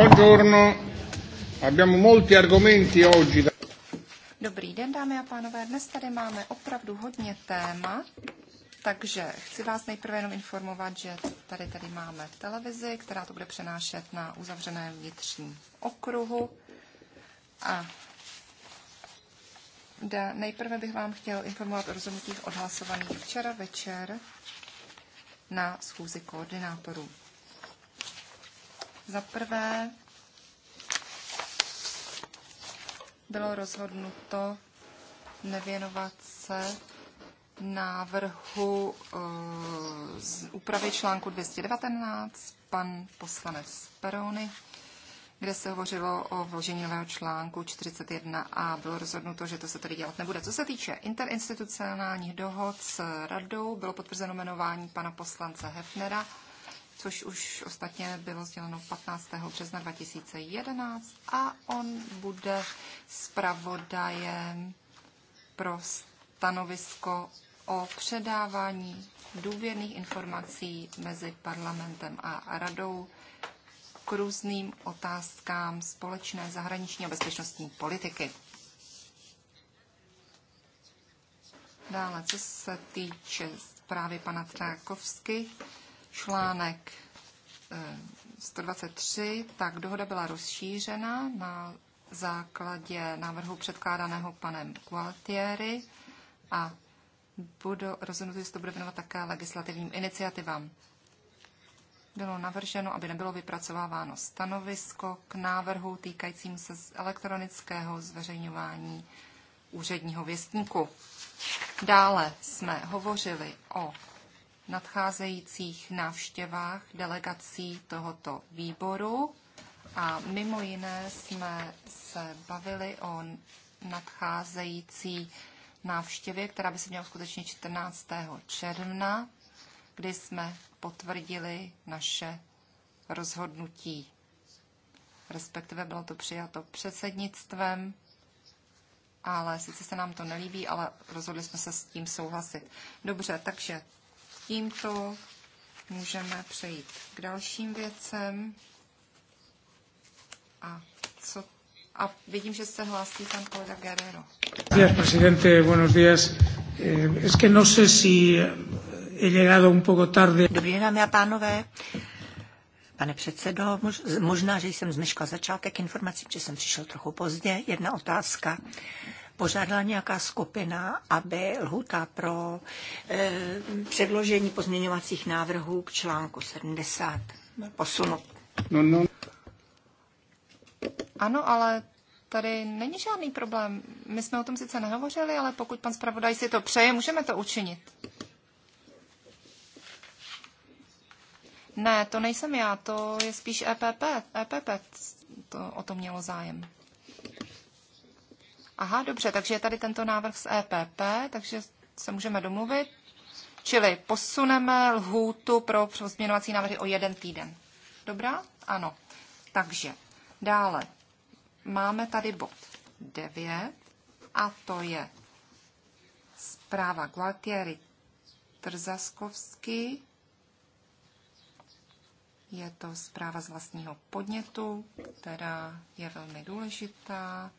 Buongiorno. Abbiamo molti argomenti oggi. Dobrý den, dámy a pánové. Dnes tady máme opravdu hodně témat, takže chci vás nejprve jenom informovat, že tady tady máme televizi, která to bude přenášet na uzavřeném vnitřním okruhu. A da, nejprve bych vám chtěl informovat o rozhodnutích odhlasovaných včera večer na schůzi koordinátorů. Za prvé bylo rozhodnuto nevěnovat se návrhu eh, z úpravy článku 219 pan poslanec Perony, kde se hovořilo o vložení nového článku 41 a bylo rozhodnuto, že to se tady dělat nebude. Co se týče interinstitucionálních dohod s radou, bylo potvrzeno jmenování pana poslance Hefnera což už ostatně bylo sděleno 15. března 2011 a on bude zpravodajem pro stanovisko o předávání důvěrných informací mezi parlamentem a radou k různým otázkám společné zahraniční a bezpečnostní politiky. Dále, co se týče zprávy pana Trákovsky, článek 123, eh, tak dohoda byla rozšířena na základě návrhu předkládaného panem Gualtieri a budu rozhodnout, jestli to bude věnovat také legislativním iniciativám. Bylo navrženo, aby nebylo vypracováváno stanovisko k návrhu týkajícím se z elektronického zveřejňování úředního věstníku. Dále jsme hovořili o nadcházejících návštěvách delegací tohoto výboru a mimo jiné jsme se bavili o nadcházející návštěvě, která by se měla uskutečnit 14. června, kdy jsme potvrdili naše rozhodnutí. Respektive bylo to přijato předsednictvem, ale sice se nám to nelíbí, ale rozhodli jsme se s tím souhlasit. Dobře, takže Tímto můžeme přejít k dalším věcem. A, co, a vidím, že se hlásí pan kolega Guerrero. Gracias, presidente. Buenos días. Eh, es que no sé si eh, he llegado un poco tarde. Dobrý den, dámy a pánové. Pane předsedo, možná, že jsem zmeškal začátek informací, že jsem přišel trochu pozdě. Jedna otázka. Eh, požádala nějaká skupina, aby lhuta pro e, předložení pozměňovacích návrhů k článku 70 posunout. No, no. Ano, ale tady není žádný problém. My jsme o tom sice nehovořili, ale pokud pan zpravodaj si to přeje, můžeme to učinit. Ne, to nejsem já, to je spíš EPP. EPP to o to mělo zájem. Aha, dobře, takže je tady tento návrh z EPP, takže se můžeme domluvit. Čili posuneme lhůtu pro pozměňovací návrhy o jeden týden. Dobrá? Ano. Takže dále máme tady bod 9 a to je zpráva Gualtieri Trzaskovský. Je to zpráva z vlastního podnětu, která je velmi důležitá.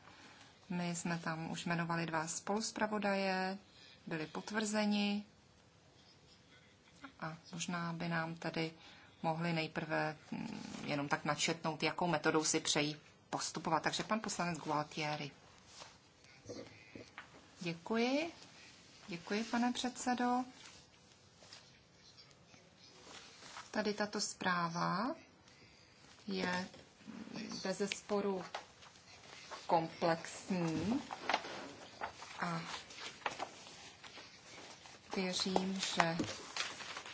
My jsme tam už jmenovali dva spoluspravodaje, byli potvrzeni a možná by nám tady mohli nejprve mm, jenom tak načetnout, jakou metodou si přejí postupovat. Takže pan poslanec Gualtieri. Děkuji. Děkuji, pane předsedo. Tady tato zpráva je bez sporu komplexní a věřím, že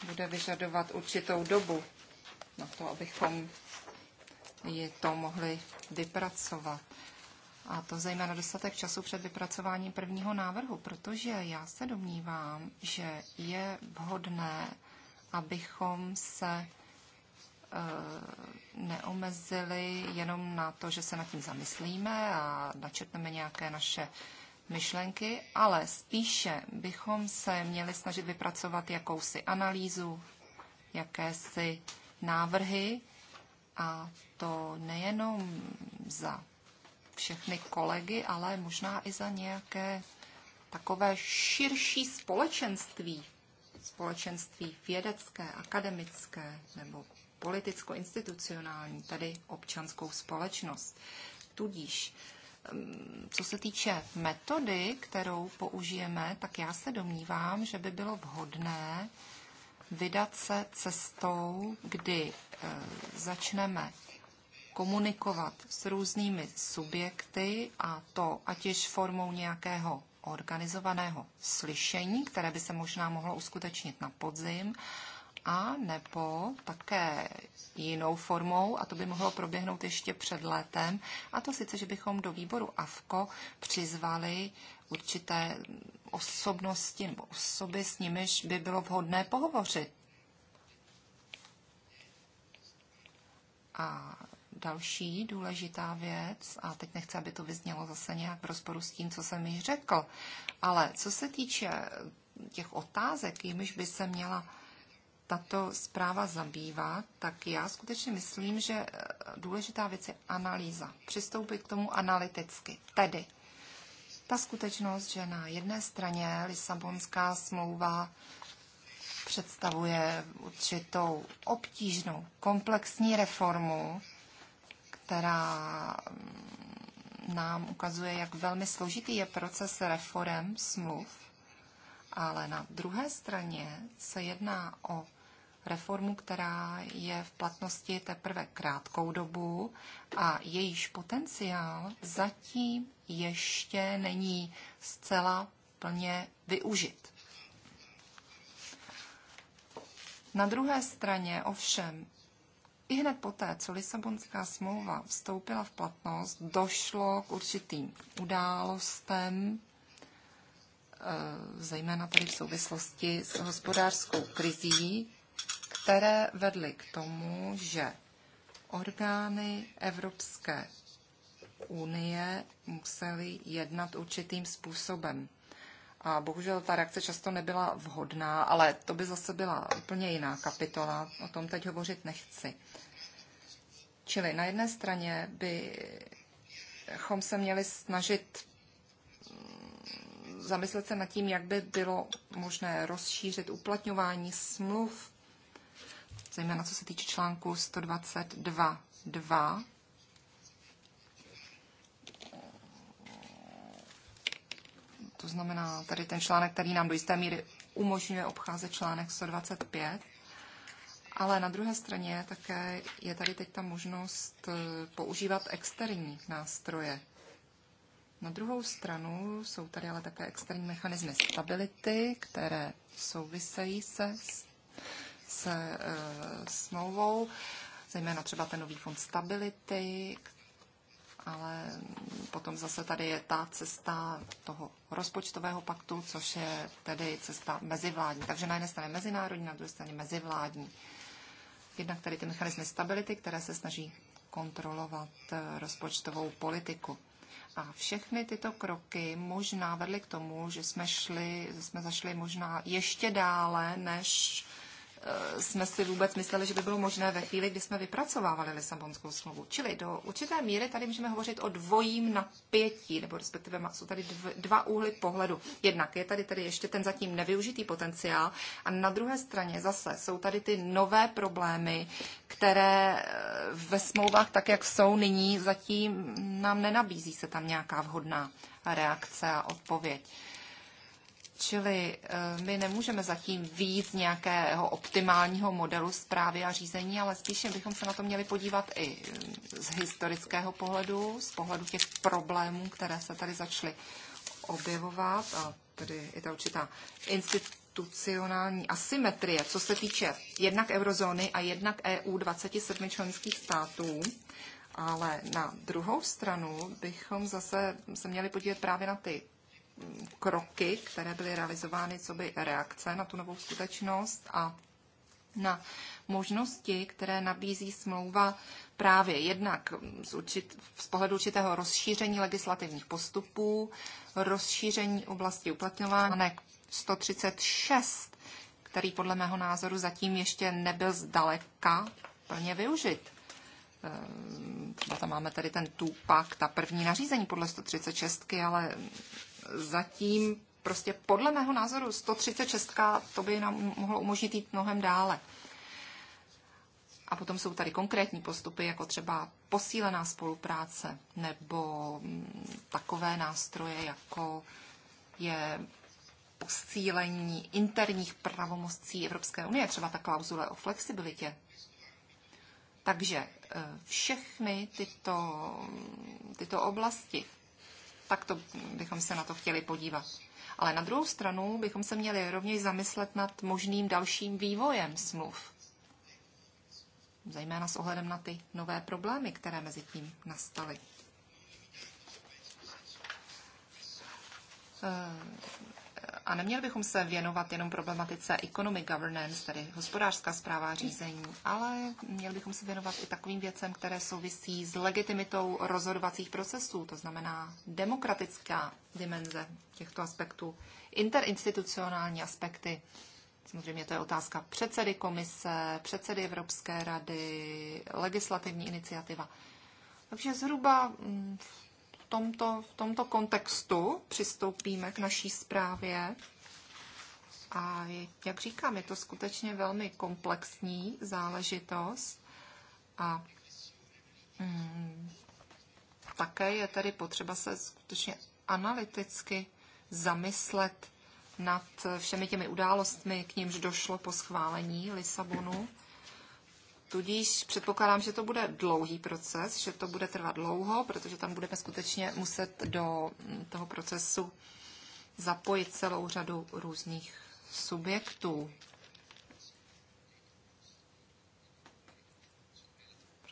bude vyžadovat určitou dobu na to, abychom je to mohli vypracovat. A to zejména dostatek času před vypracováním prvního návrhu, protože já se domnívám, že je vhodné, abychom se Eh, neomezili jenom na to, že se nad tím zamyslíme a načetneme nějaké naše myšlenky, ale spíše bychom se měli snažit vypracovat jakousi analýzu, jakési návrhy a to nejenom za všechny kolegy, ale možná i za nějaké takové širší společenství, společenství vědecké, akademické nebo politicko-institucionální, tedy občanskou společnost. Tudíž, mm, co se týče metody, kterou použijeme, tak já se domnívám, že by bylo vhodné vydat se cestou, kdy e, začneme komunikovat s různými subjekty a to ať již formou nějakého organizovaného slyšení, které by se možná mohlo uskutečnit na podzim, a nebo také jinou formou, a to by mohlo proběhnout ještě před létem, a to sice, že bychom do výboru AFKO přizvali určité osobnosti nebo osoby, s nimiž by bylo vhodné pohovořit. A další důležitá věc, a teď nechci, aby to vyznělo zase nějak v rozporu s tím, co jsem již řekl, ale co se týče těch otázek, jimiž by se měla tato zpráva zabývá, tak já skutečně myslím, že eh, důležitá věc je analýza. Přistoupit k tomu analyticky. Tedy ta skutečnost, že na jedné straně Lisabonská smlouva představuje určitou obtížnou, komplexní reformu, která mm, nám ukazuje, jak velmi složitý je proces reform smluv, ale na druhé straně se jedná o reformu, která je v platnosti teprve krátkou dobu a jejíž potenciál zatím ještě není zcela plně využit. Na druhé straně ovšem i hned poté, co Lisabonská smlouva vstoupila v platnost, došlo k určitým událostem, eh, zejména tady v souvislosti s hospodářskou krizí, které vedly k tomu, že orgány Evropské unie musely jednat určitým způsobem. A bohužel ta reakce často nebyla vhodná, ale to by zase byla úplně jiná kapitola, o tom teď hovořit nechci. Čili na jedné straně bychom se měli snažit zamyslet se nad tím, jak by bylo možné rozšířit uplatňování smluv zejména co se týče článku 122.2. To znamená tady ten článek, který nám do jisté míry umožňuje obcházet článek 125. Ale na druhé straně také je tady teď ta možnost eh, používat externí nástroje. Na druhou stranu jsou tady ale také externí mechanismy stability, které souvisejí se s se e, smlouvou, zejména třeba ten nový fond stability, ale potom zase tady je ta cesta toho rozpočtového paktu, což je tedy cesta mezivládní. Takže na jedné straně mezinárodní, na druhé straně mezivládní. Jednak tady ty mechanismy stability, které se snaží kontrolovat e, rozpočtovou politiku. A všechny tyto kroky možná vedly k tomu, že jsme, šli, že jsme zašli možná ještě dále, než Eh, jsme si vůbec mysleli, že by bylo možné ve chvíli, kdy jsme vypracovávali Lisabonskou smlouvu. Čili do určité míry tady můžeme hovořit o dvojím napětí, nebo respektive jsou tady dva úhly pohledu. Jednak je tady tedy ještě ten zatím nevyužitý potenciál a na druhé straně zase jsou tady ty nové problémy, které eh, ve smlouvách, tak jak jsou nyní, zatím nám nenabízí se tam nějaká vhodná reakce a odpověď. Čili eh, my nemůžeme zatím víc nějakého optimálního modelu zprávy a řízení, ale spíše bychom se na to měli podívat i eh, z historického pohledu, z pohledu těch problémů, které se tady začaly objevovat a tady je ta určitá institucionální asymetrie, co se týče jednak eurozóny a jednak EU 27 členských států. Ale na druhou stranu bychom zase se měli podívat právě na ty kroky, které byly realizovány co by reakce na tu novou skutečnost a na možnosti, které nabízí smlouva právě jednak z, určit, z pohledu určitého rozšíření legislativních postupů, rozšíření oblasti uplatňování 136, který podle mého názoru zatím ještě nebyl zdaleka plně využit. Ehm, třeba tam máme tady ten tupak, ta první nařízení podle 136, ale zatím prostě podle mého názoru 136 to by nám mohlo umožnit jít mnohem dále. A potom jsou tady konkrétní postupy, jako třeba posílená spolupráce nebo mm, takové nástroje, jako je posílení interních pravomocí Evropské unie, třeba ta klauzule o flexibilitě. Takže eh, všechny tyto, tyto oblasti tak to bychom se na to chtěli podívat. Ale na druhou stranu bychom se měli rovněž zamyslet nad možným dalším vývojem smluv. Zejména s ohledem na ty nové problémy, které mezi tím nastaly. A neměli bychom se věnovat jenom problematice economic governance, tedy hospodářská zpráva řízení, ale měli bychom se věnovat i takovým věcem, které souvisí s legitimitou rozhodovacích procesů, to znamená demokratická dimenze těchto aspektů, interinstitucionální aspekty. Samozřejmě to je otázka předsedy komise, předsedy Evropské rady, legislativní iniciativa. Takže zhruba mm, tomto, v tomto kontextu přistoupíme k naší zprávě. A jak říkám, je to skutečně velmi komplexní záležitost a hmm, také je tady potřeba se skutečně analyticky zamyslet nad všemi těmi událostmi, k nímž došlo po schválení Lisabonu Tudíž předpokládám, že to bude dlouhý proces, že to bude trvat dlouho, protože tam budeme skutečně muset do mm, toho procesu zapojit celou řadu různých subjektů.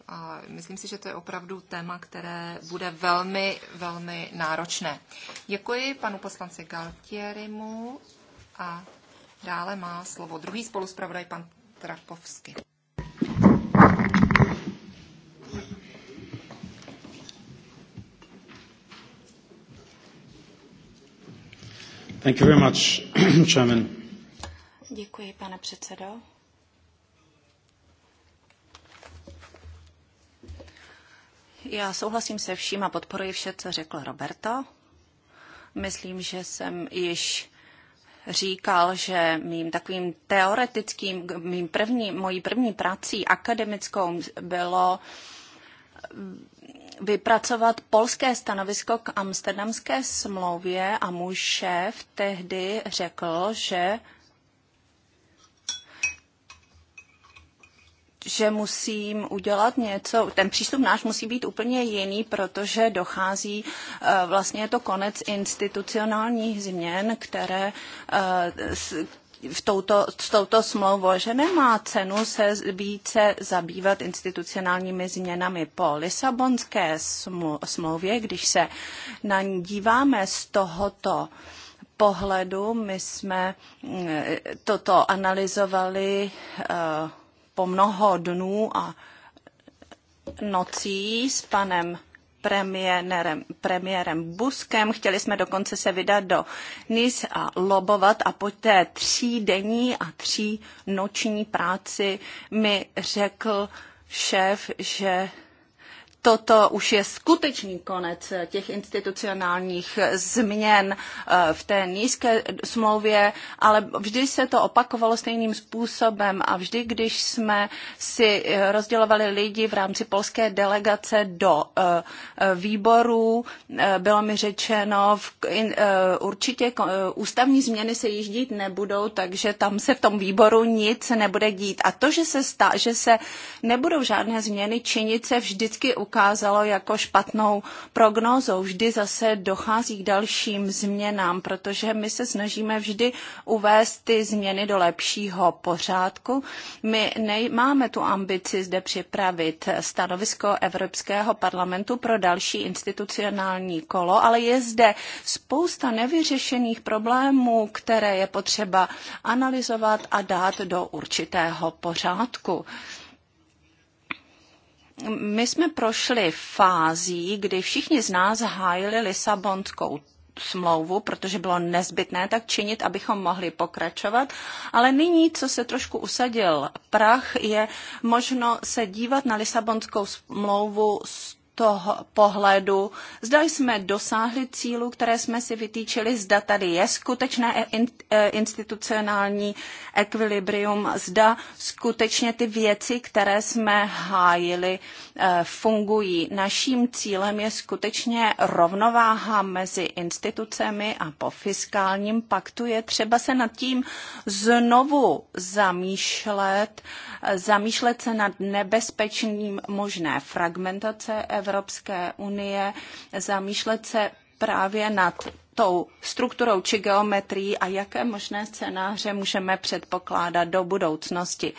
A myslím si, že to je opravdu téma, které bude velmi, velmi náročné. Děkuji panu poslanci Galtierimu a dále má slovo druhý spoluspravodaj pan Trakovsky. Thank you very much, Chairman. Děkuji, pane předsedo. Já souhlasím se vším a podporuji vše, co řekl Roberto. Myslím, že jsem již říkal, že mým takovým teoretickým, mým první, mojí první prací akademickou bylo vypracovat polské stanovisko k amsterdamské smlouvě a můj šéf tehdy řekl, že že musím udělat něco, ten přístup náš musí být úplně jiný, protože dochází, eh, vlastně je to konec institucionálních změn, které, eh, v touto, s touto smlouvou, že nemá cenu se více zabývat institucionálními změnami po Lisabonské smlouvě, když se na ní díváme z tohoto pohledu. My jsme eh, toto analyzovali eh, po mnoho dnů a nocí s panem premiérem, premiérem Buskem. Chtěli jsme dokonce se vydat do NIS a lobovat a po té tří denní a tří noční práci mi řekl šéf, že toto už je skutečný konec těch institucionálních změn eh, v té nízké smlouvě, ale vždy se to opakovalo stejným způsobem a vždy, když jsme si eh, rozdělovali lidi v rámci polské delegace do eh, výborů, bylo mi řečeno, určitě ústavní změny se již dít nebudou, takže tam se v tom výboru nic nebude dít. A to, že se, stá, že se nebudou žádné změny činit, se vždycky ukázalo, ukázalo jako špatnou prognózou. Vždy zase dochází k dalším změnám, protože my se snažíme vždy uvést ty změny do lepšího pořádku. My nemáme tu ambici zde připravit stanovisko Evropského parlamentu pro další institucionální kolo, ale je zde spousta nevyřešených problémů, které je potřeba analyzovat a dát do určitého pořádku my jsme prošli fází, kdy všichni z nás hájili Lisabonskou smlouvu, protože bylo nezbytné tak činit, abychom mohli pokračovat. Ale nyní, co se trošku usadil prach, je možno se dívat na Lisabonskou smlouvu z toho pohledu, zda jsme dosáhli cílu, které jsme si vytýčili, zda tady je skutečné e, institucionální ekvilibrium, zda skutečně ty věci, které jsme hájili, Eh, fungují. Naším cílem je skutečně rovnováha mezi institucemi a po fiskálním paktu je třeba se nad tím znovu zamýšlet, eh, zamýšlet se nad nebezpečným možné fragmentace Evropské unie, zamýšlet se právě nad tou strukturou či geometrií a jaké možné scénáře můžeme předpokládat do budoucnosti.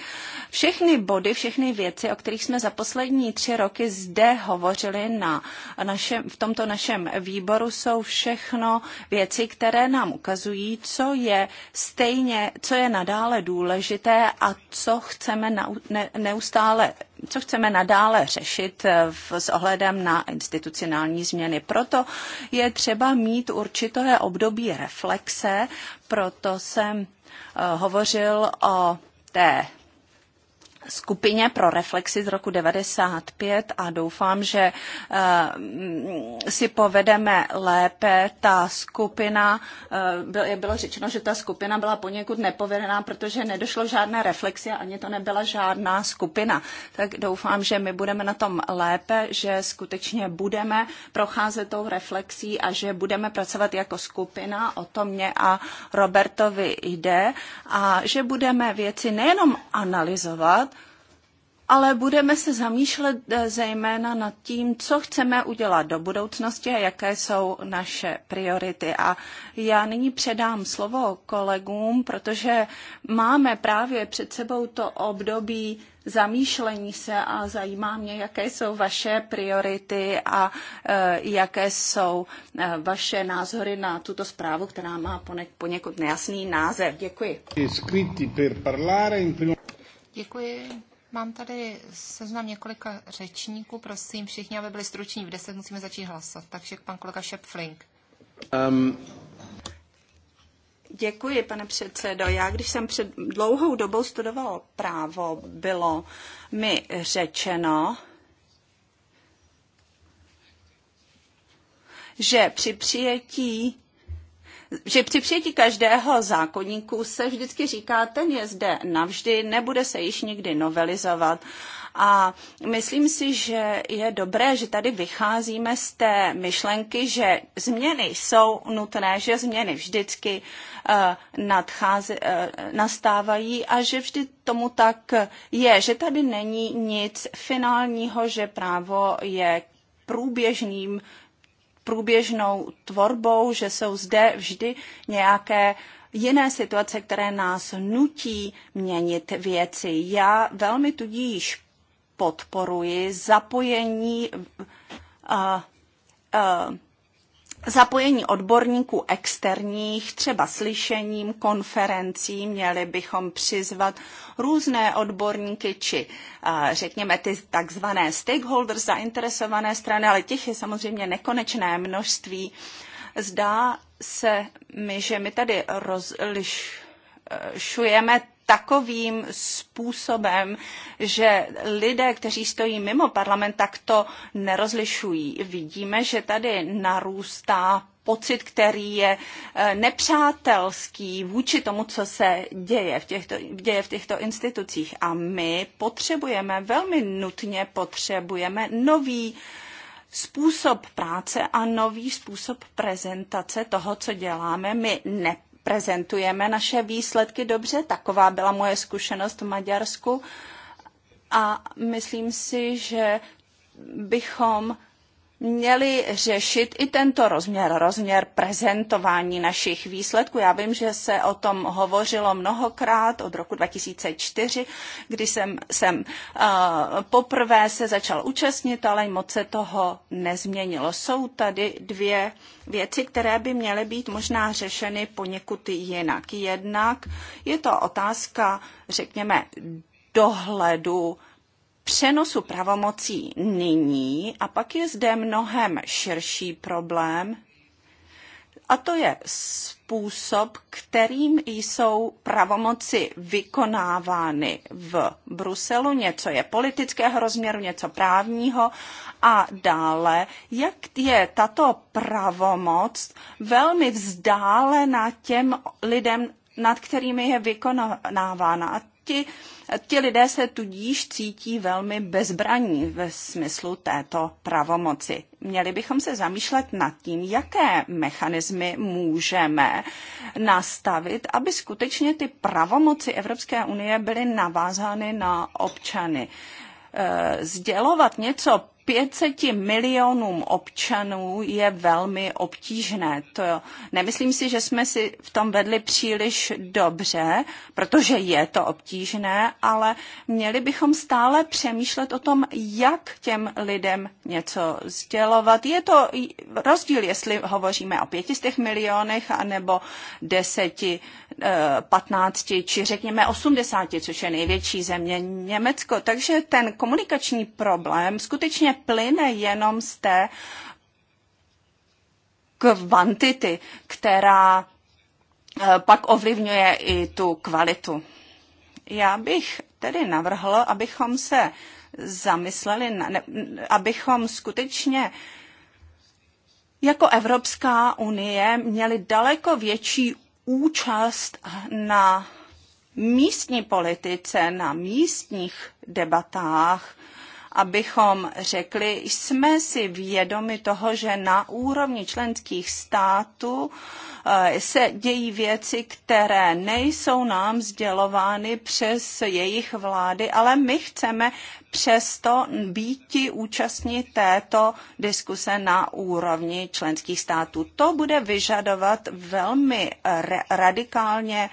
Všechny body, všechny věci, o kterých jsme za poslední tři roky zde hovořili na našem, v tomto našem výboru, jsou všechno věci, které nám ukazují, co je stejně, co je nadále důležité a co chceme neustále co chceme nadále řešit eh, v, s ohledem na institucionální změny. Proto je třeba mít určité období reflexe, proto jsem eh, hovořil o té skupině pro reflexi z roku 95 a doufám, že eh, mm, si povedeme lépe. Ta skupina, eh, bylo řečeno, že ta skupina byla poněkud nepovedená, protože nedošlo žádné reflexy ani to nebyla žádná skupina. Tak doufám, že my budeme na tom lépe, že skutečně budeme procházet tou reflexí a že budeme pracovat jako skupina, o to mě a Robertovi jde, a že budeme věci nejenom analyzovat, ale budeme se zamýšlet eh, zejména nad tím, co chceme udělat do budoucnosti a jaké jsou naše priority. A já nyní předám slovo kolegům, protože máme právě před sebou to období zamýšlení se a zajímá mě, jaké jsou vaše priority a eh, jaké jsou eh, vaše názory na tuto zprávu, která má poněkud nejasný název. Děkuji. Děkuji. Mám tady seznam několika řečníků. Prosím všichni, aby byli struční. V 10 musíme začít hlasovat. Takže pan kolega Šepflink. Um. Děkuji, pane předsedo. Já, když jsem před dlouhou dobou studoval právo, bylo mi řečeno, že při přijetí že při přijetí každého zákonníku se vždycky říká, ten je zde navždy, nebude se již nikdy novelizovat. A myslím si, že je dobré, že tady vycházíme z té myšlenky, že změny jsou nutné, že změny vždycky uh, nastávají a že vždy tomu tak je, že tady není nic finálního, že právo je průběžným průběžnou tvorbou, že jsou zde vždy nějaké jiné situace, které nás nutí měnit věci. Já velmi tudíž podporuji zapojení uh, uh, Zapojení odborníků externích, třeba slyšením, konferencí, měli bychom přizvat různé odborníky či řekněme ty takzvané stakeholders, zainteresované strany, ale těch je samozřejmě nekonečné množství. Zdá se mi, že my tady rozlišujeme takovým způsobem, že lidé, kteří stojí mimo parlament, tak to nerozlišují. Vidíme, že tady narůstá pocit, který je eh, nepřátelský vůči tomu, co se děje v těchto, děje v těchto institucích. A my potřebujeme, velmi nutně potřebujeme nový způsob práce a nový způsob prezentace toho, co děláme. My ne prezentujeme naše výsledky dobře. Taková byla moje zkušenost v Maďarsku a myslím si, že bychom měli řešit i tento rozměr, rozměr prezentování našich výsledků. Já vím, že se o tom hovořilo mnohokrát od roku 2004, kdy jsem, jsem uh, poprvé se začal účastnit, ale moc se toho nezměnilo. Jsou tady dvě věci, které by měly být možná řešeny poněkud jinak. Jednak je to otázka, řekněme, dohledu přenosu pravomocí nyní a pak je zde mnohem širší problém, a to je způsob, kterým jsou pravomoci vykonávány v Bruselu. Něco je politického rozměru, něco právního a dále, jak je tato pravomoc velmi vzdálená těm lidem, nad kterými je vykonávána. A ti Ti lidé se tudíž cítí velmi bezbraní ve smyslu této pravomoci. Měli bychom se zamýšlet nad tím, jaké mechanismy můžeme nastavit, aby skutečně ty pravomoci Evropské unie byly navázány na občany eh, sdělovat něco 500 milionům občanů je velmi obtížné. To nemyslím si, že jsme si v tom vedli příliš dobře, protože je to obtížné, ale měli bychom stále přemýšlet o tom, jak těm lidem něco sdělovat. Je to rozdíl, jestli hovoříme o 500 milionech anebo 10, 15 eh, či řekněme 80, což je největší země Německo. Takže ten komunikační problém skutečně neplyne jenom z té kvantity, která eh, pak ovlivňuje i tu kvalitu. Já bych tedy navrhl, abychom se zamysleli, ne, abychom skutečně jako Evropská unie měli daleko větší účast na místní politice, na místních debatách, abychom řekli, jsme si vědomi toho, že na úrovni členských států eh, se dějí věci, které nejsou nám sdělovány přes jejich vlády, ale my chceme přesto být účastní této diskuse na úrovni členských států. To bude vyžadovat velmi radikálně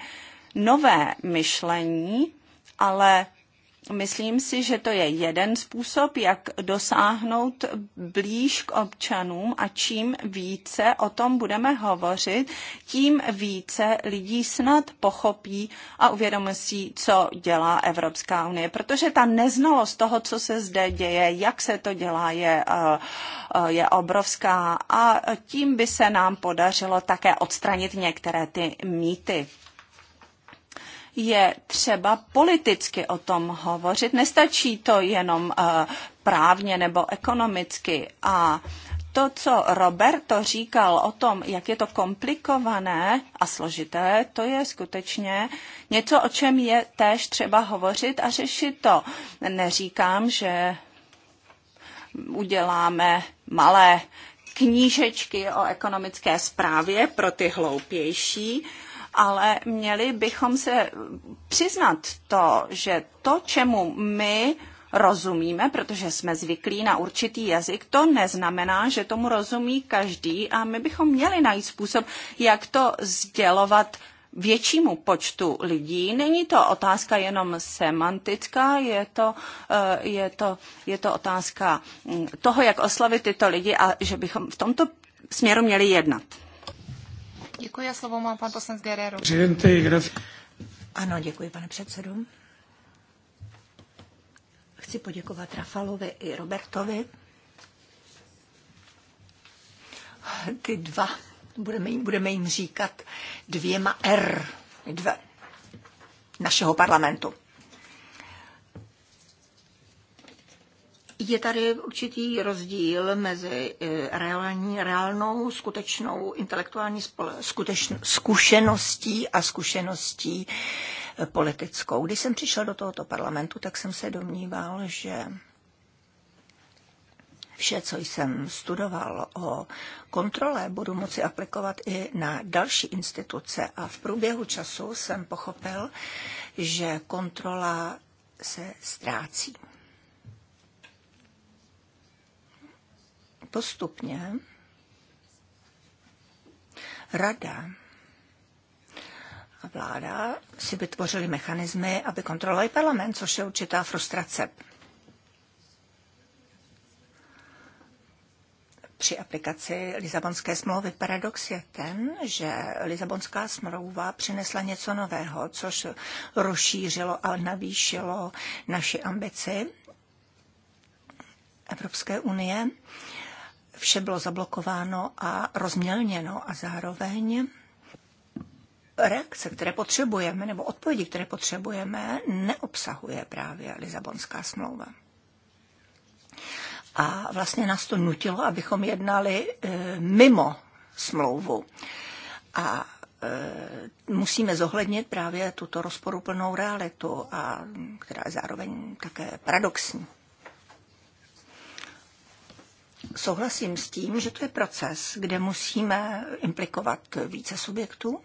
nové myšlení, ale Myslím si, že to je jeden způsob, jak dosáhnout blíž k občanům a čím více o tom budeme hovořit, tím více lidí snad pochopí a uvědomí si, co dělá Evropská unie. Protože ta neznalost toho, co se zde děje, jak se to dělá, je, eh, je obrovská a tím by se nám podařilo také odstranit některé ty mýty je třeba politicky o tom hovořit. Nestačí to jenom eh, právně nebo ekonomicky. A to, co Roberto říkal o tom, jak je to komplikované a složité, to je skutečně něco, o čem je též třeba hovořit a řešit to. Neříkám, že uděláme malé knížečky o ekonomické správě pro ty hloupější, ale měli bychom se přiznat to, že to, čemu my rozumíme, protože jsme zvyklí na určitý jazyk, to neznamená, že tomu rozumí každý a my bychom měli najít způsob, jak to sdělovat většímu počtu lidí. Není to otázka jenom semantická, je to, eh, je to, je to otázka mm, toho, jak oslavit tyto lidi a že bychom v tomto směru měli jednat. Děkuji a slovo má pan poslanec Guerrero. Ano, děkuji, pane předsedo. Chci poděkovat Rafalovi i Robertovi. Ty dva, budeme jim, budeme jim říkat dvěma R dva, našeho parlamentu. je tady určitý rozdíl mezi eh, reální, reálnou, skutečnou intelektuální spole, skutečno, zkušeností a zkušeností eh, politickou. Když jsem přišel do tohoto parlamentu, tak jsem se domníval, že Vše, co jsem studoval o kontrole, budu moci aplikovat i na další instituce. A v průběhu času jsem pochopil, že kontrola se ztrácí. postupně rada a vláda si vytvořili mechanismy, aby kontrolovali parlament, což je určitá frustrace při aplikaci Lisabonské smlouvy. Paradox je ten, že Lisabonská smlouva přinesla něco nového, což rozšířilo a navýšilo naši ambici Evropské unie vše bylo zablokováno a rozmělněno a zároveň reakce, které potřebujeme, nebo odpovědi, které potřebujeme, neobsahuje právě Lisabonská smlouva. A vlastně nás to nutilo, abychom jednali e, mimo smlouvu. A e, musíme zohlednit právě tuto rozporuplnou realitu, a, která je zároveň také paradoxní souhlasím s tím, že to je proces, kde musíme implikovat více subjektů,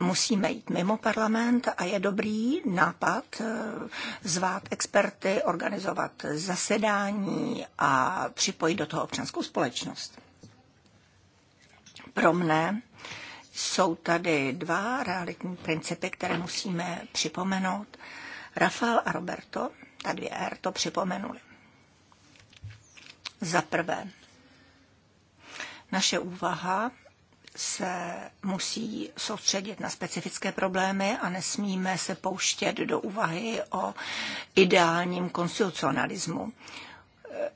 musíme jít mimo parlament a je dobrý nápad eh, zvát experty, organizovat zasedání a připojit do toho občanskou společnost. Pro mne jsou tady dva realitní principy, které musíme připomenout. Rafael a Roberto, ta dvě R, to připomenuli. Za prvé, naše úvaha se musí soustředit na specifické problémy a nesmíme se pouštět do úvahy o ideálním konstitucionalismu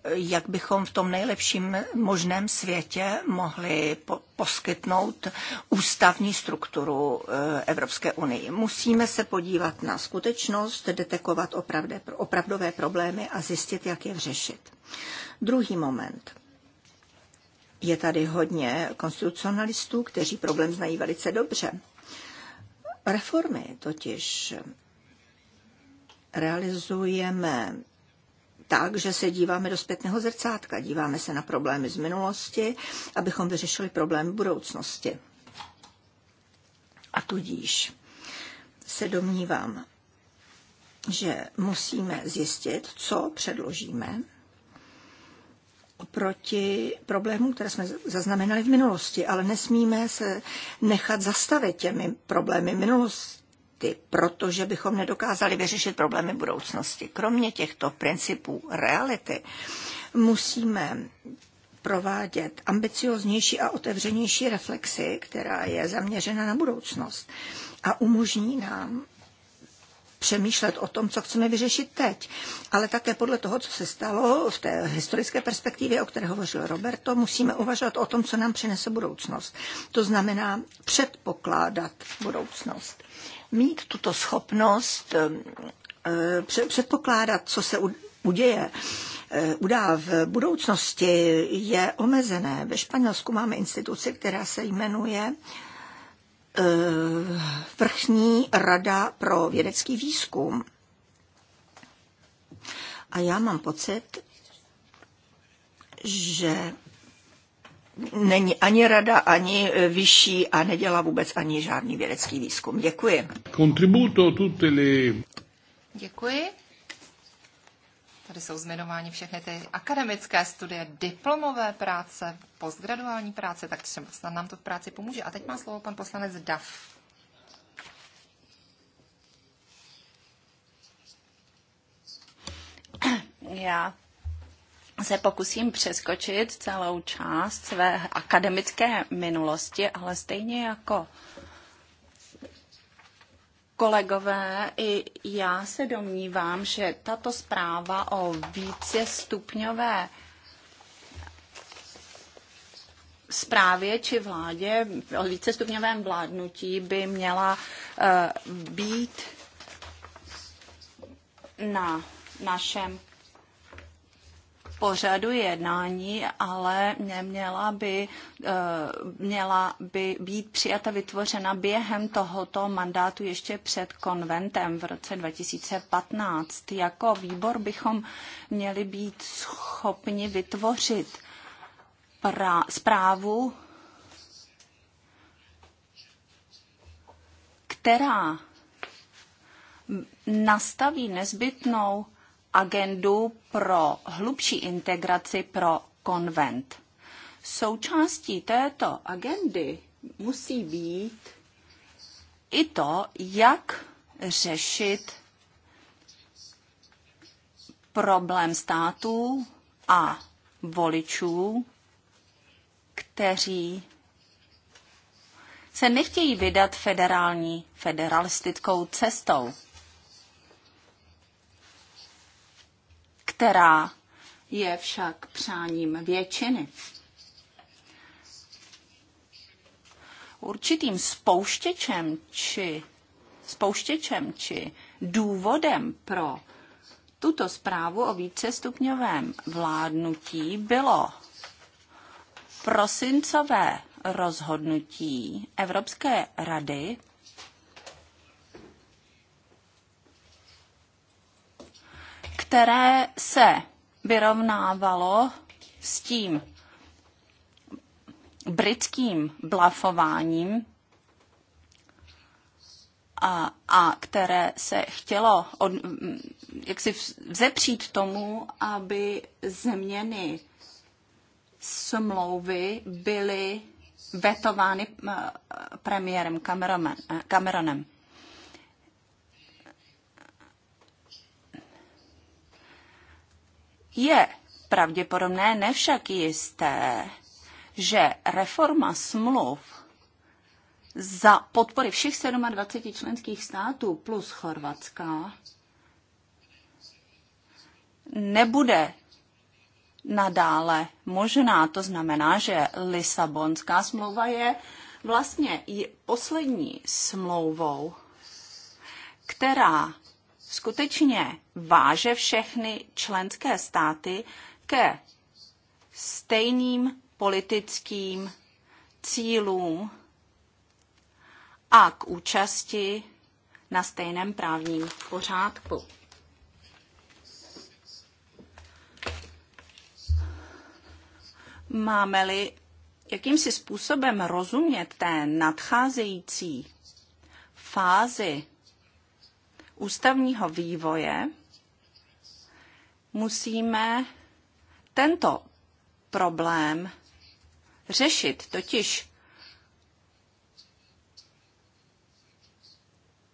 jak bychom v tom nejlepším možném světě mohli po- poskytnout ústavní strukturu eh, Evropské unii. Musíme se podívat na skutečnost, detekovat opravdové problémy a zjistit, jak je řešit. Druhý moment. Je tady hodně konstitucionalistů, kteří problém znají velice dobře. Reformy totiž realizujeme tak, že se díváme do zpětného zrcátka, díváme se na problémy z minulosti, abychom vyřešili problémy budoucnosti. A tudíž se domnívám, že musíme zjistit, co předložíme proti problémům, které jsme zaznamenali v minulosti, ale nesmíme se nechat zastavit těmi problémy minulosti, protože bychom nedokázali vyřešit problémy budoucnosti. Kromě těchto principů reality musíme provádět ambicioznější a otevřenější reflexy, která je zaměřena na budoucnost a umožní nám přemýšlet o tom, co chceme vyřešit teď. Ale také podle toho, co se stalo v té historické perspektivě, o které hovořil Roberto, musíme uvažovat o tom, co nám přinese budoucnost. To znamená předpokládat budoucnost. Mít tuto schopnost eh, eh, předpokládat, co se uděje, eh, udá v budoucnosti, je omezené. Ve Španělsku máme instituci, která se jmenuje Eh, vrchní rada pro vědecký výzkum. A já mám pocit, že není ani rada, ani vyšší a nedělá vůbec ani žádný vědecký výzkum. Děkuji. Contributo tutte le... Děkuji. Tady jsou zmenovány všechny ty akademické studie, diplomové práce, postgraduální práce, tak třeba snad nám to v práci pomůže. A teď má slovo pan poslanec Dav. Já se pokusím přeskočit celou část své akademické minulosti, ale stejně jako kolegové, i já se domnívám, že tato zpráva o více stupňové správě či vládě, o vícestupňovém vládnutí by měla eh, být na našem pořadu jednání, ale měla by, eh, měla by být přijata vytvořena během tohoto mandátu ještě před konventem v roce 2015. Jako výbor bychom měli být schopni vytvořit pra, zprávu, která nastaví nezbytnou agendu pro hlubší integraci pro konvent. Součástí této agendy musí být i to, jak řešit problém států a voličů, kteří se nechtějí vydat federální, federalistickou cestou. která je však přáním většiny. Určitým spouštěčem či, spouštěčem či důvodem pro tuto zprávu o vícestupňovém vládnutí bylo prosincové rozhodnutí Evropské rady které se vyrovnávalo s tím britským blafováním, a, a které se chtělo od, mm, jak si vzepřít tomu, aby změny smlouvy byly vetovány eh, premiérem Cameronem. Eh, Je pravděpodobné, nevšak jisté, že reforma smluv za podpory všech 27 členských států plus Chorvatska nebude nadále možná. To znamená, že Lisabonská smlouva je vlastně i poslední smlouvou, která skutečně váže všechny členské státy ke stejným politickým cílům a k účasti na stejném právním pořádku. Máme-li jakýmsi způsobem rozumět té nadcházející fázi ústavního vývoje musíme tento problém řešit, totiž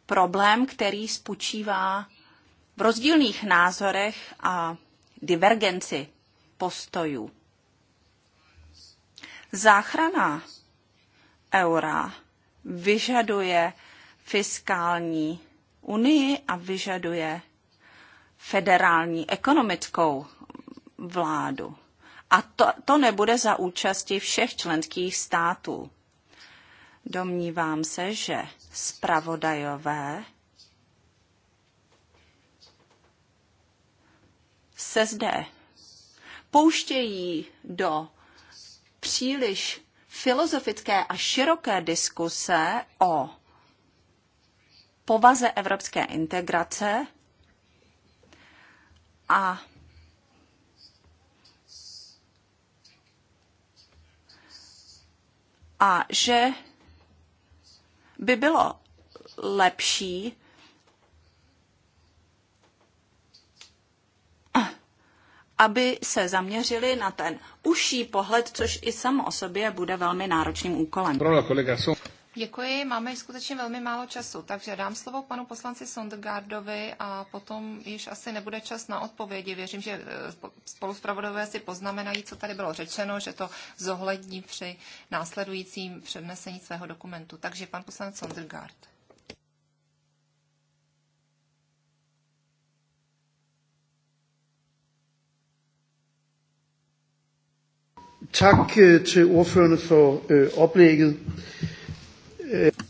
problém, který spočívá v rozdílných názorech a divergenci postojů. Záchrana eura vyžaduje fiskální unii a vyžaduje federální ekonomickou vládu. A to, to nebude za účasti všech členských států. Domnívám se, že spravodajové se zde pouštějí do příliš filozofické a široké diskuse o povaze evropské integrace a a že by bylo lepší aby se zaměřili na ten užší pohled, což i samo o sobě bude velmi náročným úkolem. Děkuji, máme skutečně velmi málo času, takže dám slovo panu poslanci Sondgardovi a potom již asi nebude čas na odpovědi. Věřím, že eh, spoluspravodové si poznamenají, co tady bylo řečeno, že to zohlední při následujícím přednesení svého dokumentu. Takže pan poslanec Sondergaard. Tak eh, til ordførende for øh, oplægget.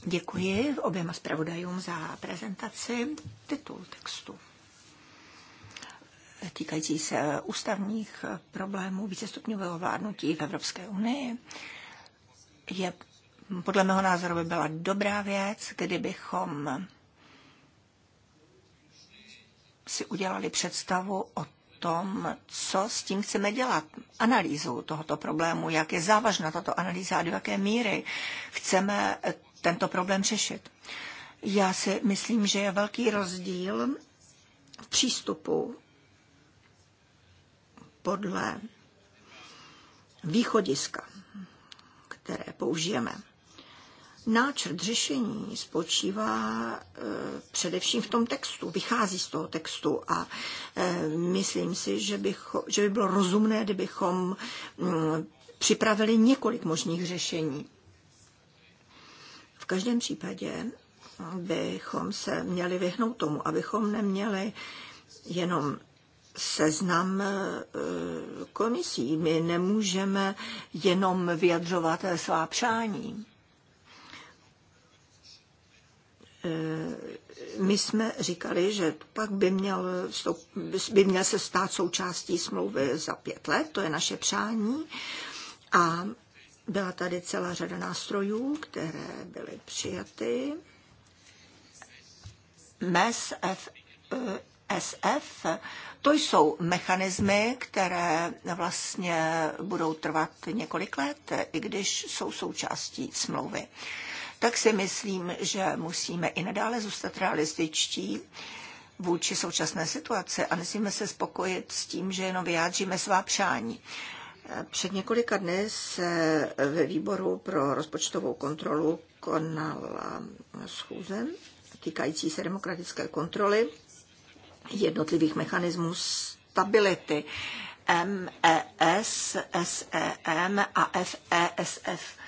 Děkuji oběma zpravodajům za prezentaci titul textu týkající se ústavních problémů vícestupňového vládnutí v Evropské unii. Je, podle mého názoru by byla dobrá věc, kdybychom si udělali představu o tom, co s tím chceme dělat. Analýzu tohoto problému, jak je závažná tato analýza a do jaké míry chceme tento problém řešit. Já si myslím, že je velký rozdíl v přístupu podle východiska, které použijeme. Náčrt řešení spočívá e, především v tom textu, vychází z toho textu a e, myslím si, že, bych, že by bylo rozumné, kdybychom m, mm, připravili několik možných řešení každém případě bychom se měli vyhnout tomu, abychom neměli jenom seznam e, komisí. My nemůžeme jenom vyjadřovat svá přání. E, my jsme říkali, že pak by měl, by měl se stát součástí smlouvy za pět let, to je naše přání. A byla tady celá řada nástrojů, které byly přijaty. MES, F, e, SF, to jsou mechanismy, které vlastně budou trvat několik let, i když jsou součástí smlouvy. Tak si myslím, že musíme i nadále zůstat realističtí vůči současné situaci a nesmíme se spokojit s tím, že jenom vyjádříme svá přání. Před několika dny se ve výboru pro rozpočtovou kontrolu konala schůze týkající se demokratické kontroly jednotlivých mechanismů stability MES, SEM a FESF. E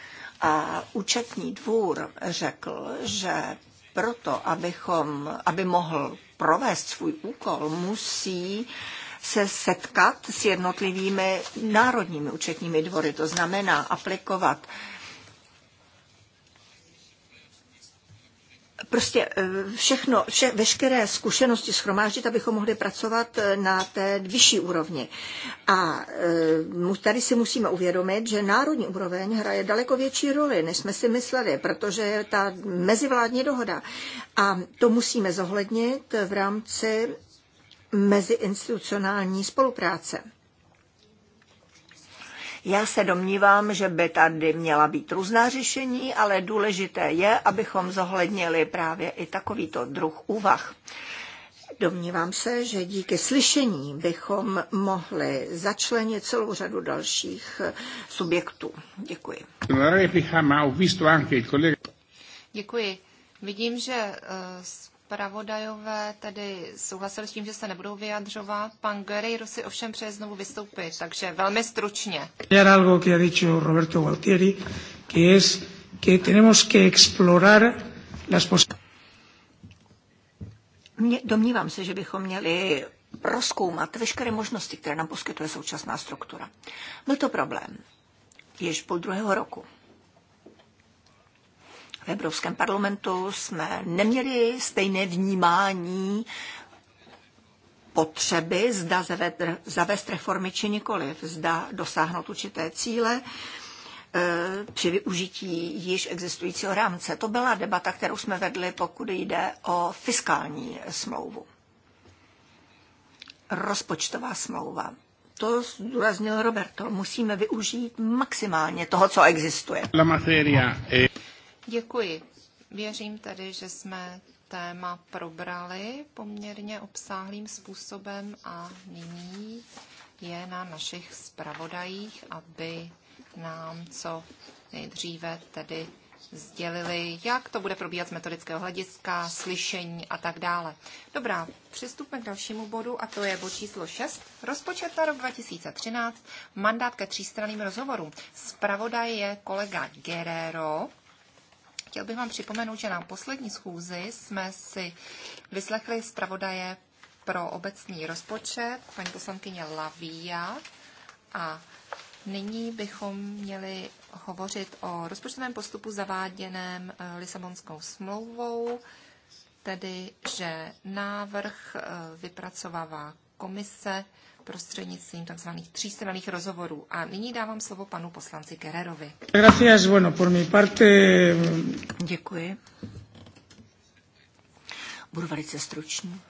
a účetní dvůr řekl, že proto, abychom, aby mohl provést svůj úkol, musí uh, se setkat s jednotlivými národními účetními dvory, to znamená aplikovat prostě eh, všechno, vše, veškeré zkušenosti schromáždit, abychom mohli pracovat eh, na té vyšší úrovni. A eh, tady si musíme uvědomit, že národní úroveň hraje daleko větší roli, než jsme si mysleli, protože je ta mezivládní dohoda. A to musíme zohlednit v rámci meziinstitucionální spolupráce. Já se domnívám, že by tady měla být různá řešení, ale důležité je, abychom zohlednili právě i takovýto druh úvah. Domnívám se, že díky slyšení bychom mohli začlenit celou řadu dalších eh, subjektů. Děkuji. Děkuji. Vidím, že eh, zpravodajové tedy souhlasili s tím, že se nebudou vyjadřovat. Pan Guerreiro si ovšem přeje znovu vystoupit, takže velmi stručně. algo que ha dicho Roberto Gualtieri, que es que tenemos que explorar las Domnívám se, že bychom měli proskoumat veškeré možnosti, které nám poskytuje současná struktura. Byl to problém jež půl druhého roku v Evropském parlamentu jsme neměli stejné vnímání potřeby, zda zavést reformy či nikoliv, zda dosáhnout určité cíle e, při využití již existujícího rámce. To byla debata, kterou jsme vedli, pokud jde o fiskální smlouvu. Rozpočtová smlouva. To zdůraznil Roberto. Musíme využít maximálně toho, co existuje. La materia. eh... Děkuji. Věřím tedy, že jsme téma probrali poměrně obsáhlým způsobem a nyní je na našich zpravodajích, aby nám co nejdříve tedy sdělili, jak to bude probíhat z metodického hlediska, slyšení a tak dále. Dobrá, přistupme k dalšímu bodu a to je bod číslo 6. Rozpočet na rok 2013, mandát ke třístranným rozhovorům. Spravodaj je kolega Guerrero Chtěl bych vám připomenout, že na poslední schůzi jsme si vyslechli zpravodaje pro obecný rozpočet, paní poslankyně Lavia, a nyní bychom měli hovořit o rozpočtovém postupu zaváděném eh, Lisabonskou smlouvou, tedy že návrh eh, vypracovává komise prostřednictvím tzv. třístranných rozhovorů. A nyní dávám slovo panu poslanci Kererovi. Děkuji. Budu velice stručný.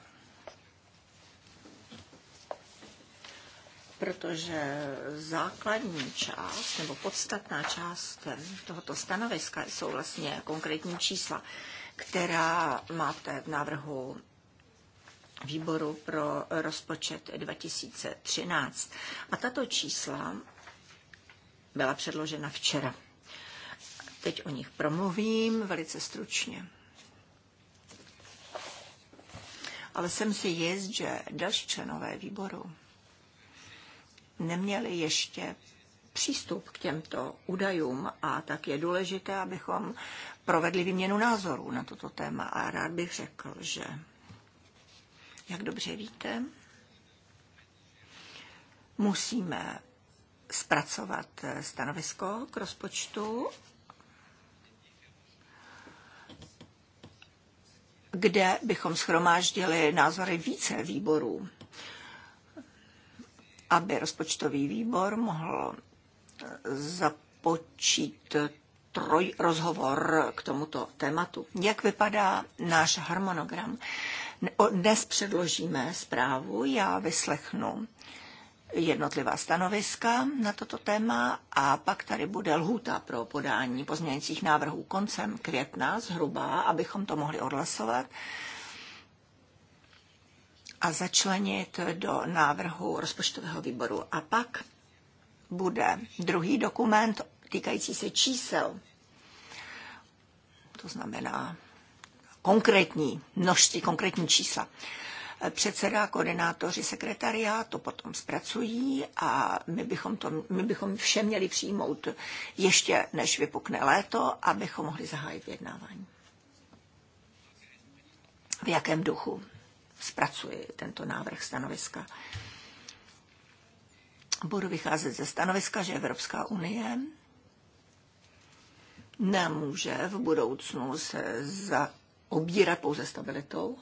protože základní část nebo podstatná část tohoto stanoviska jsou vlastně konkrétní čísla, která máte v návrhu výboru pro rozpočet 2013. A tato čísla byla předložena včera. Teď o nich promluvím velice stručně. Ale jsem si jist, že další členové výboru neměli ještě přístup k těmto údajům a tak je důležité, abychom provedli výměnu názorů na toto téma. A rád bych řekl, že jak dobře víte, musíme zpracovat stanovisko k rozpočtu, kde bychom schromáždili názory více výborů, aby rozpočtový výbor mohl započít troj rozhovor k tomuto tématu. Jak vypadá náš harmonogram? Dnes předložíme zprávu, já vyslechnu jednotlivá stanoviska na toto téma a pak tady bude lhůta pro podání pozměňujících návrhů koncem května zhruba, abychom to mohli odhlasovat a začlenit do návrhu rozpočtového výboru. A pak bude druhý dokument týkající se čísel. To znamená konkrétní množství, konkrétní čísla. Předseda, koordinátoři sekretariá to potom zpracují a my bychom, to, my bychom vše měli přijmout ještě než vypukne léto, abychom mohli zahájit vyjednávání. V jakém duchu zpracuji tento návrh stanoviska? Budu vycházet ze stanoviska, že Evropská unie nemůže v budoucnu se za obírat pouze stabilitou,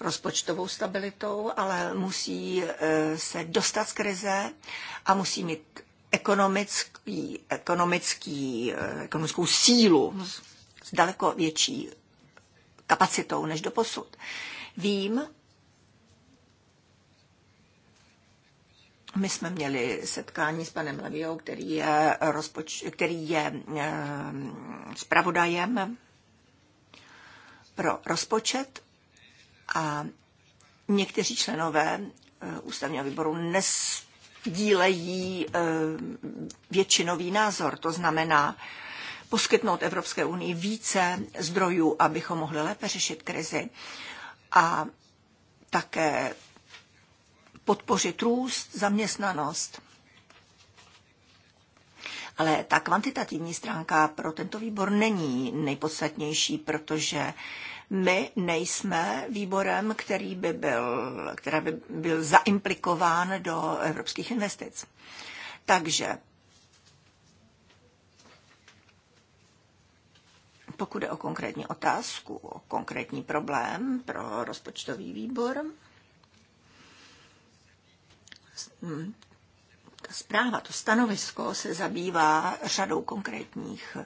rozpočtovou stabilitou, ale musí eh, se dostat z krize a musí mít ekonomický, ekonomický, eh, ekonomickou sílu s daleko větší kapacitou než do posud. Vím, My jsme měli setkání s panem Leviou, který je, rozpoč- který je e, eh, spravodajem pro rozpočet a někteří členové eh, ústavního výboru nesdílejí eh, většinový názor. To znamená poskytnout Evropské unii více zdrojů, abychom mohli lépe řešit krizi a také podpořit růst, zaměstnanost ale ta kvantitativní stránka pro tento výbor není nejpodstatnější, protože my nejsme výborem, který by byl, který by byl zaimplikován do evropských investic. Takže pokud je o konkrétní otázku, o konkrétní problém pro rozpočtový výbor, ta zpráva, to stanovisko se zabývá řadou konkrétních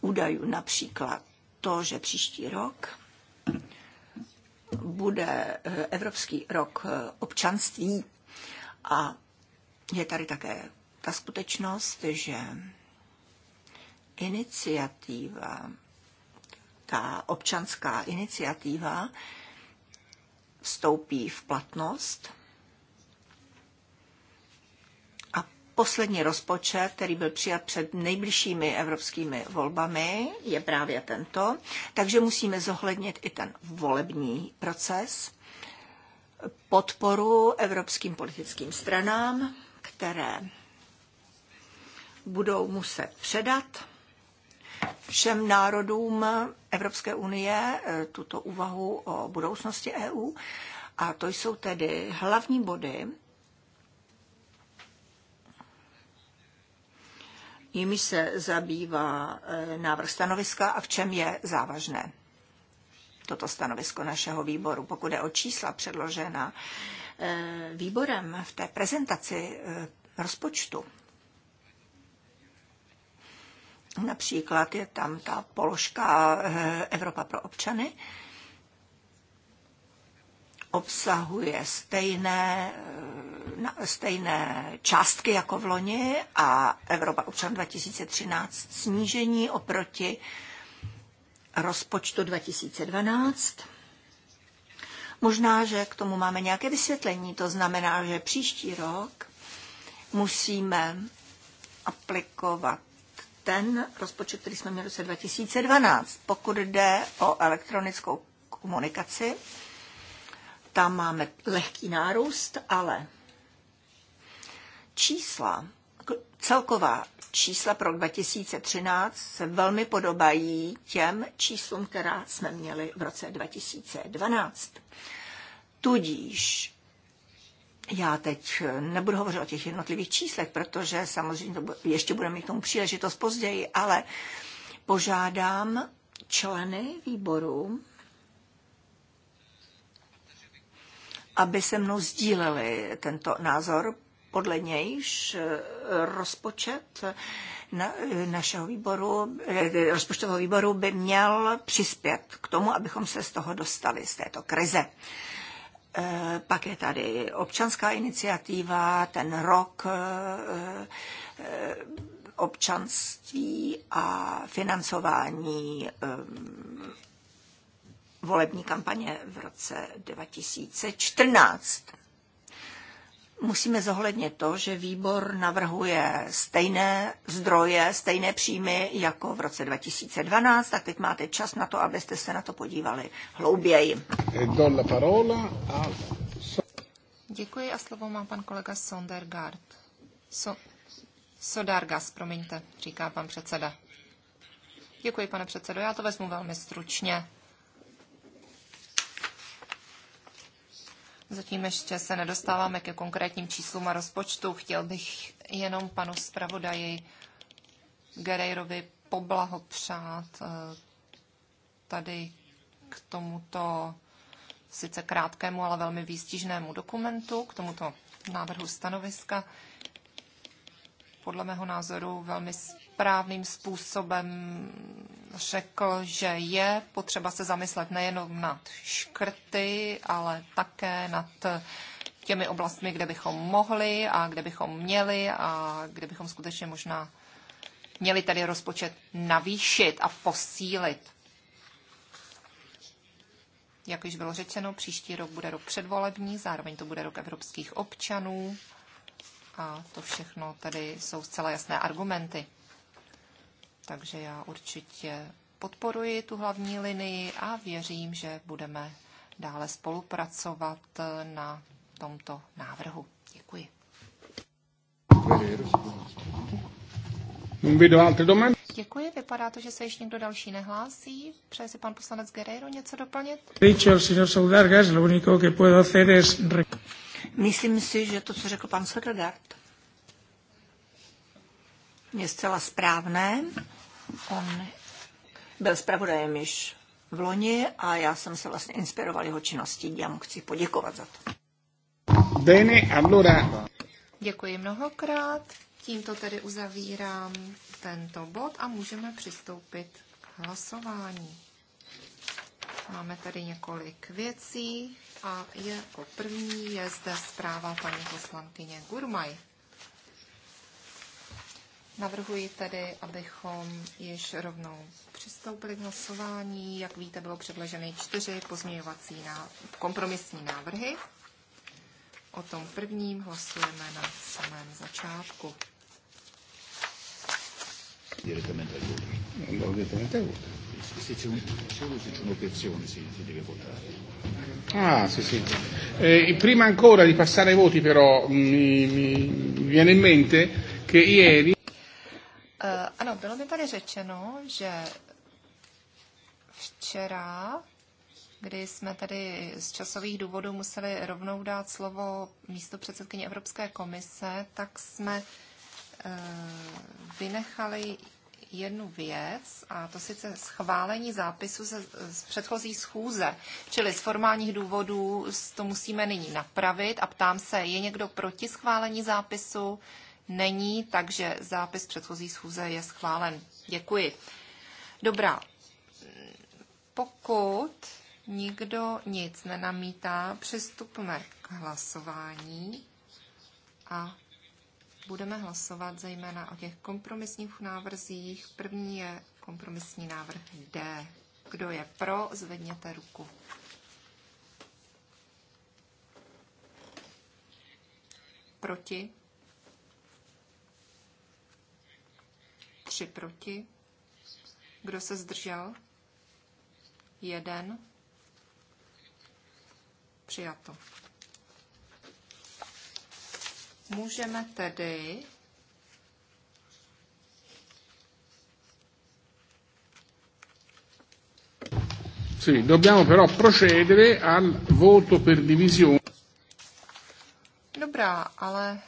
údajů, například to, že příští rok bude eh, Evropský rok eh, občanství a je tady také ta skutečnost, že iniciativa, ta občanská iniciativa vstoupí v platnost poslední rozpočet, který byl přijat před nejbližšími evropskými volbami, je právě tento, takže musíme zohlednit i ten volební proces, podporu evropským politickým stranám, které budou muset předat všem národům Evropské unie eh, tuto úvahu o budoucnosti EU. A to jsou tedy hlavní body, jimi se zabývá e, návrh stanoviska a v čem je závažné toto stanovisko našeho výboru. Pokud je o čísla předložená e, výborem v té prezentaci e, rozpočtu, například je tam ta položka Evropa pro občany, obsahuje stejné, eh, stejné částky jako v loni a Evropa občan 2013 snížení oproti rozpočtu 2012. Možná, že k tomu máme nějaké vysvětlení. To znamená, že příští rok musíme aplikovat ten rozpočet, který jsme měli v roce 2012, pokud jde o elektronickou komunikaci tam máme lehký nárůst, ale čísla, celková čísla pro 2013 se velmi podobají těm číslům, která jsme měli v roce 2012. Tudíž já teď eh, nebudu hovořit o těch jednotlivých číslech, protože samozřejmě to ještě budeme mít k tomu příležitost později, ale požádám členy výboru, aby se mnou sdíleli tento názor, podle nějž eh, rozpočet eh, na, eh, našeho výboru, rozpočtového výboru by měl přispět k tomu, abychom se z toho dostali, z této krize. Pak je tady občanská iniciativa, ten rok občanství a financování volební kampaně v roce 2014. Musíme zohlednit to, že výbor navrhuje stejné zdroje, stejné příjmy jako v roce 2012, tak teď máte čas na to, abyste se na to podívali hlouběji. Děkuji a slovo má pan kolega Sondergaard. So, Sodargas, promiňte, říká pan předseda. Děkuji, pane předsedo. Já to vezmu velmi stručně. Zatím ještě se nedostáváme ke konkrétním číslům a rozpočtu. Chtěl bych jenom panu zpravodaji Gerejrovi poblahopřát eh, tady k tomuto sice krátkému, ale velmi výstižnému dokumentu, k tomuto návrhu stanoviska. Podle mého názoru velmi správným způsobem řekl, že je potřeba se zamyslet nejenom nad škrty, ale také nad těmi oblastmi, kde bychom mohli a kde bychom měli a kde bychom skutečně možná měli tady rozpočet navýšit a posílit. Jak již bylo řečeno, příští rok bude rok předvolební, zároveň to bude rok evropských občanů a to všechno tady jsou zcela jasné argumenty. Takže já určitě podporuji tu hlavní linii a věřím, že budeme dále spolupracovat na tomto návrhu. Děkuji. Děkuji, vypadá to, že se ještě někdo další nehlásí. Přeje si pan poslanec Guerrero něco doplnit? Myslím si, že to, co řekl pan Sodergaard, je zcela správné. On byl zpravodajem již v loni a já jsem se vlastně inspiroval jeho činností. Já mu chci poděkovat za to. Bene, allora. Děkuji mnohokrát. Tímto tedy uzavírám tento bod a můžeme přistoupit k hlasování. Máme tady několik věcí a jako první je zde zpráva paní poslankyně Gurmaj. Navrhuji tedy, abychom již rovnou přistoupili k hlasování. Jak víte, bylo předloženy čtyři pozměňovací ná... kompromisní návrhy. O tom prvním hlasujeme na samém začátku. No, e ah, sì, sì. Eh, prima ancora di passare ai voti però mm, mi, mi viene in mente che ieri Eh, ano, bylo mi tady řečeno, že včera, kdy jsme tady z časových důvodů museli rovnou dát slovo místo předsedkyně Evropské komise, tak jsme eh, vynechali jednu věc, a to sice schválení zápisu ze, z předchozí schůze. Čili z formálních důvodů to musíme nyní napravit a ptám se, je někdo proti schválení zápisu? Uh, není, takže zápis předchozí schůze je schválen. Děkuji. Dobrá. Pokud nikdo nic nenamítá, přistupme k hlasování a budeme hlasovat zejména o těch kompromisních návrzích. První je kompromisní návrh D. Kdo je pro, zvedněte ruku. Proti? tři proti. Kdo se zdržel? Jeden. Přijato. Můžeme tedy Sì, dobbiamo però procedere al voto per divisione. Dobra, ale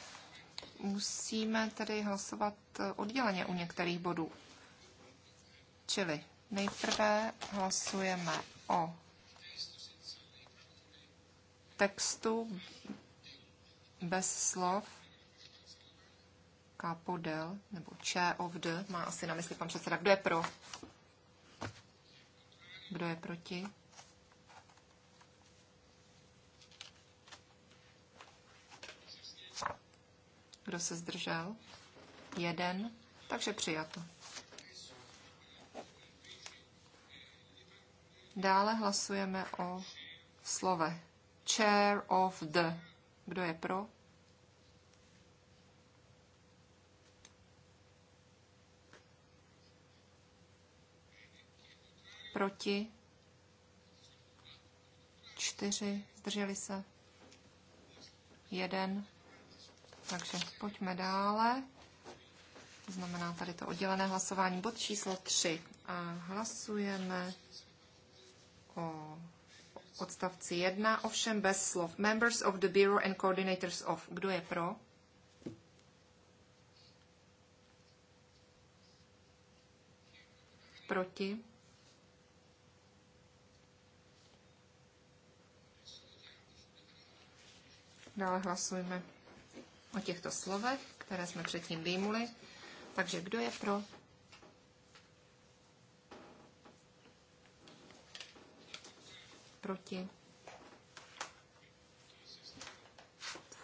musíme tedy hlasovat odděleně u některých bodů. Čili nejprve hlasujeme o textu bez slov kapodel nebo č of d, má asi na mysli pan předseda. Kdo je pro? Kdo je proti? Kdo se zdržel? Jeden. Takže přijato. Dále hlasujeme o slove chair of the. Kdo je pro? Proti? Čtyři. Zdrželi se? Jeden. Takže pojďme dále. To znamená tady to oddělené hlasování. Bod číslo 3. A hlasujeme o odstavci 1, ovšem bez slov. Members of the Bureau and Coordinators of. Kdo je pro? Proti? Dále hlasujeme o těchto slovech, které jsme předtím vyjmuli. Takže kdo je pro? Proti?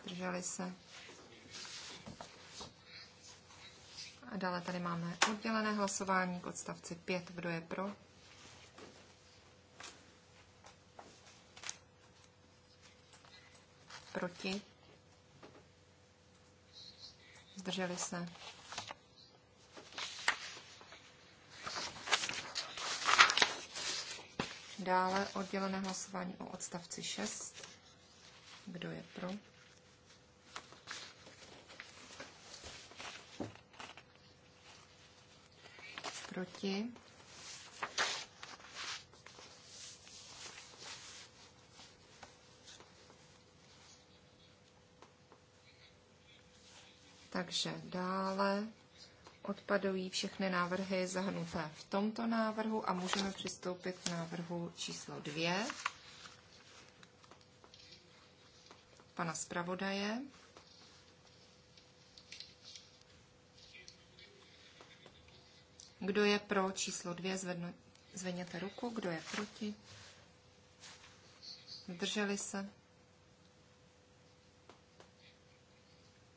Zdrželi se? A dále tady máme oddělené hlasování k odstavci 5. Kdo je pro? Proti? zdrželi se. Dále oddělené hlasování o odstavci 6. Kdo je pro? Proti? Takže dále odpadují všechny návrhy zahrnuté v tomto návrhu a můžeme přistoupit k návrhu číslo dvě. pana zpravodaje. Kdo je pro číslo zvednu, zvedněte ruku. Kdo je proti? Zdrželi se?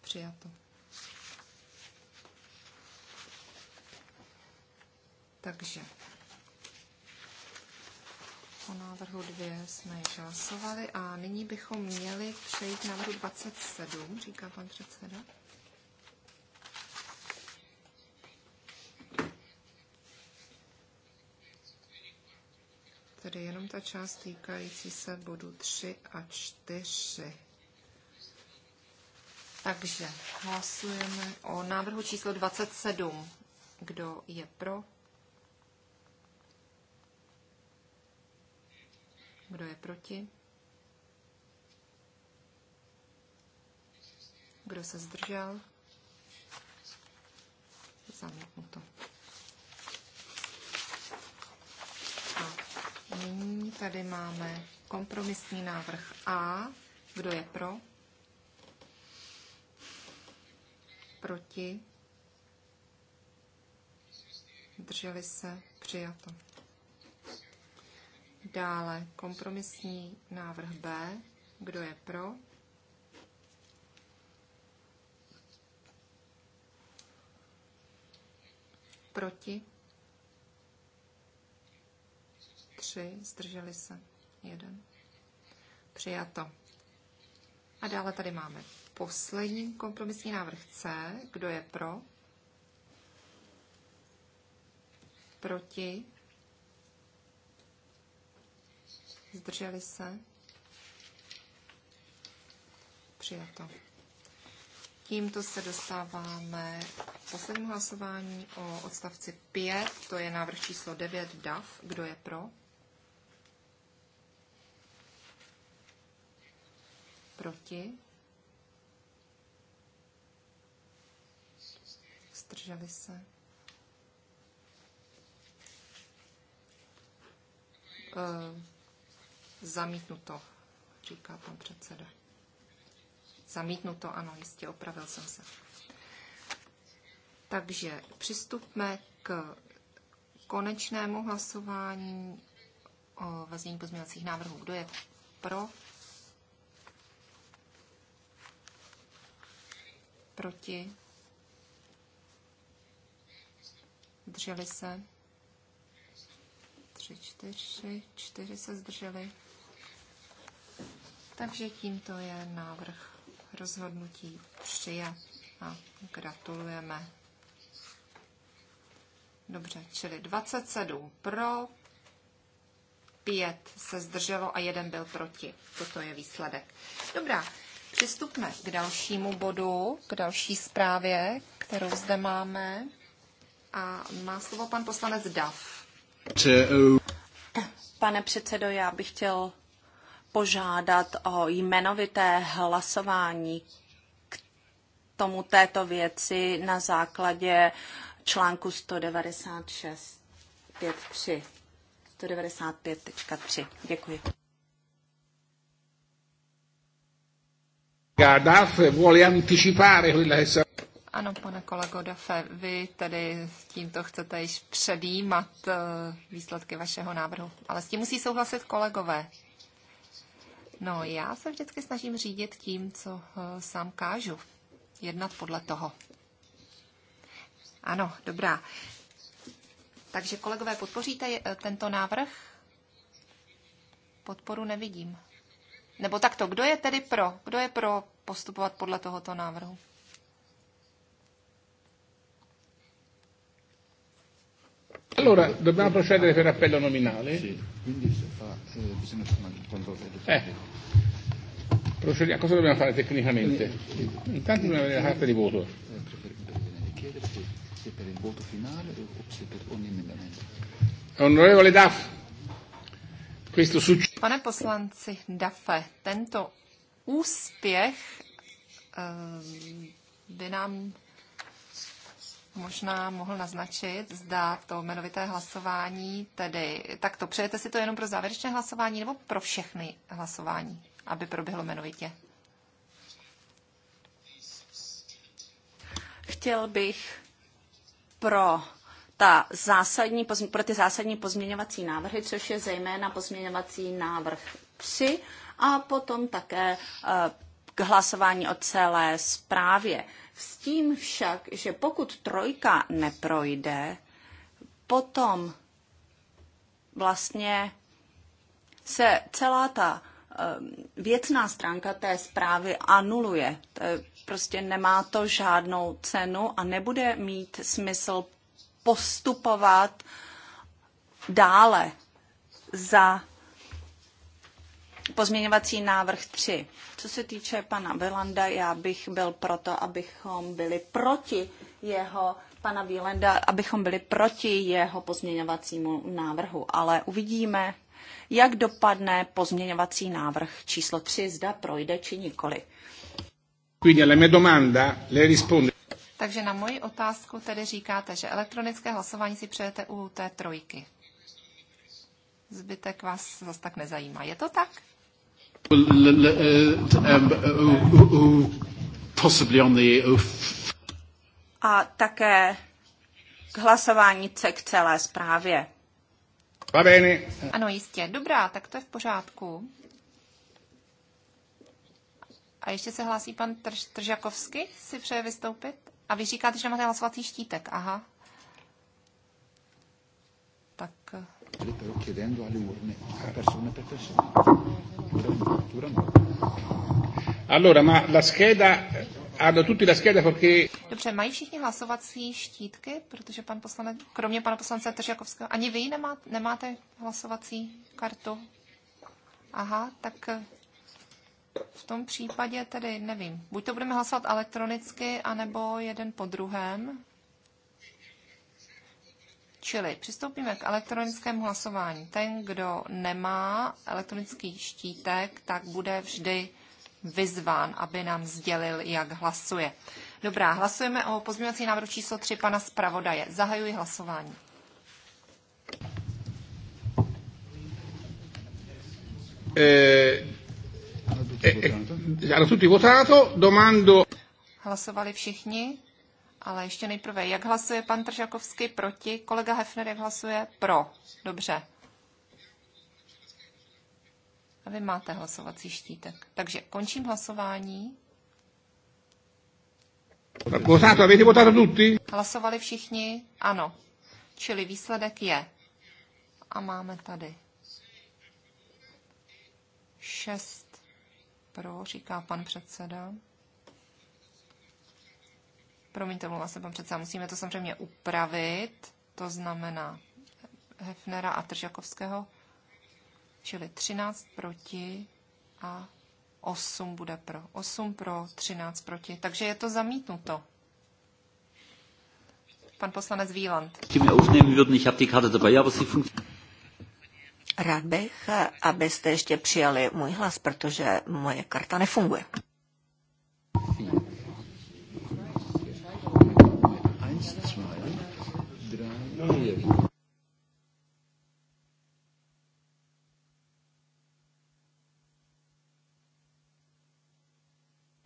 Přijato. Takže o návrhu 2 jsme již hlasovali a nyní bychom měli přejít k návrhu 27, říká pan předseda. Tedy jenom ta část týkající se bodu 3 a 4. Takže hlasujeme o návrhu číslo 27. Kdo je pro? Kdo je proti? Kdo se zdržel? Zamítnuto. A nyní tady máme kompromisní návrh A. Kdo je pro? Proti? Drželi se? Přijato. Dále kompromisní návrh B. Kdo je pro? Proti? Tři. Zdrželi se. Jeden. Přijato. A dále tady máme poslední kompromisní návrh C. Kdo je pro? Proti? zdrželi se, přijato. Tímto se dostáváme k poslednímu hlasování o odstavci 5, to je návrh číslo 9 DAF. Kdo je pro? Proti? Zdrželi se? Uh, Zamítnuto, říká pan předseda. Zamítnuto, ano, jistě, opravil jsem se. Takže přistupme k konečnému hlasování o vaznění pozměňovacích návrhů. Kdo je pro? Proti? Drželi se? Tři, čtyři, čtyři se zdrželi. Takže tímto je návrh rozhodnutí přijat a gratulujeme. Dobře, čili 27 pro, 5 se zdrželo a jeden byl proti. Toto je výsledek. Dobrá, přistupme k dalšímu bodu, k další zprávě, kterou zde máme. A má slovo pan poslanec Dav. Pane předsedo, já bych chtěl požádat o jmenovité hlasování k tomu této věci na základě článku 195.3. Děkuji. Ano, pane kolego Dafe, vy tedy s tímto chcete již předjímat eh, výsledky vašeho návrhu, ale s tím musí souhlasit kolegové. No, já se vždycky snažím řídit tím, co eh, sám kážu. Jednat podle toho. Ano, dobrá. Takže kolegové, podpoříte eh, tento návrh? Podporu nevidím. Nebo takto, kdo je tedy pro? Kdo je pro postupovat podle tohoto návrhu? Allora, dobbiamo procedere per appello nominale. eh, Cosa dobbiamo fare tecnicamente? Intanto dobbiamo avere la carta di voto. Eh, se per il voto finale o se per ogni emendamento. Onorevole Daff, questo succede. Pane poslanci Daffe, tento úspěch ehm, by nám možná mohl naznačit, zda to jmenovité hlasování, tedy tak to přejete si to jenom pro závěrečné hlasování nebo pro všechny hlasování, aby proběhlo jmenovitě? Chtěl bych pro ta zásadní, pro ty zásadní pozměňovací návrhy, což je zejména pozměňovací návrh 3 a potom také eh, k hlasování o celé zprávě. S tím však, že pokud trojka neprojde, potom vlastně se celá ta ehm, věcná stránka té zprávy anuluje. Prostě nemá to žádnou cenu a nebude mít smysl postupovat dále za Pozměňovací návrh 3. Co se týče pana Vilanda, já bych byl proto, abychom byli proti jeho pana Vilanda, abychom byli proti jeho pozměňovacímu návrhu, ale uvidíme, jak dopadne pozměňovací návrh číslo 3, zda projde či nikoli. Quindi alla mia domanda lei risponde. Takže na moji otázku tedy říkáte, že elektronické hlasování si přejete u té trojky. Zbytek vás zase tak nezajímá. Je to tak? A také k hlasování k celé zprávě. Ano, jistě. Dobrá, tak to je v pořádku. A ještě se hlásí pan Trž, Tržakovsky, si přeje vystoupit? A vy říkáte, že máte hlasovací štítek, aha. Tak... Eh. Allora, ma la scheda, hanno tutti la scheda perché... Dobře, mají všichni hlasovací štítky, protože pan poslanec, kromě pana poslance Tržakovského, ani vy nemáte, nemáte hlasovací kartu? Aha, tak v tom případě tedy nevím. Buď to budeme hlasovat elektronicky, anebo jeden po druhém. Čili přistoupíme k elektronickému hlasování. Ten, kdo nemá elektronický štítek, tak bude vždy vyzván, aby nám sdělil, jak hlasuje. Dobrá, hlasujeme o pozměňovací návrhu číslo 3 pana zpravodaje. Zahajuji hlasování. Eh, eh, eh, eh tutti votato, Hlasovali všichni? ale ještě nejprve, jak hlasuje pan Tržakovský proti, kolega Hefner, jak hlasuje pro. Dobře. A vy máte hlasovací štítek. Takže končím hlasování. Hlasovali všichni? Ano. Čili výsledek je. A máme tady. Šest pro, říká pan předseda. Promiňte, mluvila vlastně, se pan předseda, musíme to samozřejmě upravit, to znamená Hefnera a Tržakovského, čili 13 proti a 8 bude pro. 8 pro, 13 proti. Takže je to zamítnuto. Pan poslanec Wieland. Rád bych, abyste ještě přijali můj hlas, protože moje karta nefunguje.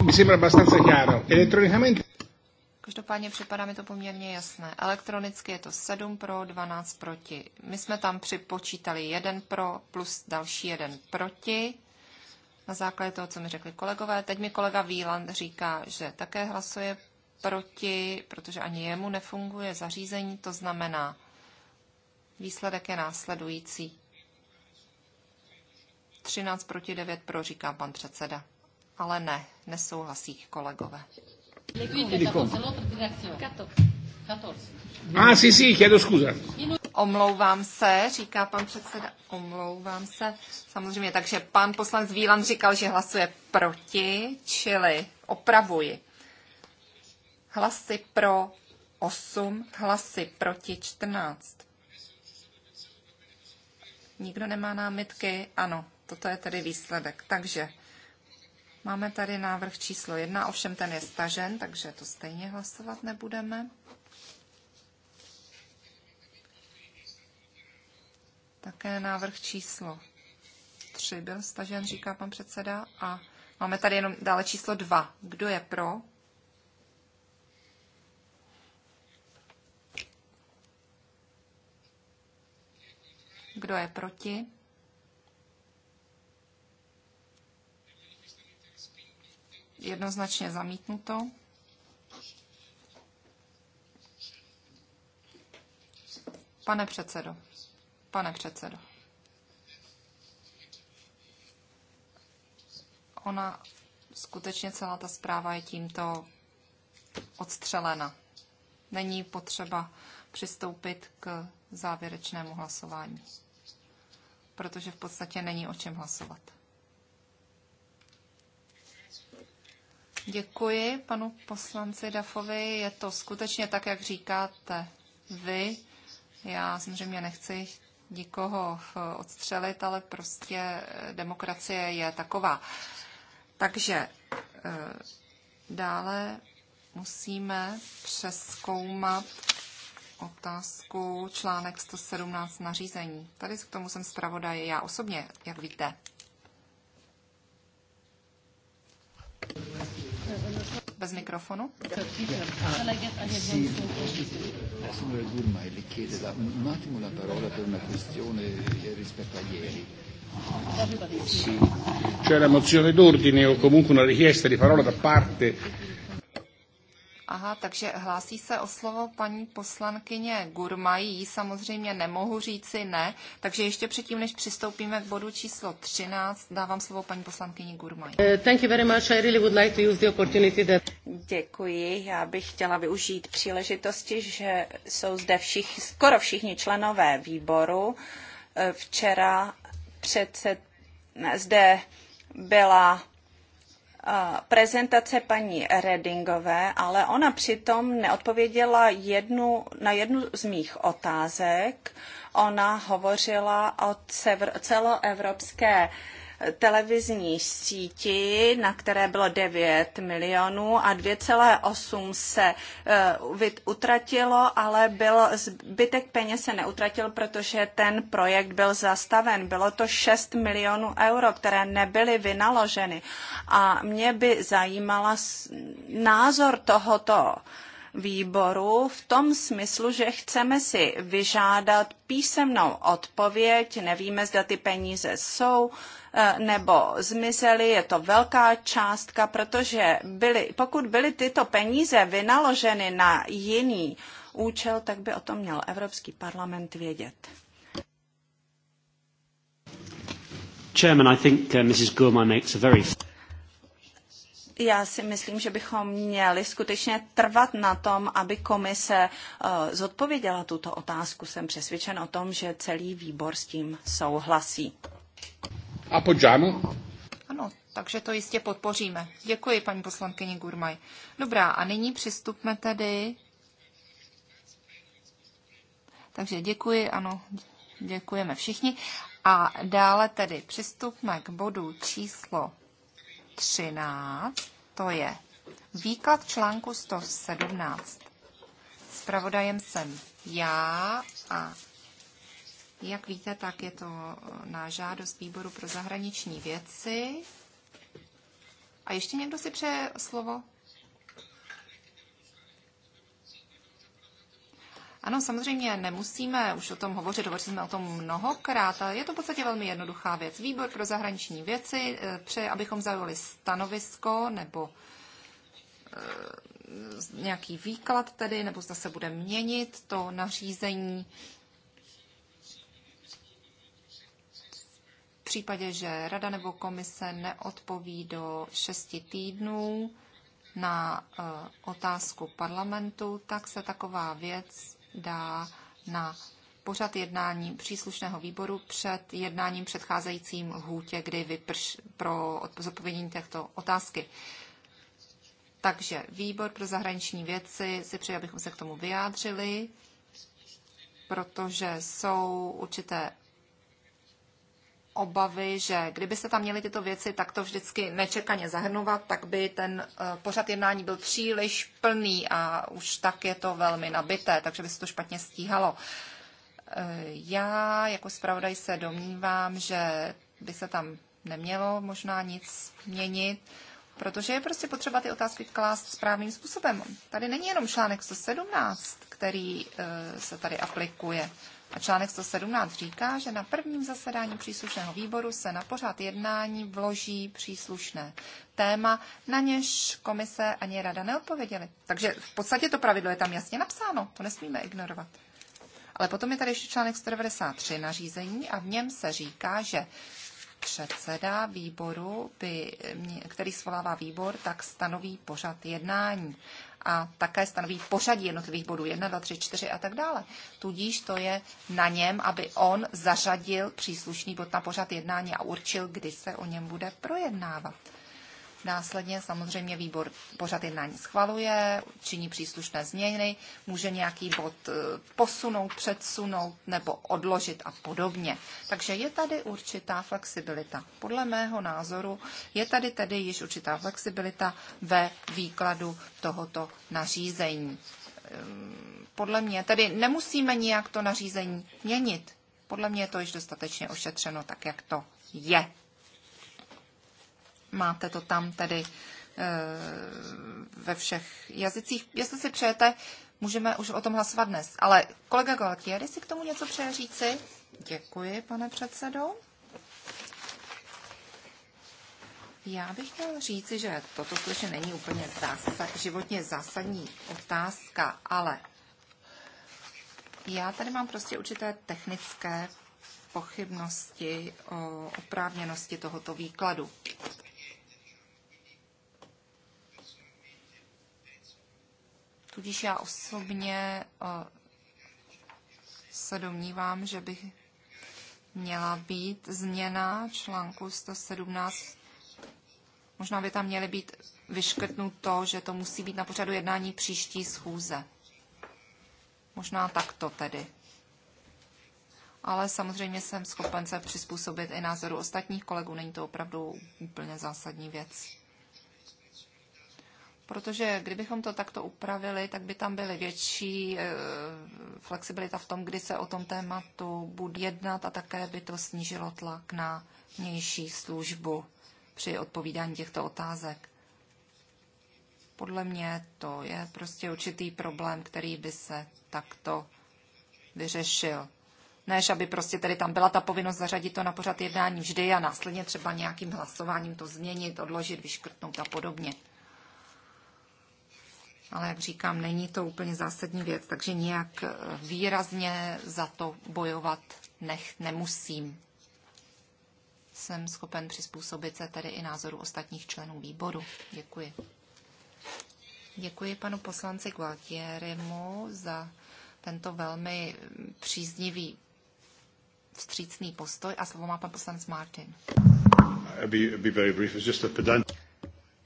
Mi sembra abbastanza chiaro. Elettronicamente... Každopádně připadá mi to poměrně jasné. Elektronicky je to 7 pro, 12 proti. My jsme tam připočítali 1 pro plus další 1 proti. Na základě toho, co mi řekli kolegové, teď mi kolega Výland říká, že také hlasuje proti, protože ani jemu nefunguje zařízení, to znamená, výsledek je následující. 13 proti 9 pro, říká pan předseda. Ale ne, nesouhlasí kolegové. Ah, sì, sì, chiedo scusa. Omlouvám se, říká pan předseda. Omlouvám se. Samozřejmě, takže pan poslanec Vílan říkal, že hlasuje proti, čili opravuji hlasy pro 8, hlasy proti 14. Nikdo nemá námitky? Ano, toto je tedy výsledek. Takže máme tady návrh číslo 1, ovšem ten je stažen, takže to stejně hlasovat nebudeme. Také návrh číslo 3 byl stažen, říká pan předseda. A máme tady jenom dále číslo 2. Kdo je pro? Kdo je proti? Jednoznačně zamítnuto. Pane předsedo, pane předsedo. Ona skutečně celá ta zpráva je tímto odstřelena. Není potřeba přistoupit k závěrečnému hlasování protože v podstatě není o čem hlasovat. Děkuji panu poslanci Dafovi. Je to skutečně tak, jak říkáte vy. Já samozřejmě nechci nikoho odstřelit, ale prostě eh, demokracie je taková. Takže eh, dále musíme přeskoumat otázku článek 117 nařízení. Tady k tomu jsem zpravodaj já osobně, jak víte. Bez mikrofonu. Signora una C'è la mozione d'ordine o comunque una richiesta di parola da parte Aha, takže hlásí se o slovo paní poslankyně Gurmají. Samozřejmě nemohu říci ne, takže ještě předtím, než přistoupíme k bodu číslo 13, dávám slovo paní poslankyni Gurmají. Eh, thank you very much. I really would like to use the opportunity that... Děkuji. Já bych chtěla využít příležitosti, že jsou zde všich, skoro všichni členové výboru. Eh, včera přece zde byla prezentace paní Redingové, ale ona přitom neodpověděla jednu, na jednu z mých otázek. Ona hovořila o celoevropské televizní síti, na které bylo 9 milionů a 2,8 se eh, utratilo, ale byl, zbytek peněz se neutratil, protože ten projekt byl zastaven. Bylo to 6 milionů euro, které nebyly vynaloženy. A mě by zajímala názor tohoto výboru v tom smyslu, že chceme si vyžádat písemnou odpověď, nevíme, zda ty peníze jsou Eh, nebo zmizely. Je to velká částka, protože byly, pokud byly tyto peníze vynaloženy na jiný účel, tak by o tom měl Evropský parlament vědět. Chairman, I think uh, Mrs. makes a very... Já si myslím, že bychom měli skutečně trvat na tom, aby komise eh, zodpověděla tuto otázku. Jsem přesvědčen o tom, že celý výbor s tím souhlasí. Appoggiamo? Ano, takže to jistě podpoříme. Děkuji, paní poslankyni Gurmaj. Dobrá, a nyní přistupme tedy. Takže děkuji, ano, děkujeme všichni. A dále tedy přistupme k bodu číslo 13, to je výklad článku 117. Spravodajem jsem já a jak víte, tak je to eh, na žádost výboru pro zahraniční věci. A ještě někdo si přeje slovo? Ano, samozřejmě nemusíme už o tom hovořit, hovořili jsme o tom mnohokrát, ale je to v podstatě velmi jednoduchá věc. Výbor pro zahraniční věci eh, přeje, abychom zaujali stanovisko nebo eh, nějaký výklad tedy, nebo zda se bude měnit to nařízení případě, že rada nebo komise neodpoví do 6 týdnů na eh, otázku parlamentu, tak se taková věc dá na pořad jednání příslušného výboru před jednáním předcházejícím hůtě, kdy vyprš pro zodpovědění těchto otázky. Takže výbor pro zahraniční věci si přeji, abychom se k tomu vyjádřili, protože jsou určité obavy, že kdyby se tam měly tyto věci takto vždycky nečekaně zahrnovat, tak by ten eh, pořad jednání byl příliš plný a už tak je to velmi nabité, takže by se to špatně stíhalo. Eh, já jako zpravodaj se domnívám, že by se tam nemělo možná nic měnit, protože je prostě potřeba ty otázky klást správným způsobem. Tady není jenom článek 117, který eh, se tady aplikuje. A článek 117 říká, že na prvním zasedání příslušného výboru se na pořád jednání vloží příslušné téma, na něž komise ani rada neodpověděly. Takže v podstatě to pravidlo je tam jasně napsáno, to nesmíme ignorovat. Ale potom je tady ještě článek 193 nařízení a v něm se říká, že předseda výboru, by, který svolává výbor, tak stanoví pořad jednání a také stanoví pořadí jednotlivých bodů 1, 2, 3, 4 a tak dále. Tudíž to je na něm, aby on zařadil příslušný bod na pořad jednání a určil, kdy se o něm bude projednávat. Následně samozřejmě výbor pořad jednání schvaluje, činí příslušné změny, může nějaký bod e, posunout, předsunout nebo odložit a podobně. Takže je tady určitá flexibilita. Podle mého názoru je tady tedy již určitá flexibilita ve výkladu tohoto nařízení. E, podle mě tedy nemusíme nijak to nařízení měnit. Podle mě je to již dostatečně ošetřeno tak, jak to je. Máte to tam tedy eh, ve všech jazycích. Jestli si přejete, můžeme už o tom hlasovat dnes. Ale kolega Galtieri si k tomu něco přeje říci? Děkuji, pane předsedo. Já bych chtěl říci, že toto skutečně není úplně zásad, životně zásadní otázka, ale já tady mám prostě určité technické pochybnosti o oprávněnosti tohoto výkladu. Tudíž já osobně eh, se domnívám, že by měla být změna článku 117. Možná by tam měly být vyškrtnuto, že to musí být na pořadu jednání příští schůze. Možná takto tedy. Ale samozřejmě jsem schopen se přizpůsobit i názoru ostatních kolegů. Není to opravdu úplně zásadní věc protože kdybychom to takto upravili, tak by tam byly větší eh, flexibilita v tom, kdy se o tom tématu bude jednat a také by to snížilo tlak na vnější službu při odpovídání těchto otázek. Podle mě to je prostě určitý problém, který by se takto vyřešil. Než aby prostě tady tam byla ta povinnost zařadit to na pořad jednání vždy a následně třeba nějakým hlasováním to změnit, odložit, vyškrtnout a podobně ale jak říkám, není to úplně zásadní věc, takže nějak eh, výrazně za to bojovat nech nemusím. Jsem schopen přizpůsobit se tedy i názoru ostatních členů výboru. Děkuji. Děkuji panu poslanci Gualtierimu za tento velmi mm, příznivý vstřícný postoj a slovo má pan poslanec Martin. I'll be, I'll be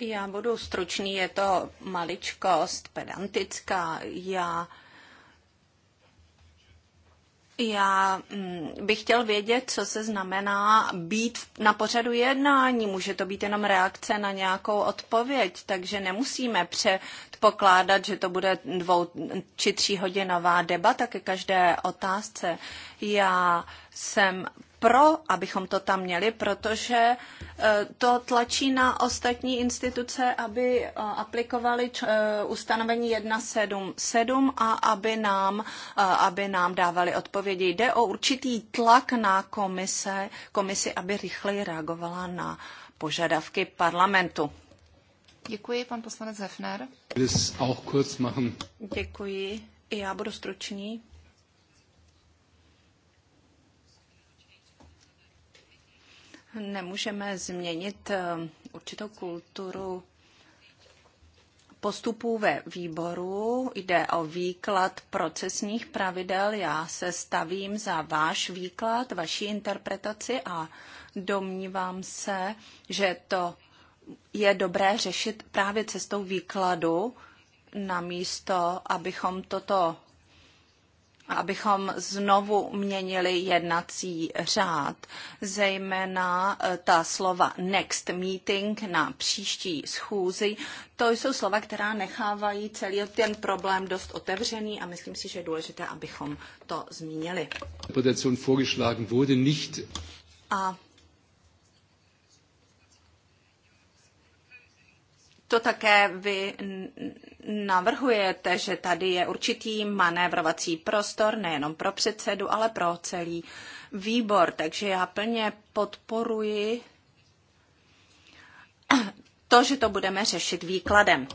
já budu stručný, je to maličkost pedantická. Já já mm, bych chtěl vědět, co se znamená být na pořadu jednání. Může to být jenom reakce na nějakou odpověď, takže nemusíme předpokládat, že to bude dvou či tříhodinová debata ke každé otázce. Já jsem pro, abychom to tam měli, protože eh, to tlačí na ostatní instituce, aby eh, aplikovali eh, ustanovení 177 a aby nám, aby nám dávali odpovědi. Jde o určitý tlak na komise, komisi, aby rychleji reagovala na požadavky parlamentu. Děkuji, pan poslanec Hefner. Děkuji, já budu stručný. nemůžeme změnit eh, určitou kulturu postupů ve výboru. Jde o výklad procesních pravidel. Já se stavím za váš výklad, vaší interpretaci a domnívám se, že to je dobré řešit právě cestou výkladu, namísto abychom toto abychom znovu měnili jednací řád, zejména eh, ta slova next meeting na příští schůzi. To jsou slova, která nechávají celý ten problém dost otevřený a myslím si, že je důležité, abychom to zmínili. A to také vy navrhujete, že tady je určitý manévrovací prostor nejenom pro předsedu, ale pro celý výbor. Takže já plně podporuji to, že to budeme řešit výkladem.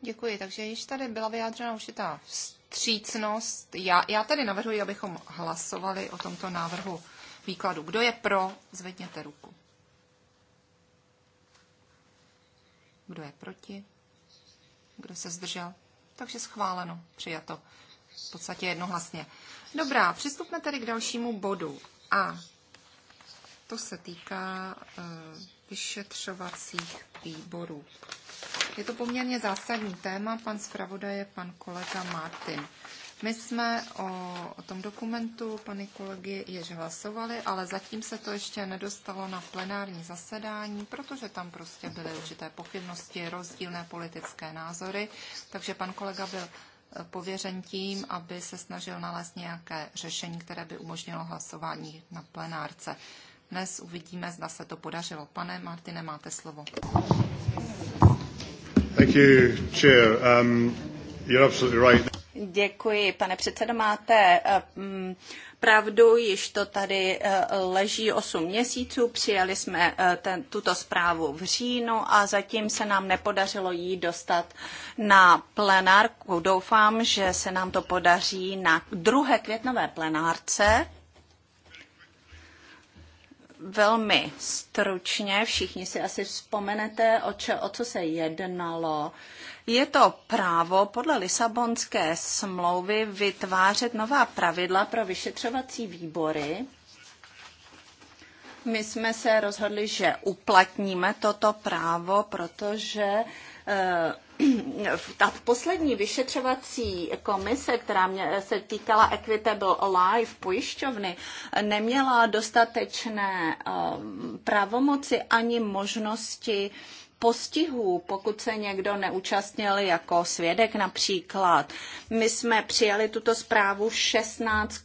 Děkuji, takže již tady byla vyjádřena určitá vstřícnost. Já, já tady navrhuji, abychom hlasovali o tomto návrhu výkladu. Kdo je pro, zvedněte ruku. Kdo je proti? Kdo se zdržel? Takže schváleno, přijato. V podstatě jednohlasně. Dobrá, přistupme tedy k dalšímu bodu. A to se týká uh, vyšetřovacích výborů. Je to poměrně zásadní téma, pan zpravodaj je pan kolega Martin. My jsme o, o tom dokumentu pane kolegy jež hlasovali, ale zatím se to ještě nedostalo na plenární zasedání, protože tam prostě byly určité pochybnosti, rozdílné politické názory, takže pan kolega byl eh, pověřen tím, aby se snažil nalézt nějaké řešení, které by umožnilo hlasování na plenárce. Dnes uvidíme, zda se to podařilo. Pane Martine, máte slovo. Thank you, Chair. Um, you're absolutely right. Děkuji, pane předsedo. Máte eh, mm, pravdu, již to tady eh, leží 8 měsíců. Přijali jsme eh, ten, tuto zprávu v říjnu a zatím se nám nepodařilo ji dostat na plenárku. Doufám, že se nám to podaří na druhé květnové plenárce velmi stručně, všichni si asi vzpomenete, o, če, o co se jednalo. Je to právo podle Lisabonské smlouvy vytvářet nová pravidla pro vyšetřovací výbory. My jsme se rozhodli, že uplatníme toto právo, protože eh, ta poslední vyšetřovací komise, která mě se týkala Equitable Life pojišťovny, neměla dostatečné eh, pravomoci ani možnosti postihů, pokud se někdo neúčastnil jako svědek například. My jsme přijali tuto zprávu 16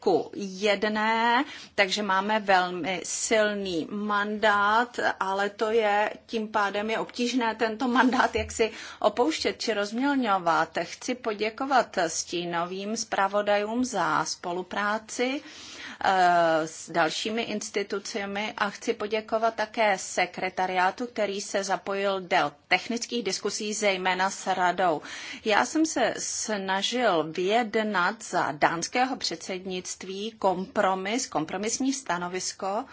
ku 1, takže máme velmi silný mandát, ale to je, tím pádem je obtížné tento mandát jak si opouštět či rozmělňovat. Chci poděkovat stínovým zpravodajům za spolupráci Eh, s dalšími institucemi a chci poděkovat také sekretariátu, který se zapojil do technických diskusí, zejména s radou. Já jsem se snažil vyjednat za dánského předsednictví kompromis, kompromisní stanovisko,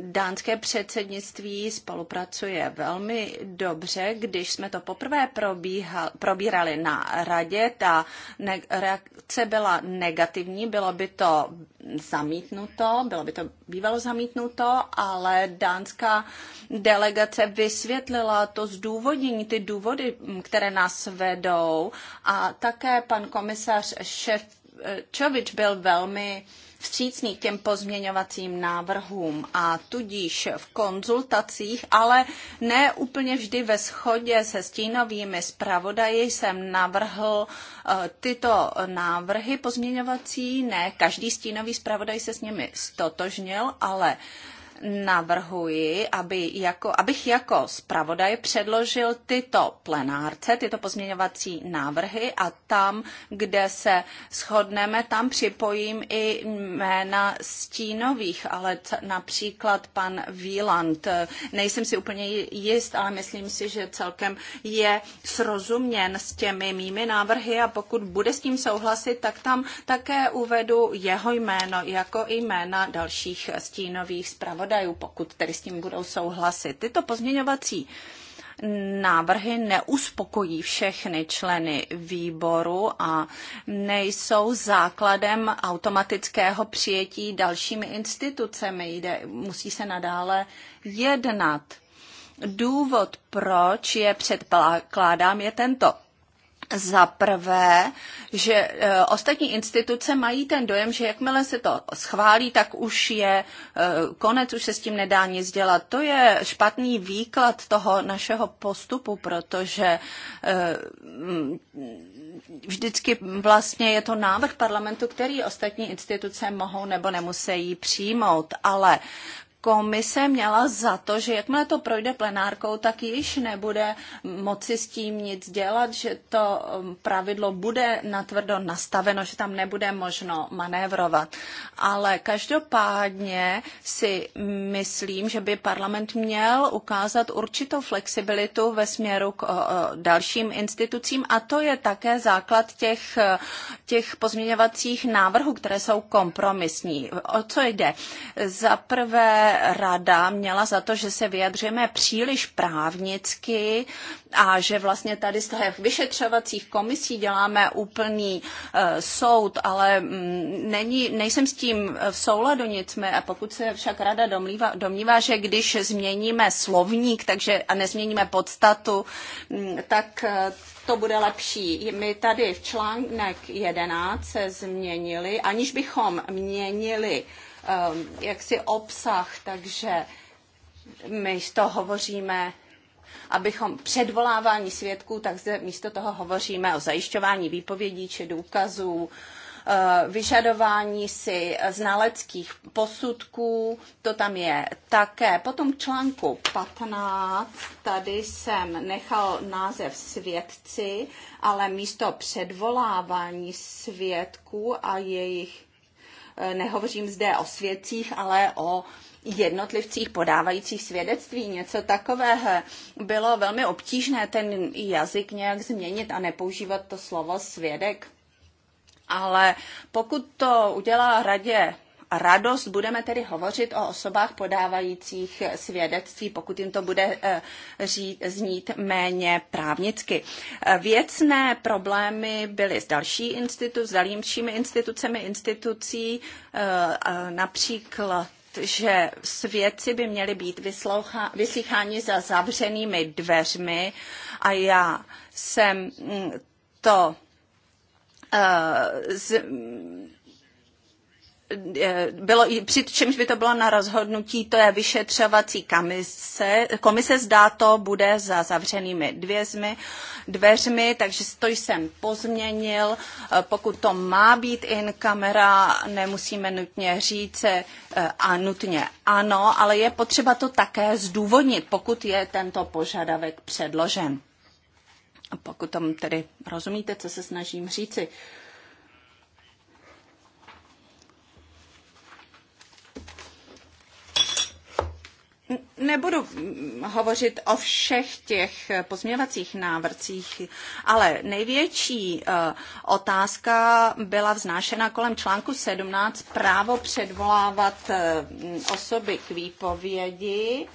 dánské předsednictví spolupracuje velmi dobře. Když jsme to poprvé probíhal, probírali na radě, ta ne- reakce byla negativní, bylo by to zamítnuto, bylo by to bývalo zamítnuto, ale dánská delegace vysvětlila to zdůvodnění, ty důvody, které nás vedou a také pan komisař Šef eh, Čovič byl velmi vstřícný k těm pozměňovacím návrhům a tudíž v konzultacích, ale ne úplně vždy ve shodě se stínovými zpravodaji jsem navrhl eh, tyto návrhy pozměňovací. Ne, každý stínový zpravodaj se s nimi stotožnil, ale navrhuji, aby jako, abych jako zpravodaj předložil tyto plenárce, tyto pozměňovací návrhy a tam, kde se shodneme, tam připojím i jména stínových, ale například pan Wieland. Nejsem si úplně jist, ale myslím si, že celkem je srozuměn s těmi mými návrhy a pokud bude s tím souhlasit, tak tam také uvedu jeho jméno jako i jména dalších stínových zpravodajů zpravodajů, pokud tedy s tím budou souhlasit. Tyto pozměňovací návrhy neuspokojí všechny členy výboru a nejsou základem automatického přijetí dalšími institucemi. Jde, musí se nadále jednat. Důvod, proč je předkládám, je tento za prvé, že e, ostatní instituce mají ten dojem, že jakmile se to schválí, tak už je e, konec, už se s tím nedá nic dělat. To je špatný výklad toho našeho postupu, protože e, vždycky vlastně je to návrh parlamentu, který ostatní instituce mohou nebo nemusí přijmout, ale komise měla za to, že jakmile to projde plenárkou, tak již nebude moci s tím nic dělat, že to um, pravidlo bude natvrdo nastaveno, že tam nebude možno manévrovat. Ale každopádně si myslím, že by parlament měl ukázat určitou flexibilitu ve směru k dalším institucím a to je také základ těch, těch pozměňovacích návrhů, které jsou kompromisní. O co jde? Za prvé rada měla za to, že se vyjadřujeme příliš právnicky a že vlastně tady z těch vyšetřovacích komisí děláme úplný uh, soud, ale mm, není, nejsem s tím v souladu nicmé. A pokud se však rada domlíva, domnívá, že když změníme slovník takže, a nezměníme podstatu, mm, tak eh, to bude lepší. My tady v článek 11 se změnili, aniž bychom měnili uh, Um, jaksi obsah, takže my toho hovoříme abychom předvolávání svědků, tak zde místo toho hovoříme o zajišťování výpovědí či důkazů, uh, vyžadování si znaleckých posudků, to tam je také. Potom článku 15, tady jsem nechal název svědci, ale místo předvolávání svědků a jejich Eh, nehovořím zde o svědcích, ale o jednotlivcích podávajících svědectví, něco takového. Bylo velmi obtížné ten jazyk nějak změnit a nepoužívat to slovo svědek. Ale pokud to udělá radě radost budeme tedy hovořit o osobách podávajících svědectví, pokud jim to bude eh, řít, znít méně právnicky. Eh, věcné problémy byly s další institut, s dalšími institucemi institucí, eh, například že svědci by měli být vysloucha, vyslycháni za zavřenými dveřmi a já jsem mm, to uh, z, Eh, bylo, přičemž by to bylo na rozhodnutí, to je vyšetřovací komise. Komise zdá to bude za zavřenými dvězmi, dveřmi, takže to jsem pozměnil. Eh, pokud to má být in kamera, nemusíme nutně říct eh, a nutně ano, ale je potřeba to také zdůvodnit, pokud je tento požadavek předložen. Pokud tomu tedy rozumíte, co se snažím říci. Uh, Nebudu mm, hovořit o všech těch eh, pozměvacích návrcích, ale největší eh, otázka byla vznášena kolem článku 17 právo předvolávat eh, osoby k výpovědi,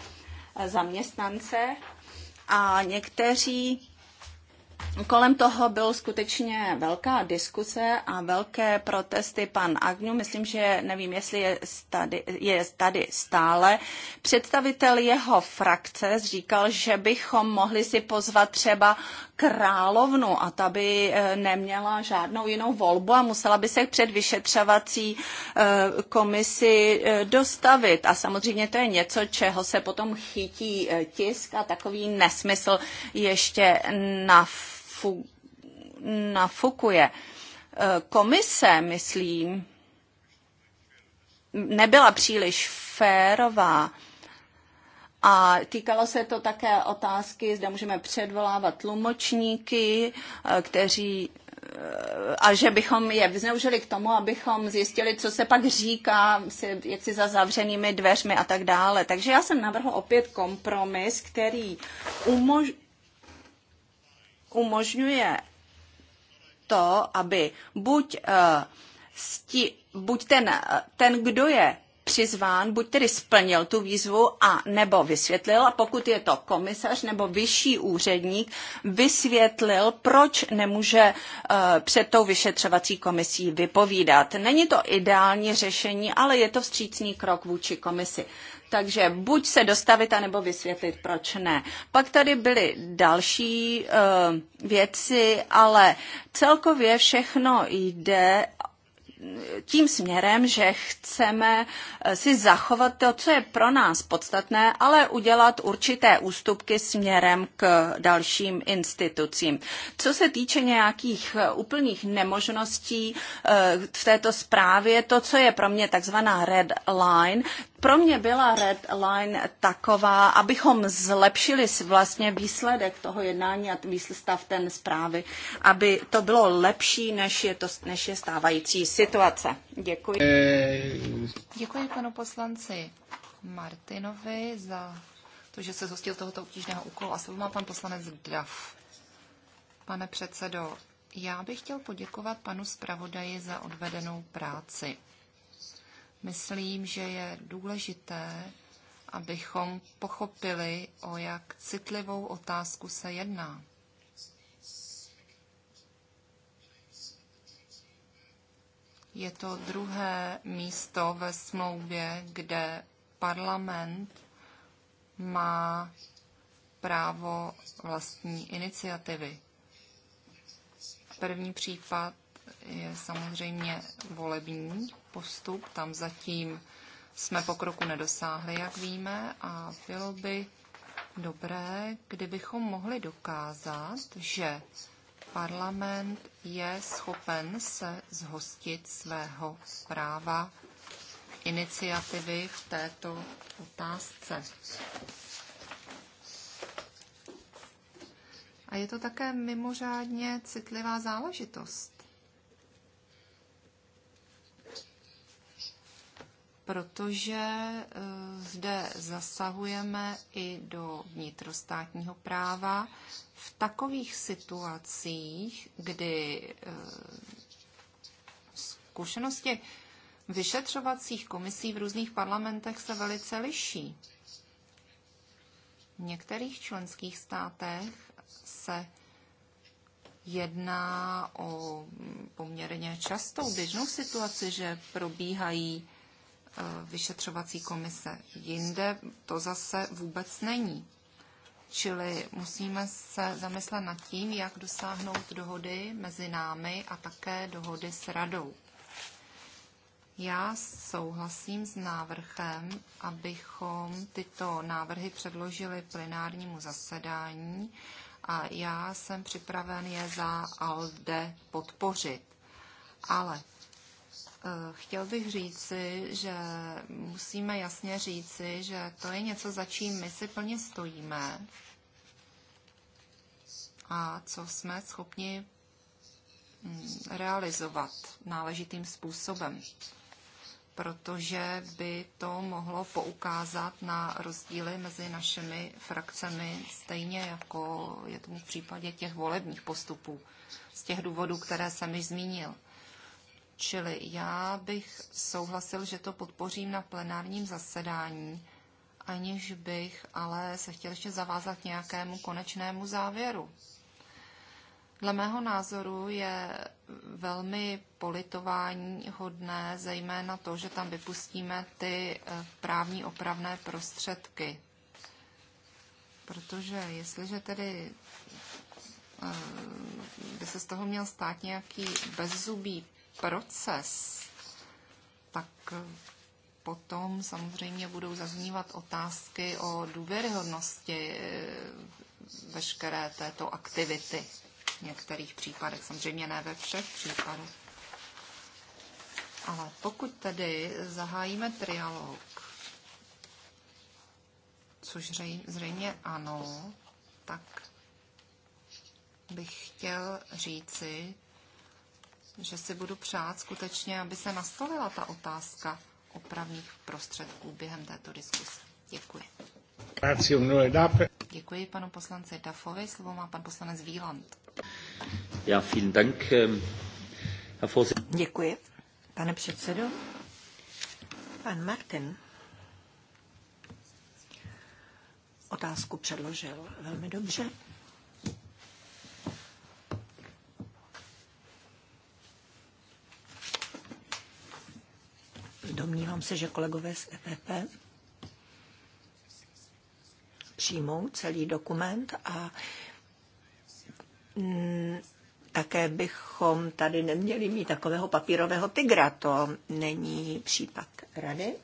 zaměstnance a někteří Kolem toho byl skutečně velká diskuse a velké protesty. Pan Agňu, myslím, že nevím, jestli je tady, je tady stále. Představitel jeho frakce říkal, že bychom mohli si pozvat třeba královnu a ta by eh, neměla žádnou jinou volbu a musela by se před vyšetřovací eh, komisi eh, dostavit. A samozřejmě to je něco, čeho se potom chytí tisk a takový nesmysl ještě nafu, nafukuje. Komise, myslím, nebyla příliš férová a týkalo se to také otázky, zda můžeme předvolávat tlumočníky, eh, kteří eh, a že bychom je zneužili k tomu, abychom zjistili, co se pak říká, jak si za zavřenými dveřmi a tak dále. Takže já jsem navrhl opět kompromis, který umož, umožňuje to, aby buď, uh, sti, buď ten, ten, kdo je přizván, buď tedy splnil tu výzvu a nebo vysvětlil, a pokud je to komisař nebo vyšší úředník, vysvětlil, proč nemůže eh, před tou vyšetřovací komisí vypovídat. Není to ideální řešení, ale je to vstřícný krok vůči komisi. Takže buď se dostavit, anebo vysvětlit, proč ne. Pak tady byly další uh, věci, ale celkově všechno jde tím směrem, že chceme eh, si zachovat to, co je pro nás podstatné, ale udělat určité ústupky směrem k dalším institucím. Co se týče nějakých eh, úplných nemožností eh, v této zprávě, to, co je pro mě takzvaná red line, pro mě byla red line taková, abychom zlepšili vlastně výsledek toho jednání a výstav ten zprávy, aby to bylo lepší, než je, to, než je stávající situace. Děkuji. Děkuji panu poslanci Martinovi za to, že se zhostil tohoto obtížného úkolu. A slovo má pan poslanec Dav. Pane předsedo, já bych chtěl poděkovat panu zpravodaji za odvedenou práci. Myslím, že je důležité, abychom pochopili, o jak citlivou otázku se jedná. Je to druhé místo ve smlouvě, kde parlament má právo vlastní iniciativy. První případ je samozřejmě volební postup. Tam zatím jsme pokroku nedosáhli, jak víme, a bylo by dobré, kdybychom mohli dokázat, že parlament je schopen se zhostit svého práva iniciativy v této otázce. A je to také mimořádně citlivá záležitost. protože eh, zde zasahujeme i do vnitrostátního práva v takových situacích, kdy eh, zkušenosti vyšetřovacích komisí v různých parlamentech se velice liší. V některých členských státech se jedná o poměrně častou běžnou situaci, že probíhají vyšetřovací komise. Jinde to zase vůbec není. Čili musíme se zamyslet nad tím, jak dosáhnout dohody mezi námi a také dohody s radou. Já souhlasím s návrhem, abychom tyto návrhy předložili plenárnímu zasedání a já jsem připraven je za ALDE podpořit. Ale Eh, chtěl bych říci, že musíme jasně říci, že to je něco, za čím my si plně stojíme a co jsme schopni mm, realizovat náležitým způsobem, protože by to mohlo poukázat na rozdíly mezi našimi frakcemi, stejně jako je tomu v případě těch volebních postupů, z těch důvodů, které jsem již zmínil. Čili já bych souhlasil, že to podpořím na plenárním zasedání, aniž bych ale se chtěl ještě zavázat k nějakému konečnému závěru. Dle mého názoru je velmi politování hodné, zejména to, že tam vypustíme ty eh, právní opravné prostředky. Protože jestliže tedy eh, by se z toho měl stát nějaký bezzubý proces, tak potom samozřejmě budou zaznívat otázky o důvěryhodnosti eh, veškeré této aktivity v některých případech, samozřejmě ne ve všech případech. Ale pokud tedy zahájíme trialog, což zřejmě ano, tak bych chtěl říci, že si budu přát skutečně, aby se nastolila ta otázka opravných prostředků během této diskuse. Děkuji. Děkuji panu poslanci Dafovi. Slovo má pan poslanec Víland. Já vielen Dank. Ehm, Děkuji, pane předsedo. Pan Martin otázku předložil velmi dobře. Domnívám se, že kolegové z EPP přijmou celý dokument a mm, také bychom tady neměli mít takového papírového tygra. To není případ rady.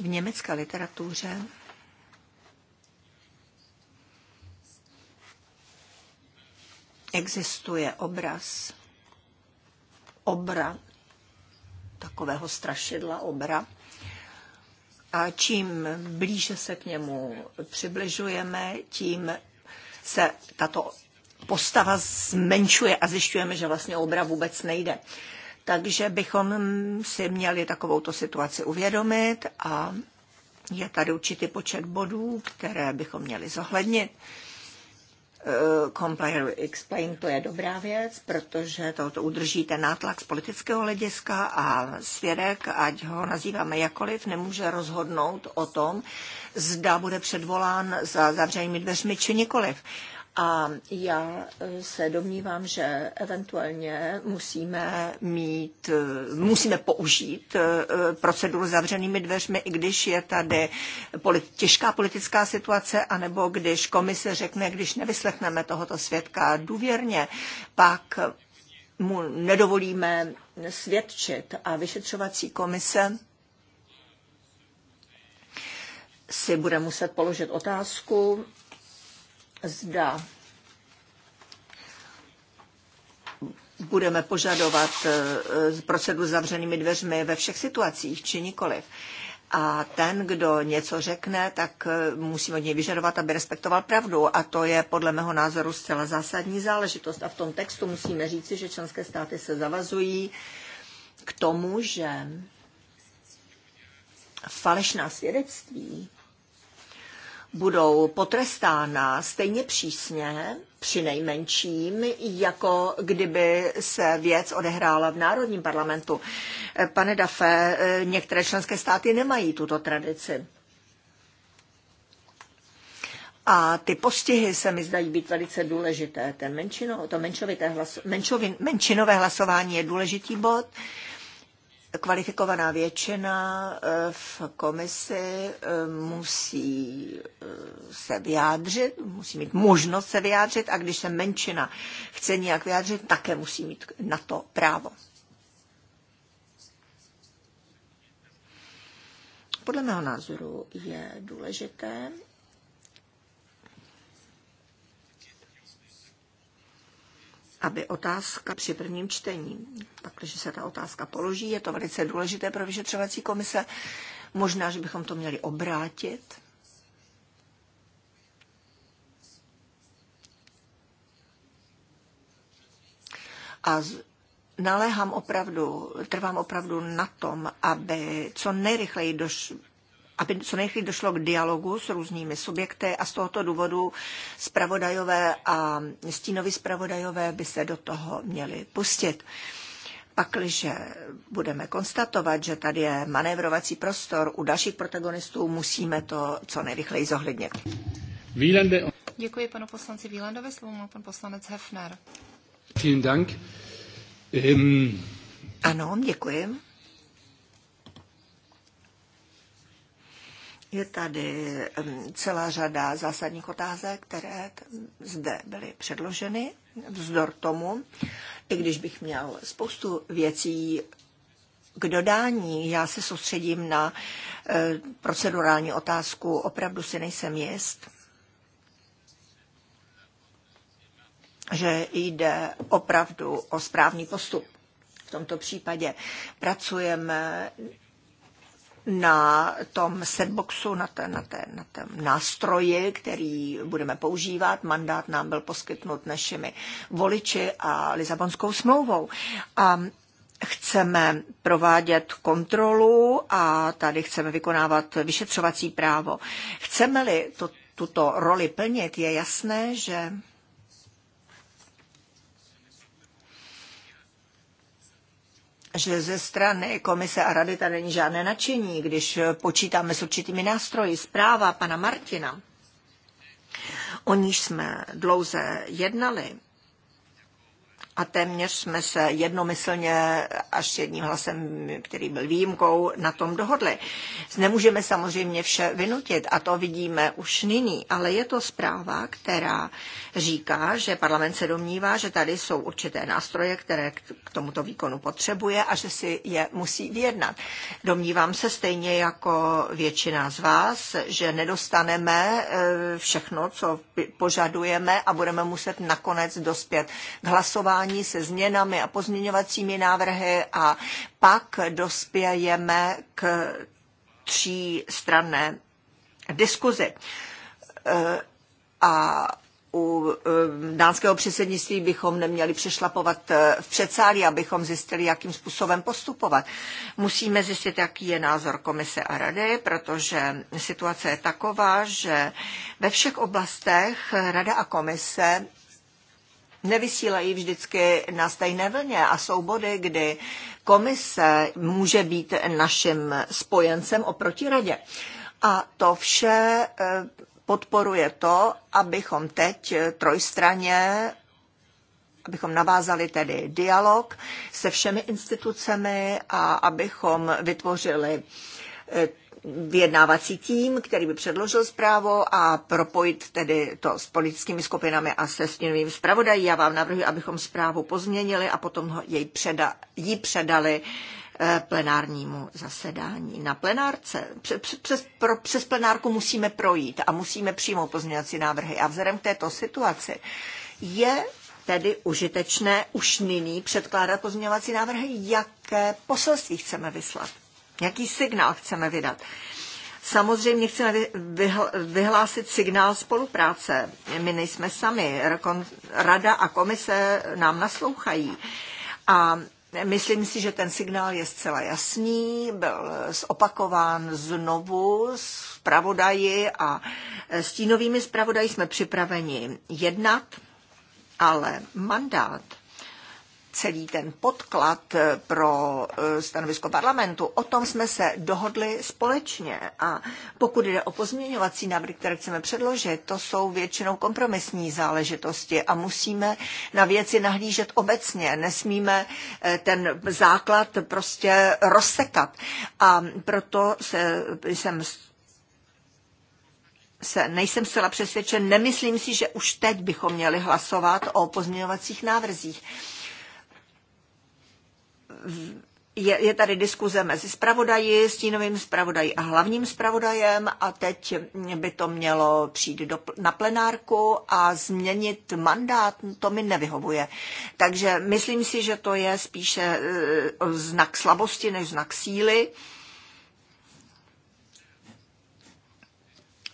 V německé literatuře existuje obraz obra takového strašidla obra. A čím blíže se k němu přibližujeme, tím se tato postava zmenšuje a zjišťujeme, že vlastně obra vůbec nejde. Takže bychom si měli takovouto situaci uvědomit a je tady určitý počet bodů, které bychom měli zohlednit. Eh, Complier Explain to je dobrá věc, protože to, to udrží ten nátlak z politického hlediska a svědek, ať ho nazýváme jakoliv, nemůže rozhodnout o tom, zda bude předvolán za zavřenými dveřmi či nikoliv. A já eh, se domnívám, že eventuálně musíme mít, eh, musíme použít eh, proceduru zavřenými dveřmi, i když je tady těžká politická situace, anebo když komise řekne, když nevyslechneme tohoto svědka důvěrně, pak mu nedovolíme svědčit a vyšetřovací komise si bude muset položit otázku, zda budeme požadovat eh, s zavřenými dveřmi ve všech situacích, či nikoliv. A ten, kdo něco řekne, tak eh, musí od něj vyžadovat, aby respektoval pravdu. A to je podle mého názoru zcela zásadní záležitost. A v tom textu musíme říci, že členské státy se zavazují k tomu, že falešná svědectví budou potrestána stejně přísně, při nejmenším, jako kdyby se věc odehrála v Národním parlamentu. Pane Dafe, některé členské státy nemají tuto tradici. A ty postihy se mi zdají být velice důležité. Ten menšino, to menšovité hlaso, menšovin, menšinové hlasování je důležitý bod kvalifikovaná většina eh, v komisi eh, musí eh, se vyjádřit, musí mít možnost se vyjádřit a když se menšina chce nějak vyjádřit, také musí mít na to právo. Podle mého názoru je důležité, aby otázka při prvním čtení, pakliže se ta otázka položí, je to velice důležité pro vyšetřovací komise, možná, že bychom to měli obrátit, a naléhám opravdu, trvám opravdu na tom, aby co nejrychleji doš, aby co nejchvíli došlo k dialogu s různými subjekty a z tohoto důvodu spravodajové a stínoví spravodajové by se do toho měli pustit. Pakliže budeme konstatovat, že tady je manévrovací prostor u dalších protagonistů, musíme to co nejrychleji zohlednit. Eh, děkuji panu poslanci Výlandovi, slovo má pan poslanec Hefner. Vielen Dank. Ano, děkuji. Je tady celá řada zásadních otázek, které zde byly předloženy vzdor tomu, i když bych měl spoustu věcí k dodání. Já se soustředím na e, procedurální otázku. Opravdu si nejsem jist, že jde opravdu o správný postup. V tomto případě pracujeme na tom setboxu, na, té, na, té, na tom nástroji, který budeme používat. Mandát nám byl poskytnut našimi voliči a Lisabonskou smlouvou. A chceme provádět kontrolu a tady chceme vykonávat vyšetřovací právo. Chceme-li to, tuto roli plnit, je jasné, že že ze strany komise a rady tady není žádné nadšení, když počítáme s určitými nástroji. Zpráva pana Martina, o níž jsme dlouze jednali, a téměř jsme se jednomyslně až jedním hlasem, který byl výjimkou, na tom dohodli. Nemůžeme samozřejmě vše vynutit a to vidíme už nyní, ale je to zpráva, která říká, že parlament se domnívá, že tady jsou určité nástroje, které k tomuto výkonu potřebuje a že si je musí vyjednat. Domnívám se stejně jako většina z vás, že nedostaneme eh, všechno, co požadujeme a budeme muset nakonec dospět k hlasování jednání se změnami a pozměňovacími návrhy a pak dospějeme k třístranné diskuzi. E, a u e, dánského předsednictví bychom neměli přešlapovat e, v předsálí, abychom zjistili, jakým způsobem postupovat. Musíme zjistit, jaký je názor komise a rady, protože situace je taková, že ve všech oblastech rada a komise nevysílají vždycky na stejné vlně a jsou body, kdy komise může být naším spojencem oproti radě. A to vše eh, podporuje to, abychom teď eh, trojstraně abychom navázali tedy dialog se všemi institucemi a abychom vytvořili eh, vyjednávací tým, který by předložil zprávu a propojit tedy to s politickými skupinami a se stínovým zpravodají. Já vám navrhuji, abychom zprávu pozměnili a potom jej předa, ji předali eh, plenárnímu zasedání. Na plenárce, přes, pro, přes plenárku musíme projít a musíme přijmout pozměňovací návrhy. A vzhledem k této situaci je tedy užitečné už nyní předkládat pozměňovací návrhy, jaké poselství chceme vyslat. Jaký signál chceme vydat? Samozřejmě chceme vyhlásit signál spolupráce. My nejsme sami. Rada a komise nám naslouchají. A Myslím si, že ten signál je zcela jasný, byl zopakován znovu s pravodaji a stínovými zpravodaji jsme připraveni jednat, ale mandát celý ten podklad eh, pro eh, stanovisko parlamentu, o tom jsme se dohodli společně. A pokud jde o pozměňovací návrhy, které chceme předložit, to jsou většinou kompromisní záležitosti a musíme na věci nahlížet obecně. Nesmíme eh, ten základ prostě rozsekat. A proto se, jsem se nejsem zcela přesvědčen, nemyslím si, že už teď bychom měli hlasovat o pozměňovacích návrzích je, je tady diskuze mezi zpravodaji, stínovým spravodají a hlavním spravodajem a teď by to mělo přijít do, na plenárku a změnit mandát, to mi nevyhovuje. Takže myslím si, že to je spíše eh, znak slabosti než znak síly.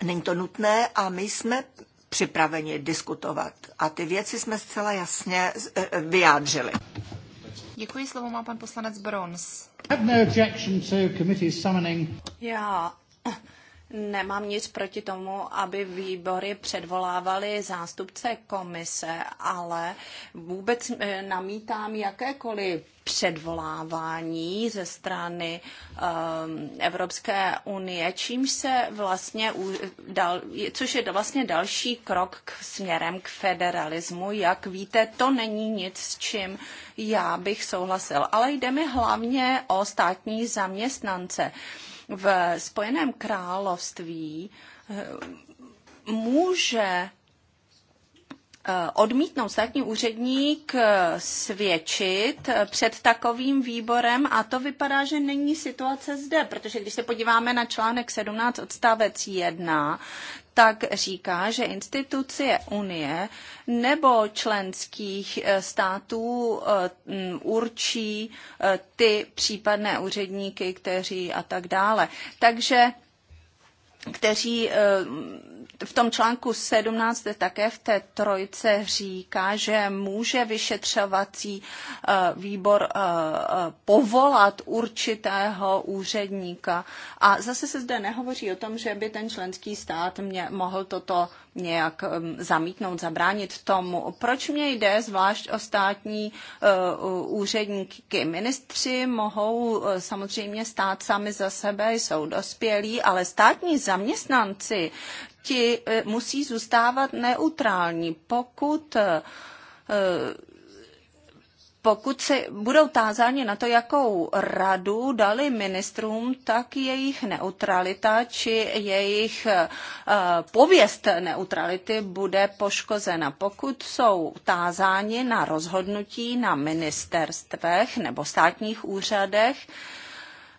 Není to nutné a my jsme připraveni diskutovat. A ty věci jsme zcela jasně eh, eh, vyjádřili. Děkuji, slovo má pan poslanec Brons. No Já Nemám nic proti tomu, aby výbory předvolávaly zástupce komise, ale vůbec eh, namítám jakékoliv předvolávání ze strany um, Evropské unie, čímž se vlastně, dal, což je vlastně další krok k, směrem k federalismu. Jak víte, to není nic, s čím já bych souhlasil, ale jde mi hlavně o státní zaměstnance. Uh, v Spojeném království eh, může eh, odmítnout státní úředník eh, svědčit před takovým výborem a to vypadá, že není situace zde, protože když se podíváme na článek 17 odstavec 1, tak říká, že instituce Unie nebo členských eh, států eh, určí eh, ty případné úředníky, kteří a tak dále. Takže kteří eh, v tom článku 17 také v té trojce říká, že může vyšetřovací eh, výbor eh, povolat určitého úředníka. A zase se zde nehovoří o tom, že by ten členský stát mě mohl toto nějak um, zamítnout, zabránit tomu. Proč mě jde zvlášť o státní uh, úředníky? Ministři mohou uh, samozřejmě stát sami za sebe, jsou dospělí, ale státní zaměstnanci ti uh, musí zůstávat neutrální. Pokud pokud se budou tázáni na to, jakou radu dali ministrům, tak jejich neutralita či jejich eh, pověst neutrality bude poškozena. Pokud jsou tázáni na rozhodnutí na ministerstvech nebo státních úřadech,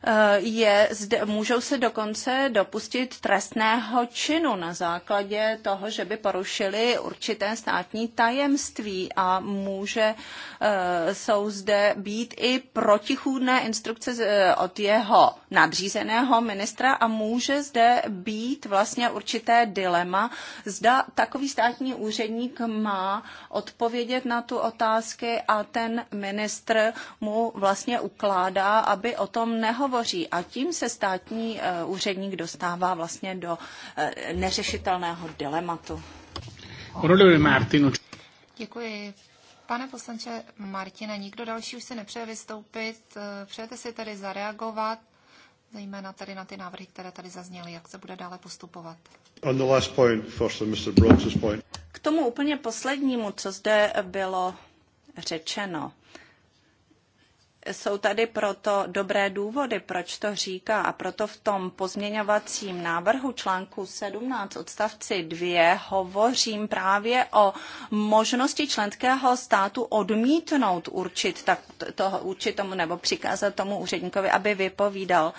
Eh, je, zde, můžou se dokonce dopustit trestného činu na základě toho, že by porušili určité státní tajemství a může, eh, jsou zde být i protichůdné instrukce eh, od jeho nadřízeného ministra a může zde být vlastně určité dilema, zda takový státní úředník má odpovědět na tu otázky a ten ministr mu vlastně ukládá, aby o tom neho nehovoří a tím se státní eh, úředník dostává vlastně do eh, neřešitelného dilematu. Děkuji. Pane poslanče Martina, nikdo další už si nepřeje vystoupit. Eh, přejete si tedy zareagovat, zejména tady na ty návrhy, které tady zazněly, jak se bude dále postupovat? On the last point, firstly, Mr. point. K tomu úplně poslednímu, co zde bylo řečeno. Jsou tady proto dobré důvody, proč to říká a proto v tom pozměňovacím návrhu článku 17 odstavci 2 hovořím právě o možnosti členského státu odmítnout určit tak, to, určit tomu nebo přikázat tomu úředníkovi, aby vypovídal.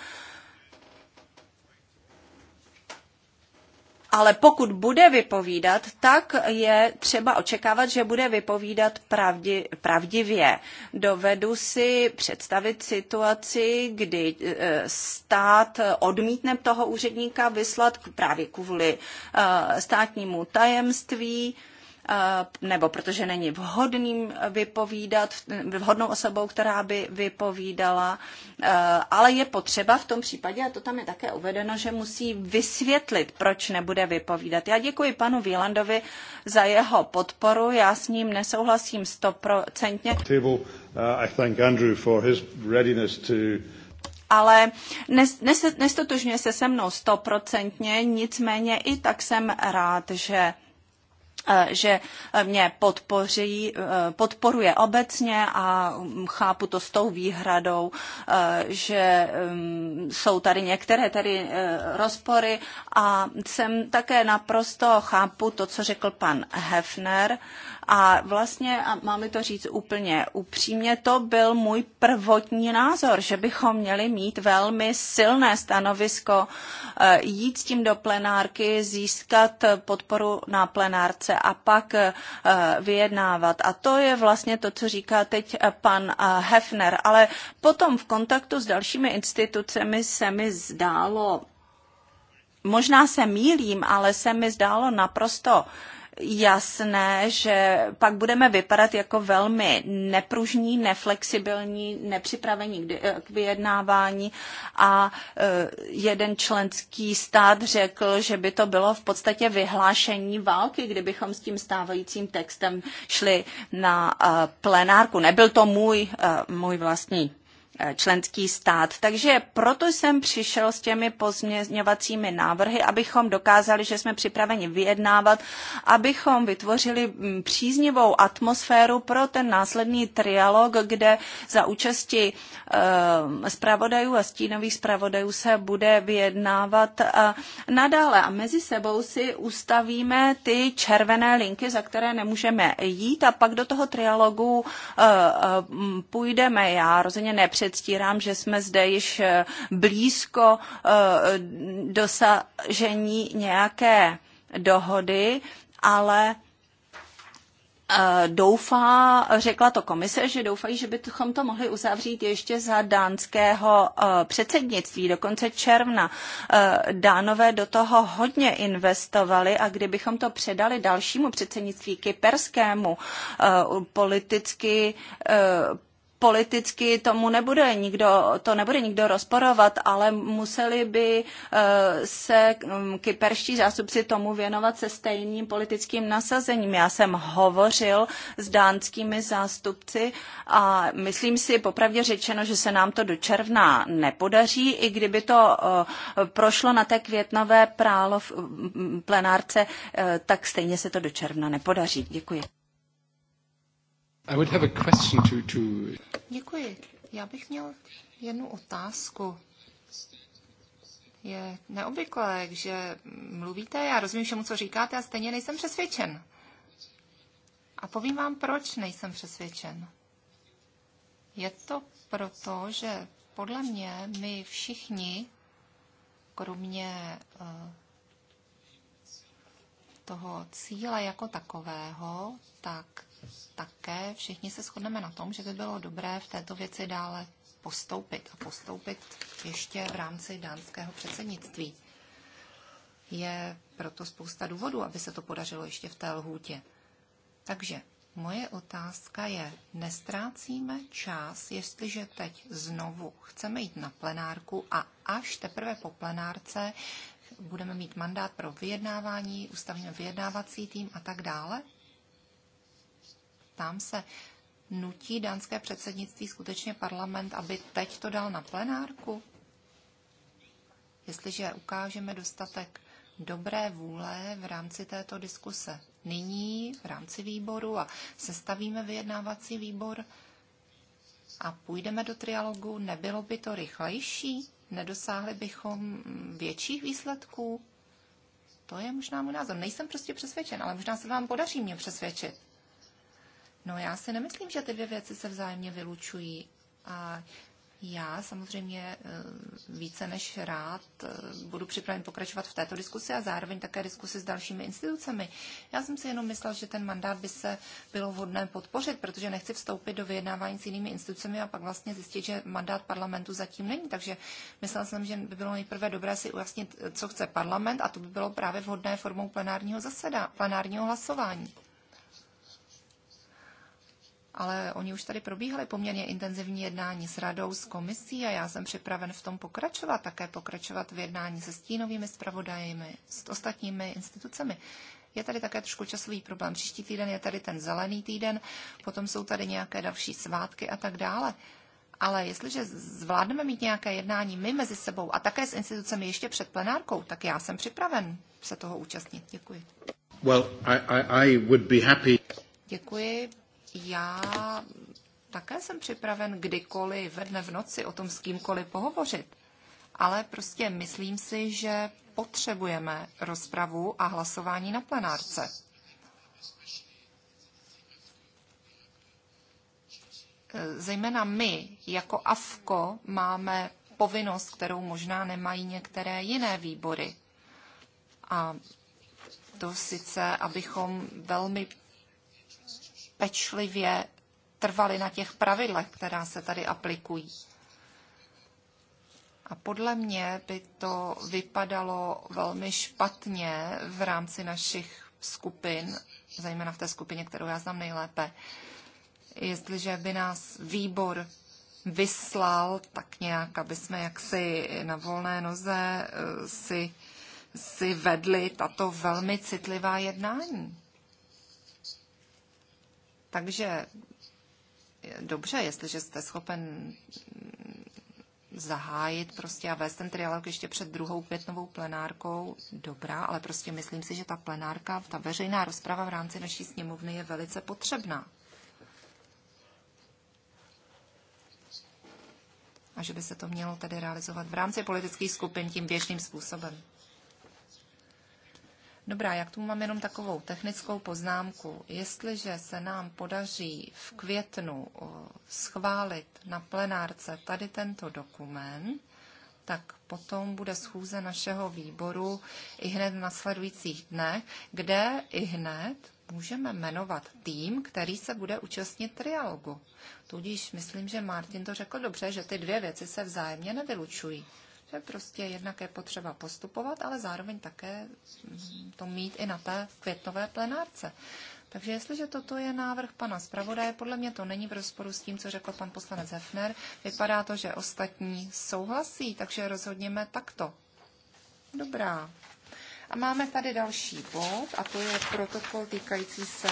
ale pokud bude vypovídat, tak je třeba očekávat, že bude vypovídat pravdi, pravdivě. Dovedu si představit situaci, kdy e, stát odmítne toho úředníka vyslat právě kvůli e, státnímu tajemství, Eh, nebo protože není vhodným vypovídat, vhodnou osobou, která by vypovídala, eh, ale je potřeba v tom případě, a to tam je také uvedeno, že musí vysvětlit, proč nebude vypovídat. Já děkuji panu Výlandovi za jeho podporu, já s ním nesouhlasím stoprocentně. Ale nes, nestotožňuje se se mnou stoprocentně, nicméně i tak jsem rád, že Eh, že mě podpoří, eh, podporuje obecně a mm, chápu to s tou výhradou, eh, že mm, jsou tady některé tady rozpory a jsem také naprosto chápu to, co řekl pan Hefner, a vlastně, a mám to říct úplně upřímně, to byl můj prvotní názor, že bychom měli mít velmi silné stanovisko, eh, jít s tím do plenárky, získat podporu na plenárce a pak eh, vyjednávat. A to je vlastně to, co říká teď eh, pan Hefner. Ale potom v kontaktu s dalšími institucemi se mi zdálo, možná se mílím, ale se mi zdálo naprosto jasné, že pak budeme vypadat jako velmi nepružní, neflexibilní, nepřipravení k eh, vyjednávání a eh, jeden členský stát řekl, že by to bylo v podstatě vyhlášení války, kdybychom s tím stávajícím textem šli na eh, plenárku. Nebyl to můj, můj vlastní Eh, členský stát. Takže proto jsem přišel s těmi pozměňovacími návrhy, abychom dokázali, že jsme připraveni vyjednávat, abychom vytvořili mm, příznivou atmosféru pro ten následný trialog, kde za účasti eh, zpravodajů a stínových zpravodajů se bude vyjednávat eh, nadále. A mezi sebou si ustavíme ty červené linky, za které nemůžeme jít a pak do toho trialogu půjdeme. Já rozhodně nepřed předstírám, že jsme zde již eh, blízko eh, dosažení nějaké dohody, ale eh, doufá, řekla to komise, že doufají, že bychom to mohli uzavřít ještě za dánského předsednictví, do konce června. Dánové do toho hodně investovali a kdybychom to předali dalšímu předsednictví kyperskému, politicky politicky tomu nebude nikdo, to nebude nikdo rozporovat, ale museli by eh, se mm, kyperští zástupci tomu věnovat se stejným politickým nasazením. Já jsem hovořil s dánskými zástupci a myslím si popravdě řečeno, že se nám to do června nepodaří, i kdyby to eh, prošlo na té květnové prálo v mm, plenárce, eh, tak stejně se to do června nepodaří. Děkuji. Děkuji. Já bych měl jednu otázku. Je neobvyklé, že mluvíte, já rozumím všemu, co říkáte, a stejně nejsem přesvědčen. A povím vám, proč nejsem přesvědčen. Je to proto, že podle mě my všichni, kromě eh, toho cíle jako takového, tak také všichni se shodneme na tom, že by bylo dobré v této věci dále postoupit a postoupit ještě v rámci dánského předsednictví. Je proto spousta důvodů, aby se to podařilo ještě v té lhůtě. Takže moje otázka je, nestrácíme čas, jestliže teď znovu chceme jít na plenárku a až teprve po plenárce budeme mít mandát pro vyjednávání, ustavíme vyjednávací tým a tak dále? ptám se, nutí dánské předsednictví skutečně parlament, aby teď to dal na plenárku? Jestliže ukážeme dostatek dobré vůle v rámci této diskuse nyní, v rámci výboru a sestavíme vyjednávací výbor a půjdeme do trialogu, nebylo by to rychlejší? Nedosáhli bychom větších výsledků? To je možná můj názor. Nejsem prostě přesvědčen, ale možná se vám podaří mě přesvědčit. No já si nemyslím, že ty dvě věci se vzájemně vylučují. A já samozřejmě eh, více než rád eh, budu připraven pokračovat v této diskusi a zároveň také diskusi s dalšími institucemi. Já jsem si jenom myslel, že ten mandát by se bylo vhodné podpořit, protože nechci vstoupit do vyjednávání s jinými institucemi a pak vlastně zjistit, že mandát parlamentu zatím není. Takže myslel jsem, že by bylo nejprve dobré si ujasnit, co chce parlament a to by bylo právě vhodné formou plenárního zaseda, plenárního hlasování ale oni už tady probíhali poměrně intenzivní jednání s radou, s komisí a já jsem připraven v tom pokračovat, také pokračovat v jednání se stínovými zpravodajemi, s ostatními institucemi. Je tady také trošku časový problém. Příští týden je tady ten zelený týden, potom jsou tady nějaké další svátky a tak dále. Ale jestliže zvládneme mít nějaké jednání my mezi sebou a také s institucemi ještě před plenárkou, tak já jsem připraven se toho účastnit. Děkuji. Well, I, I, I would be happy. Děkuji já také jsem připraven kdykoliv ve dne v noci o tom s kýmkoliv pohovořit. Ale prostě myslím si, že potřebujeme rozpravu a hlasování na plenárce. Zejména my, jako AFKO, máme povinnost, kterou možná nemají některé jiné výbory. A to sice, abychom velmi pečlivě trvali na těch pravidlech, která se tady aplikují. A podle mě by to vypadalo velmi špatně v rámci našich skupin, zejména v té skupině, kterou já znám nejlépe, jestliže by nás výbor vyslal tak nějak, aby jsme jaksi na volné noze eh, si, si vedli tato velmi citlivá jednání. Takže dobře, jestliže jste schopen zahájit prostě a vést ten trialog ještě před druhou květnovou plenárkou, dobrá, ale prostě myslím si, že ta plenárka, ta veřejná rozprava v rámci naší sněmovny je velice potřebná. A že by se to mělo tedy realizovat v rámci politických skupin tím běžným způsobem. Dobrá, jak tu mám jenom takovou technickou poznámku. Jestliže se nám podaří v květnu eh, schválit na plenárce tady tento dokument, tak potom bude schůze našeho výboru i hned v nasledujících dnech, kde i hned můžeme jmenovat tým, který se bude účastnit trialogu. Tudíž myslím, že Martin to řekl dobře, že ty dvě věci se vzájemně nevylučují že prostě jednak je potřeba postupovat, ale zároveň také mm, to mít i na té květnové plenárce. Takže jestliže toto je návrh pana zpravodaje, podle mě to není v rozporu s tím, co řekl pan poslanec Hefner. Vypadá to, že ostatní souhlasí, takže rozhodněme takto. Dobrá. A máme tady další bod, a to je protokol týkající se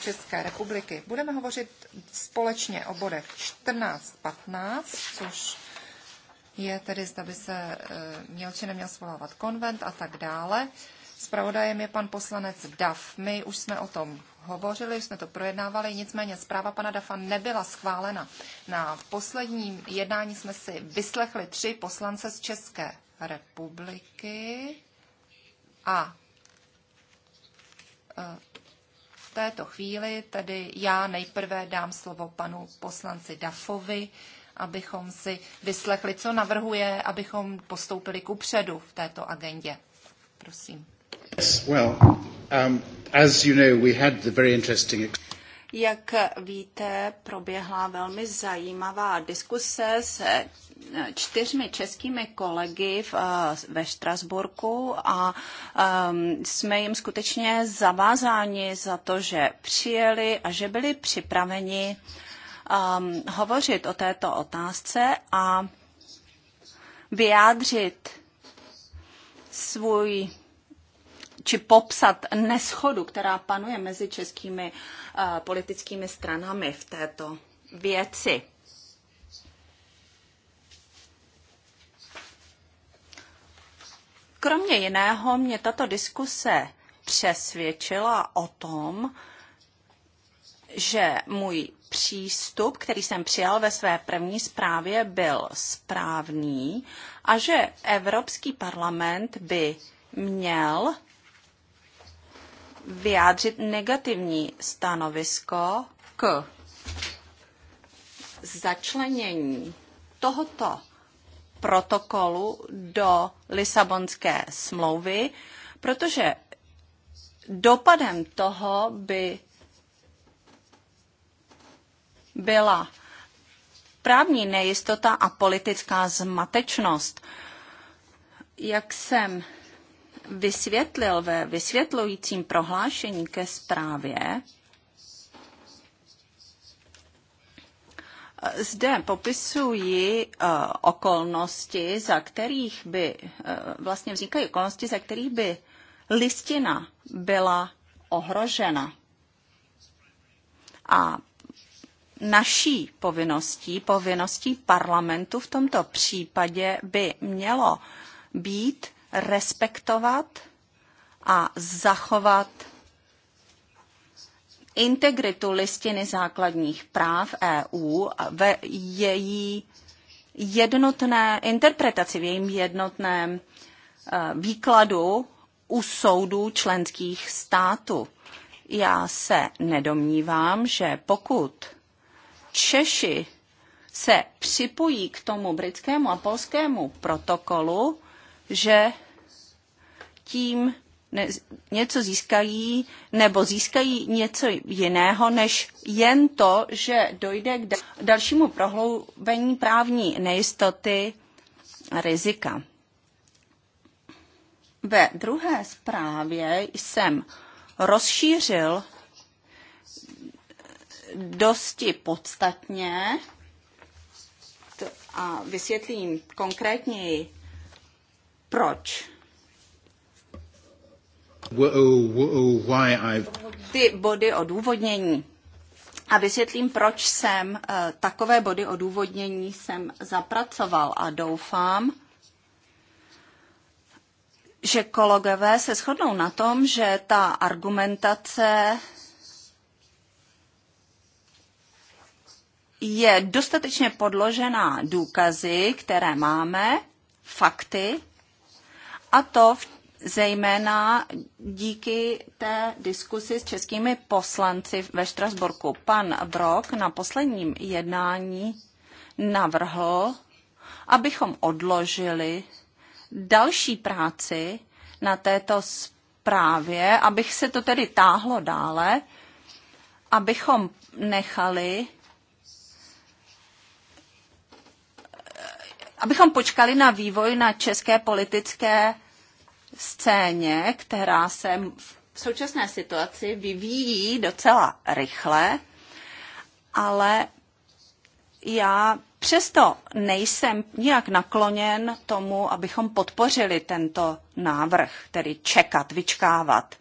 České republiky. Budeme hovořit společně o bodech 14-15, což je tedy, zda by se eh, měl či neměl svolávat konvent a tak dále. Spravodajem je pan poslanec Daf. My už jsme o tom hovořili, jsme to projednávali, nicméně zpráva pana Dafa nebyla schválena. Na posledním jednání jsme si vyslechli tři poslance z České republiky a eh, v této chvíli tedy já nejprve dám slovo panu poslanci Dafovi, abychom si vyslechli, co navrhuje, abychom postoupili ku předu v této agendě. Prosím. Um, Jak víte, proběhla velmi zajímavá diskuse se eh, čtyřmi českými kolegy v, eh, ve Štrasburku a um, jsme jim skutečně zavázáni za to, že přijeli a že byli připraveni uh, um, hovořit o této otázce a vyjádřit svůj či popsat neschodu, která panuje mezi českými uh, politickými stranami v této věci. Kromě jiného mě tato diskuse přesvědčila o tom, že můj přístup, který jsem přijal ve své první zprávě, byl správný a že Evropský parlament by měl vyjádřit negativní stanovisko k začlenění tohoto protokolu do Lisabonské smlouvy, protože dopadem toho by byla právní nejistota a politická zmatečnost. Jak jsem vysvětlil ve vysvětlujícím prohlášení ke zprávě, Zde popisuji uh, okolnosti, za kterých by, uh, vlastně vznikají okolnosti, za kterých by listina byla ohrožena. A naší povinností, povinností parlamentu v tomto případě by mělo být respektovat a zachovat integritu listiny základních práv EU ve její jednotné interpretaci, v jejím jednotném eh, výkladu u soudů členských států. Já se nedomnívám, že pokud Češi se připojí k tomu britskému a polskému protokolu, že tím ne, něco získají nebo získají něco jiného, než jen to, že dojde k dalšímu prohloubení právní nejistoty rizika. Ve druhé zprávě jsem rozšířil dosti podstatně a vysvětlím konkrétněji, proč. Ty body odůvodnění. A vysvětlím, proč jsem eh, takové body odůvodnění jsem zapracoval a doufám, že kolegové se shodnou na tom, že ta argumentace je dostatečně podložená důkazy, které máme, fakty, a to v zejména díky té diskusi s českými poslanci ve Štrasburku. Pan Brok na posledním jednání navrhl, abychom odložili další práci na této zprávě, abych se to tedy táhlo dále, abychom nechali abychom počkali na vývoj na české politické scéně, která se v současné situaci vyvíjí docela rychle, ale já přesto nejsem nijak nakloněn tomu, abychom podpořili tento návrh, tedy čekat, vyčkávat.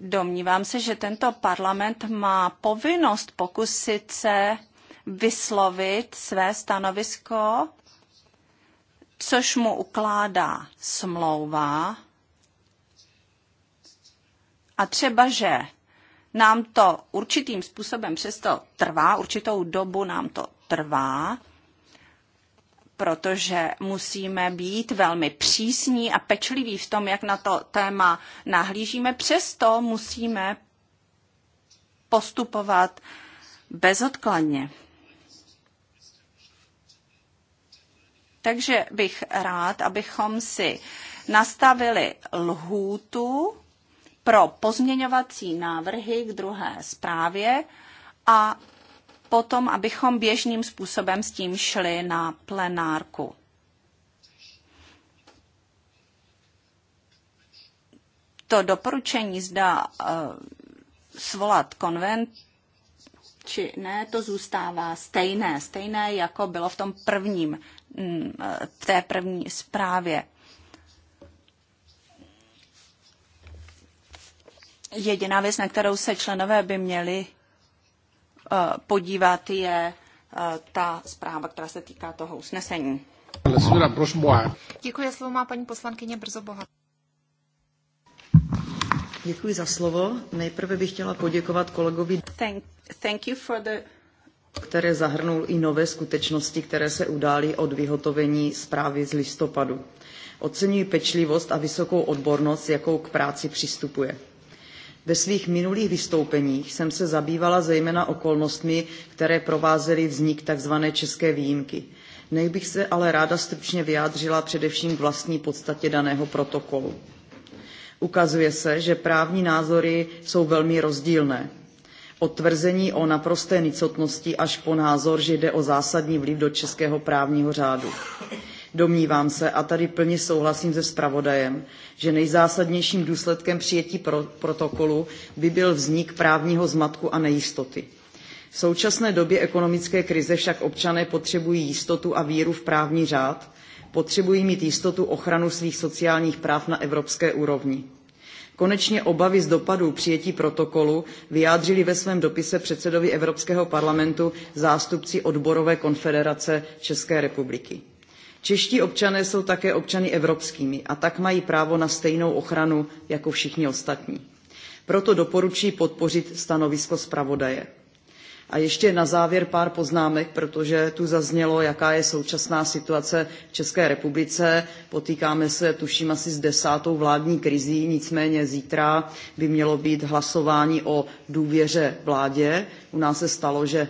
Domnívám se, že tento parlament má povinnost pokusit se vyslovit své stanovisko což mu ukládá smlouva. A třeba, že nám to určitým způsobem přesto trvá, určitou dobu nám to trvá, protože musíme být velmi přísní a pečliví v tom, jak na to téma nahlížíme. Přesto musíme postupovat bezodkladně. Takže bych rád, abychom si nastavili lhůtu pro pozměňovací návrhy k druhé zprávě a potom, abychom běžným způsobem s tím šli na plenárku. To doporučení zda uh, svolat konvent či ne, to zůstává stejné, stejné jako bylo v tom prvním Mm, té první zprávě. Jediná věc, na kterou se členové by měli eh, podívat, je eh, ta zpráva, která se týká toho usnesení. Děkuji, slovo má paní poslankyně Brzo Boha. Děkuji za slovo. Nejprve bych chtěla poděkovat kolegovi. Thank, thank you for the které zahrnul i nové skutečnosti, které se udály od vyhotovení zprávy z listopadu. Oceňuji pečlivost a vysokou odbornost, jakou k práci přistupuje. Ve svých minulých vystoupeních jsem se zabývala zejména okolnostmi, které provázely vznik tzv. české výjimky. Nech bych se ale ráda stručně vyjádřila především k vlastní podstatě daného protokolu. Ukazuje se, že právní názory jsou velmi rozdílné od tvrzení o naprosté nicotnosti až po názor, že jde o zásadní vliv do českého právního řádu. Domnívám se, a tady plně souhlasím se zpravodajem, že nejzásadnějším důsledkem přijetí pro protokolu by byl vznik právního zmatku a nejistoty. V současné době ekonomické krize však občané potřebují jistotu a víru v právní řád, potřebují mít jistotu ochranu svých sociálních práv na evropské úrovni. Konečně obavy z dopadů přijetí protokolu vyjádřili ve svém dopise předsedovi Evropského parlamentu zástupci odborové konfederace České republiky. Čeští občané jsou také občany evropskými a tak mají právo na stejnou ochranu jako všichni ostatní. Proto doporučuji podpořit stanovisko zpravodaje. A ještě na závěr pár poznámek, protože tu zaznělo, jaká je současná situace v České republice. Potýkáme se, tuším, asi s desátou vládní krizí, nicméně zítra by mělo být hlasování o důvěře vládě. U nás se stalo, že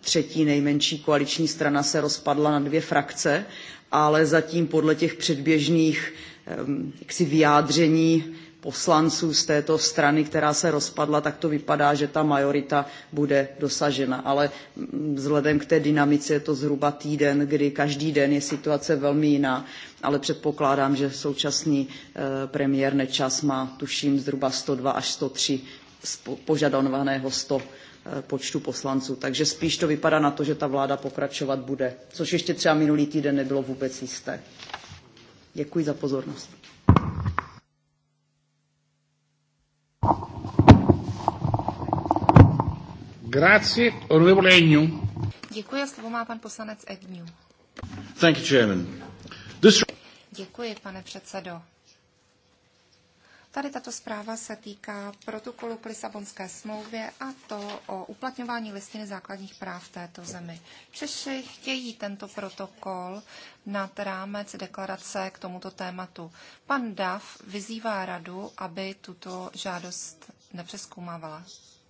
třetí nejmenší koaliční strana se rozpadla na dvě frakce, ale zatím podle těch předběžných ehm, jaksi vyjádření poslanců z této strany, která se rozpadla, tak to vypadá, že ta majorita bude dosažena. Ale mm, vzhledem k té dynamice je to zhruba týden, kdy každý den je situace velmi jiná, ale předpokládám, že současný eh, premiér Nečas má, tuším, zhruba 102 až 103 z požadovaného 100 eh, počtu poslanců. Takže spíš to vypadá na to, že ta vláda pokračovat bude, což ještě třeba minulý týden nebylo vůbec jisté. Děkuji za pozornost. Grazie, onorevole Agnew. Děkuji, slovo má pan poslanec Agnew. Thank you, chairman. This... Děkuji, pane předsedo. Tady tato zpráva se týká protokolu k Lisabonské smlouvě a to o uplatňování listiny základních práv této zemi. Češi chtějí tento protokol nad rámec deklarace k tomuto tématu. Pan Dav vyzývá radu, aby tuto žádost nepřeskoumávala.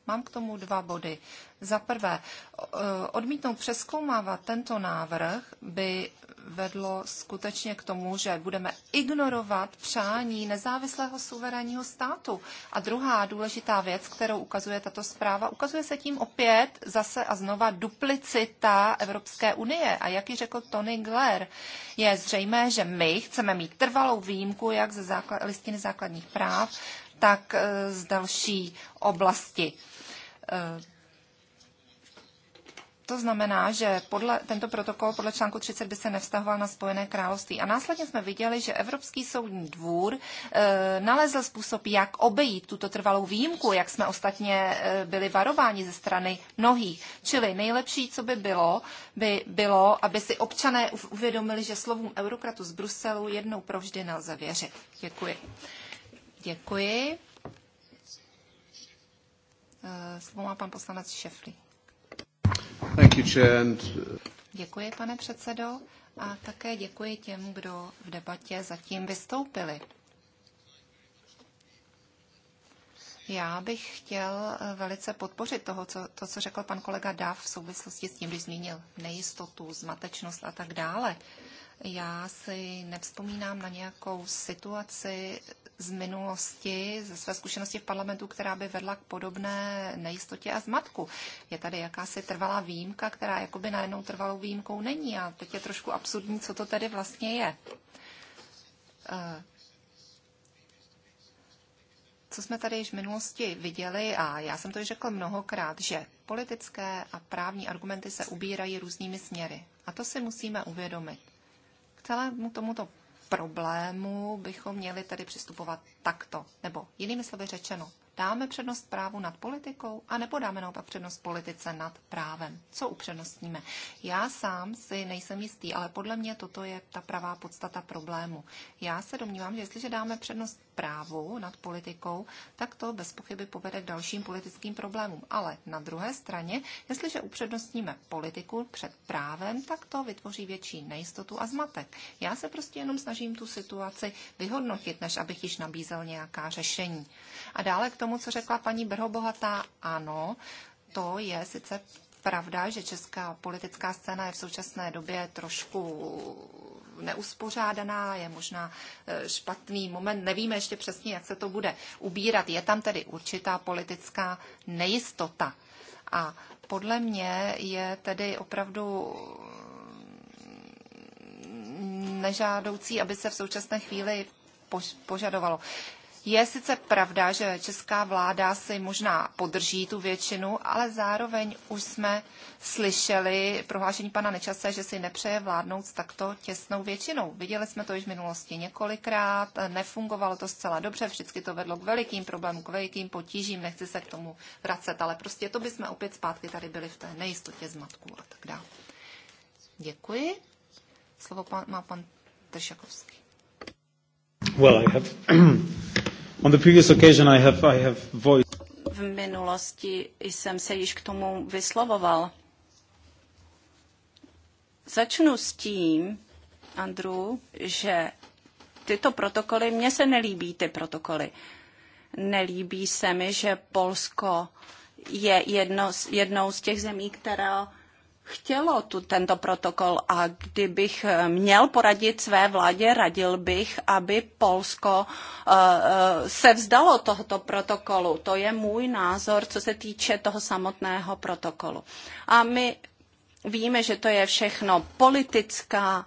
Mám k tomu dva body. Za prvé, eh, odmítnout přeskoumávat tento návrh by vedlo skutečně k tomu, že budeme ignorovat přání nezávislého suverénního státu. A druhá důležitá věc, kterou ukazuje tato zpráva, ukazuje se tím opět zase a znova duplicita Evropské unie. A jak ji řekl Tony Blair, je zřejmé, že my chceme mít trvalou výjimku jak ze základ, listiny základních práv, tak eh, z další oblasti. Eh, to znamená, že podle, tento protokol podle článku 30 by se nevztahoval na Spojené království. A následně jsme viděli, že Evropský soudní dvůr e, nalezl způsob, jak obejít tuto trvalou výjimku, jak jsme ostatně e, byli varováni ze strany mnohých. Čili nejlepší, co by bylo, by bylo, aby si občané uvědomili, že slovům eurokratu z Bruselu jednou provždy nelze věřit. Děkuji. Děkuji. Eh, slovo má pan poslanec Šefli. Uh, děkuji, pane předsedo, a také děkuji těm, kdo v debatě zatím vystoupili. Já bych chtěl eh, velice podpořit toho, co, to, co řekl pan kolega Dav v souvislosti s tím, když zmínil nejistotu, zmatečnost a tak dále. Já si nevzpomínám na nějakou situaci, z minulosti, ze své zkušenosti v parlamentu, která by vedla k podobné nejistotě a zmatku. Je tady jakási trvalá výjimka, která jakoby najednou trvalou výjimkou není a teď je trošku absurdní, co to tedy vlastně je. Eh, co jsme tady již v minulosti viděli, a já jsem to již řekl mnohokrát, že politické a právní argumenty se ubírají různými směry. A to si musíme uvědomit. K celému tomuto problému bychom měli tedy přistupovat takto. Nebo jinými slovy řečeno, dáme přednost právu nad politikou, a nebo dáme naopak přednost politice nad právem. Co upřednostníme? Já sám si nejsem jistý, ale podle mě toto je ta pravá podstata problému. Já se domnívám, že jestliže dáme přednost právu nad politikou, tak to bez pochyby povede k dalším politickým problémům. Ale na druhé straně, jestliže upřednostníme politiku před právem, tak to vytvoří větší nejistotu a zmatek. Já se prostě jenom snažím tu situaci vyhodnotit, než abych již nabízel nějaká řešení. A dále k tomu, co řekla paní Brhobohatá, ano, to je sice pravda, že česká politická scéna je v současné době trošku neuspořádaná, je možná e, špatný moment, nevíme ještě přesně, jak se to bude ubírat. Je tam tedy určitá politická nejistota. A podle mě je tedy opravdu mm, nežádoucí, aby se v současné chvíli požadovalo. Je sice pravda, že česká vláda si možná podrží tu většinu, ale zároveň už jsme slyšeli prohlášení pana Nečase, že si nepřeje vládnout s takto těsnou většinou. Viděli jsme to již v minulosti několikrát, nefungovalo to zcela dobře, vždycky to vedlo k velikým problémům, k velikým potížím, nechci se k tomu vracet, ale prostě to bychom opět zpátky tady byli v té nejistotě z matku a tak dále. Děkuji. Slovo má pan Tršakovský. Well, I have On the previous occasion I have, I have voiced. V minulosti jsem se již k tomu vyslovoval. Začnu s tím, Andrew, že tyto protokoly, mně se nelíbí ty protokoly. Nelíbí se mi, že Polsko je jedno, jednou z těch zemí, která chtělo tu, tento protokol a kdybych eh, měl poradit své vládě, radil bych, aby Polsko eh, eh, se vzdalo tohoto protokolu. To je můj názor, co se týče toho samotného protokolu. A my víme, že to je všechno politická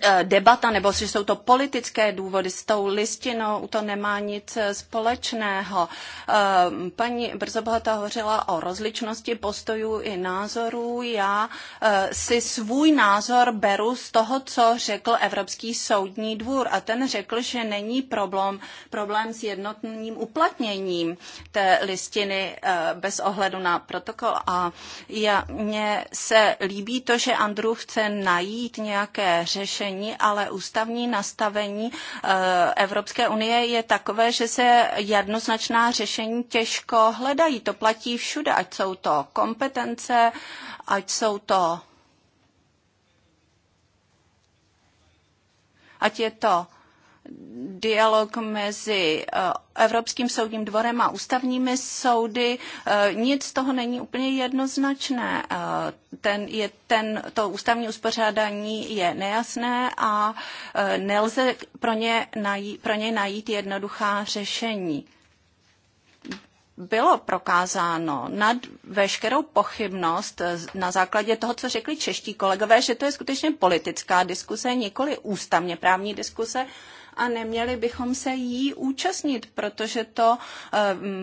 E, debata, nebo že jsou to politické důvody. S tou listinou to nemá nic společného. E, paní Brzobohata hovořila o rozličnosti postojů i názorů. Já e, si svůj názor beru z toho, co řekl Evropský soudní dvůr. A ten řekl, že není problém, problém s jednotným uplatněním té listiny bez ohledu na protokol. A já, mně se líbí to, že Andrew chce najít nějaké řešení, řešení, ale ústavní nastavení eh, Evropské unie je takové, že se jednoznačná řešení těžko hledají. To platí všude, ať jsou to kompetence, ať jsou to ať je to dialog mezi eh, Evropským soudním dvorem a ústavními soudy. Eh, nic z toho není úplně jednoznačné. Eh, ten, je, ten, to ústavní uspořádání je nejasné a nelze pro, ně najít, pro ně najít jednoduchá řešení bylo prokázáno nad veškerou pochybnost na základě toho, co řekli čeští kolegové, že to je skutečně politická diskuse, nikoli ústavně právní diskuse a neměli bychom se jí účastnit, protože to eh,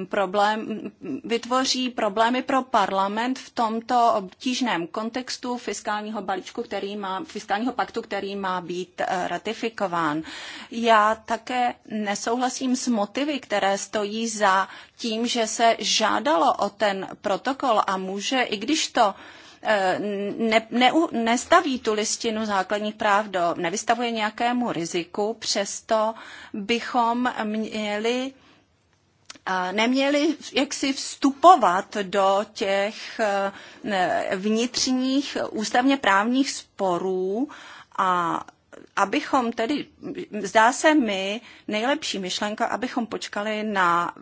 problém, vytvoří problémy pro parlament v tomto obtížném kontextu fiskálního balíčku, který má, fiskálního paktu, který má být eh, ratifikován. Já také nesouhlasím s motivy, které stojí za tím, že se žádalo o ten protokol a může, i když to Eh, ne, ne, nestaví tu listinu základních práv do, nevystavuje nějakému riziku, přesto bychom měli eh, neměli jaksi vstupovat do těch eh, vnitřních ústavně právních sporů a abychom tedy, zdá se mi, nejlepší myšlenka, abychom počkali na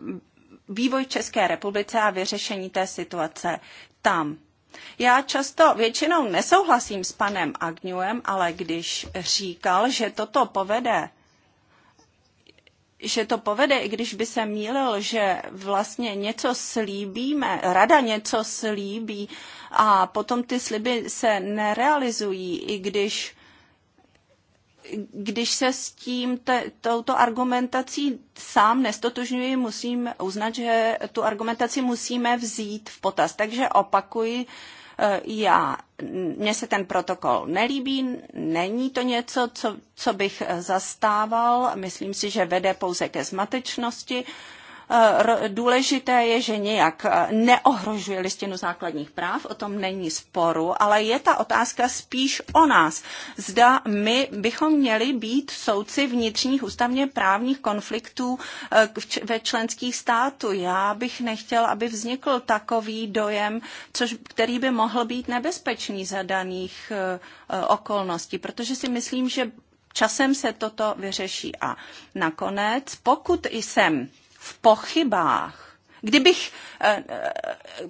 vývoj v České republice a vyřešení té situace tam. Já často většinou nesouhlasím s panem Agňuem, ale když říkal, že toto povede že to povede, i když by se mýlil, že vlastně něco slíbíme, rada něco slíbí a potom ty sliby se nerealizují, i když když se s tím te, touto argumentací sám nestotožňuji, musím uznat, že tu argumentaci musíme vzít v potaz. Takže opakuji, eh, já, mně se ten protokol nelíbí, není to něco, co, co bych eh, zastával, myslím si, že vede pouze ke zmatečnosti Eh, důležité je, že nějak eh, neohrožuje listinu základních práv, o tom není sporu, ale je ta otázka spíš o nás. Zda my bychom měli být souci vnitřních ústavně právních konfliktů eh, ve členských států. Já bych nechtěl, aby vznikl takový dojem, což, který by mohl být nebezpečný za daných okolností, protože si myslím, že časem se toto vyřeší. A nakonec, pokud jsem v pochybách, kdybych eh, eh,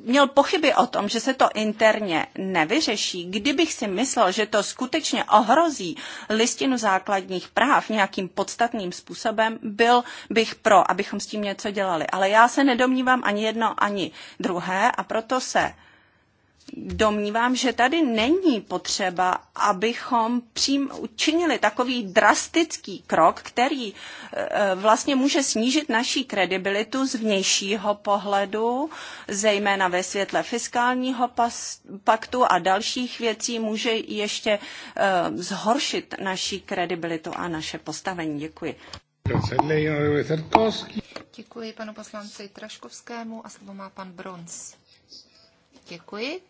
měl pochyby o tom, že se to interně nevyřeší, kdybych si myslel, že to skutečně ohrozí listinu základních práv nějakým podstatným způsobem, byl bych pro, abychom s tím něco dělali. Ale já se nedomnívám ani jedno, ani druhé a proto se domnívám, že tady není potřeba, abychom přím učinili takový drastický krok, který eh, vlastně může snížit naší kredibilitu z vnějšího pohledu, zejména ve světle fiskálního paktu a dalších věcí může ještě eh, zhoršit naší kredibilitu a naše postavení. Děkuji. Děkuji panu poslanci Traškovskému a slovo má pan Bronz. Děkuji.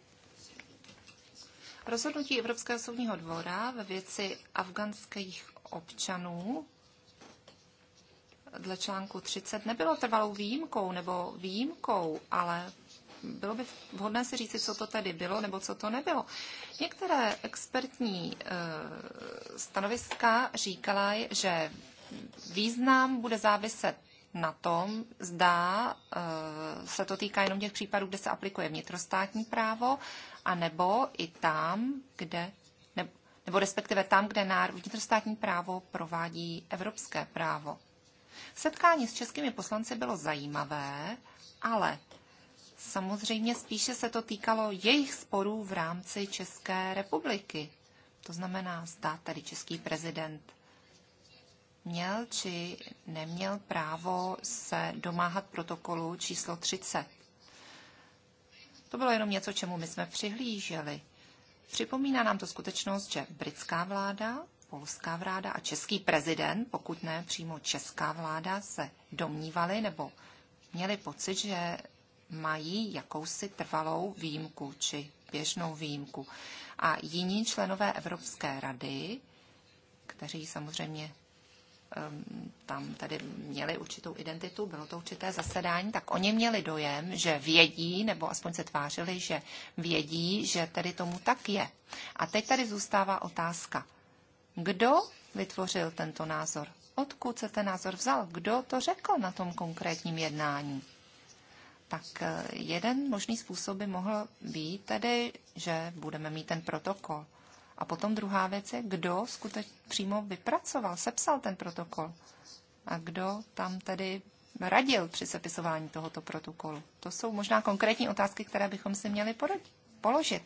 Rozhodnutí Evropského soudního dvora ve věci afganských občanů dle článku 30 nebylo trvalou výjimkou nebo výjimkou, ale bylo by vhodné si říci, co to tedy bylo nebo co to nebylo. Některé expertní e, stanoviska říkala, že význam bude záviset na tom, zda e, se to týká jenom těch případů, kde se aplikuje vnitrostátní právo, a nebo i tam, kde, ne, nebo respektive tam, kde vnitrostátní právo provádí evropské právo. Setkání s českými poslanci bylo zajímavé, ale samozřejmě spíše se to týkalo jejich sporů v rámci České republiky. To znamená, zda tedy český prezident měl či neměl právo se domáhat protokolu číslo 30. To bylo jenom něco, čemu my jsme přihlíželi. Připomíná nám to skutečnost, že britská vláda, polská vláda a český prezident, pokud ne přímo česká vláda, se domnívali nebo měli pocit, že mají jakousi trvalou výjimku či běžnou výjimku. A jiní členové Evropské rady, kteří samozřejmě Ehm, tam tady měli určitou identitu, bylo to určité zasedání, tak oni měli dojem, že vědí, nebo aspoň se tvářili, že vědí, že tedy tomu tak je. A teď tady zůstává otázka, kdo vytvořil tento názor? Odkud se ten názor vzal? Kdo to řekl na tom konkrétním jednání? Tak eh, jeden možný způsob by mohl být tedy, že budeme mít ten protokol. A potom druhá věc je, kdo skutečně přímo vypracoval, sepsal ten protokol a kdo tam tedy radil při sepisování tohoto protokolu. To jsou možná konkrétní otázky, které bychom si měli položit.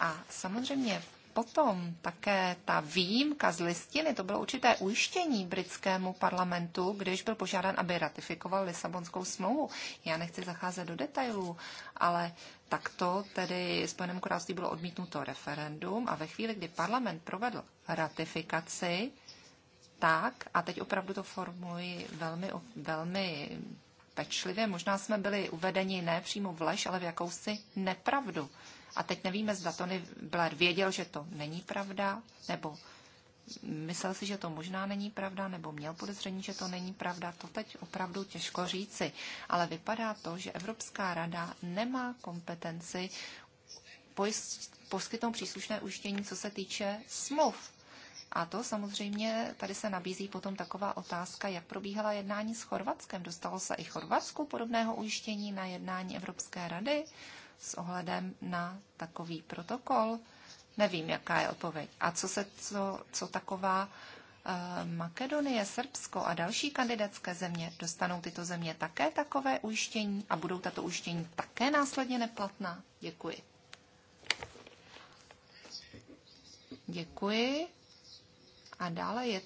A samozřejmě Potom také ta výjimka z listiny, to bylo určité ujištění britskému parlamentu, když byl požádán, aby ratifikoval Lisabonskou smlouvu. Já nechci zacházet do detailů, ale takto tedy Spojeném království bylo odmítnuto referendum a ve chvíli, kdy parlament provedl ratifikaci, tak, a teď opravdu to formuji velmi, velmi pečlivě, možná jsme byli uvedeni ne přímo v lež, ale v jakousi nepravdu. A teď nevíme, zda Tony Blair věděl, že to není pravda, nebo myslel si, že to možná není pravda, nebo měl podezření, že to není pravda, to teď opravdu těžko říci. Ale vypadá to, že Evropská rada nemá kompetenci poskytnout příslušné ujištění, co se týče smluv. A to samozřejmě, tady se nabízí potom taková otázka, jak probíhala jednání s Chorvatskem. Dostalo se i Chorvatsku podobného ujištění na jednání Evropské rady? s ohledem na takový protokol? Nevím, jaká je odpověď. A co se, co, co taková eh, Makedonie, Srbsko a další kandidátské země dostanou tyto země také takové ujištění a budou tato ujištění také následně neplatná? Děkuji. Děkuji. A dále je,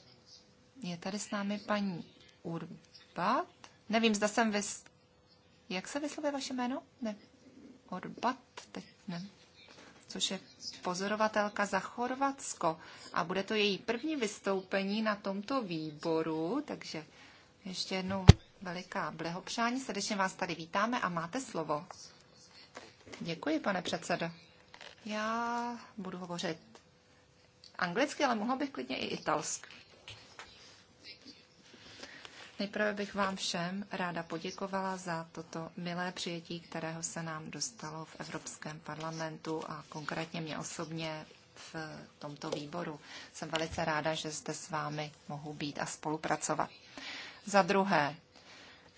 je tady s námi paní Urbat. Nevím, zda jsem vys... Jak se vyslovuje vaše jméno? Ne, Orbat, teď ne, což je pozorovatelka za Chorvatsko. A bude to její první vystoupení na tomto výboru, takže ještě jednou veliká blehopřání. Srdečně vás tady vítáme a máte slovo. Děkuji, pane předsedo. Já budu hovořit anglicky, ale mohla bych klidně i italsky. Nejprve bych vám všem ráda poděkovala za toto milé přijetí, kterého se nám dostalo v Evropském parlamentu a konkrétně mě osobně v tomto výboru. Jsem velice ráda, že zde s vámi mohu být a spolupracovat. Za druhé,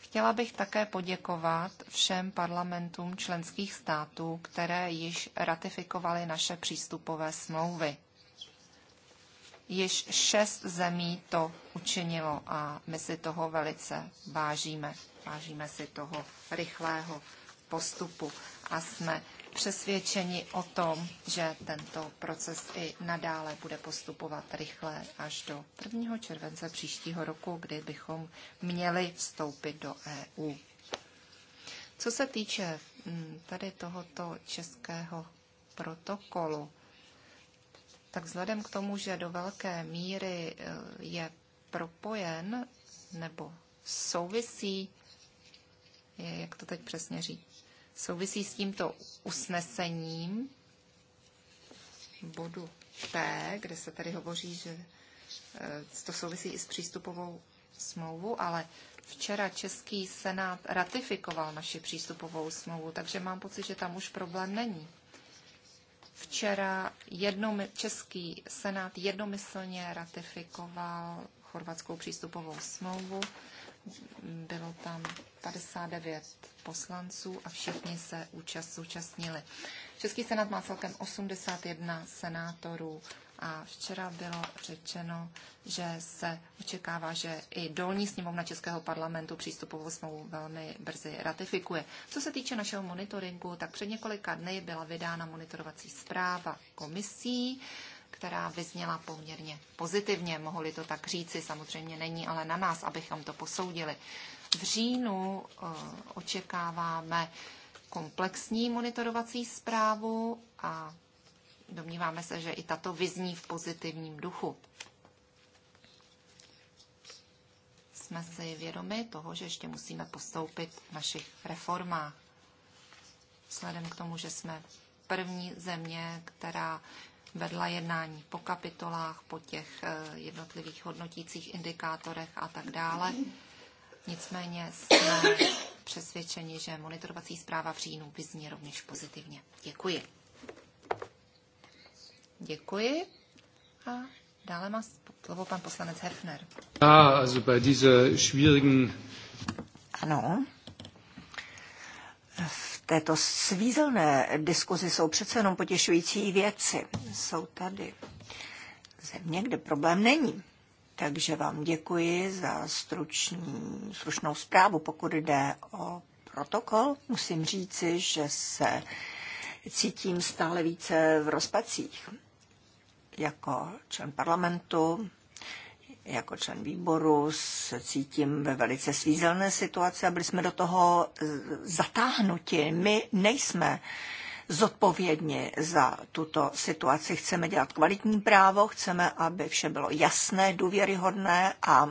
chtěla bych také poděkovat všem parlamentům členských států, které již ratifikovaly naše přístupové smlouvy. Již šest zemí to učinilo a my si toho velice vážíme. Vážíme si toho rychlého postupu a jsme přesvědčeni o tom, že tento proces i nadále bude postupovat rychle až do 1. července příštího roku, kdy bychom měli vstoupit do EU. Co se týče mm, tady tohoto českého protokolu, tak vzhledem k tomu, že do velké míry eh, je propojen nebo souvisí, jak to teď přesně říct, souvisí s tímto usnesením bodu P, kde se tady hovoří, že eh, to souvisí i s přístupovou smlouvu, ale včera Český senát ratifikoval naši přístupovou smlouvu, takže mám pocit, že tam už problém není. Včera jednom, Český senát jednomyslně ratifikoval chorvatskou přístupovou smlouvu. Bylo tam 59 poslanců a všichni se účast účastnili. Český senát má celkem 81 senátorů a včera bylo řečeno, že se očekává, že i dolní sněmovna Českého parlamentu přístupovou smlouvu velmi brzy ratifikuje. Co se týče našeho monitoringu, tak před několika dny byla vydána monitorovací zpráva komisí, která vyzněla poměrně pozitivně, mohli to tak říci, samozřejmě není ale na nás, abychom to posoudili. V říjnu eh, očekáváme komplexní monitorovací zprávu a Domníváme se, že i tato vyzní v pozitivním duchu. Jsme si vědomi toho, že ještě musíme postoupit v našich reformách. Vzhledem k tomu, že jsme první země, která vedla jednání po kapitolách, po těch eh, jednotlivých hodnotících indikátorech a tak dále. Nicméně jsme přesvědčeni, že monitorovací zpráva v říjnu vyzní rovněž pozitivně. Děkuji. Děkuji. A dále má slovo pan poslanec Hefner. Ja, also bei dieser schwierigen... Ano. V této svízelné diskuzi jsou přece jenom potěšující věci. Jsou tady země, kde problém není. Takže vám děkuji za stručný, stručnou zprávu. Pokud jde o protokol, musím říci, že se cítím stále více v rozpacích jako člen parlamentu, jako člen výboru se cítím ve velice svízelné situaci a byli jsme do toho eh, zatáhnuti. My nejsme zodpovědně za tuto situaci. Chceme dělat kvalitní právo, chceme, aby vše bylo jasné, důvěryhodné a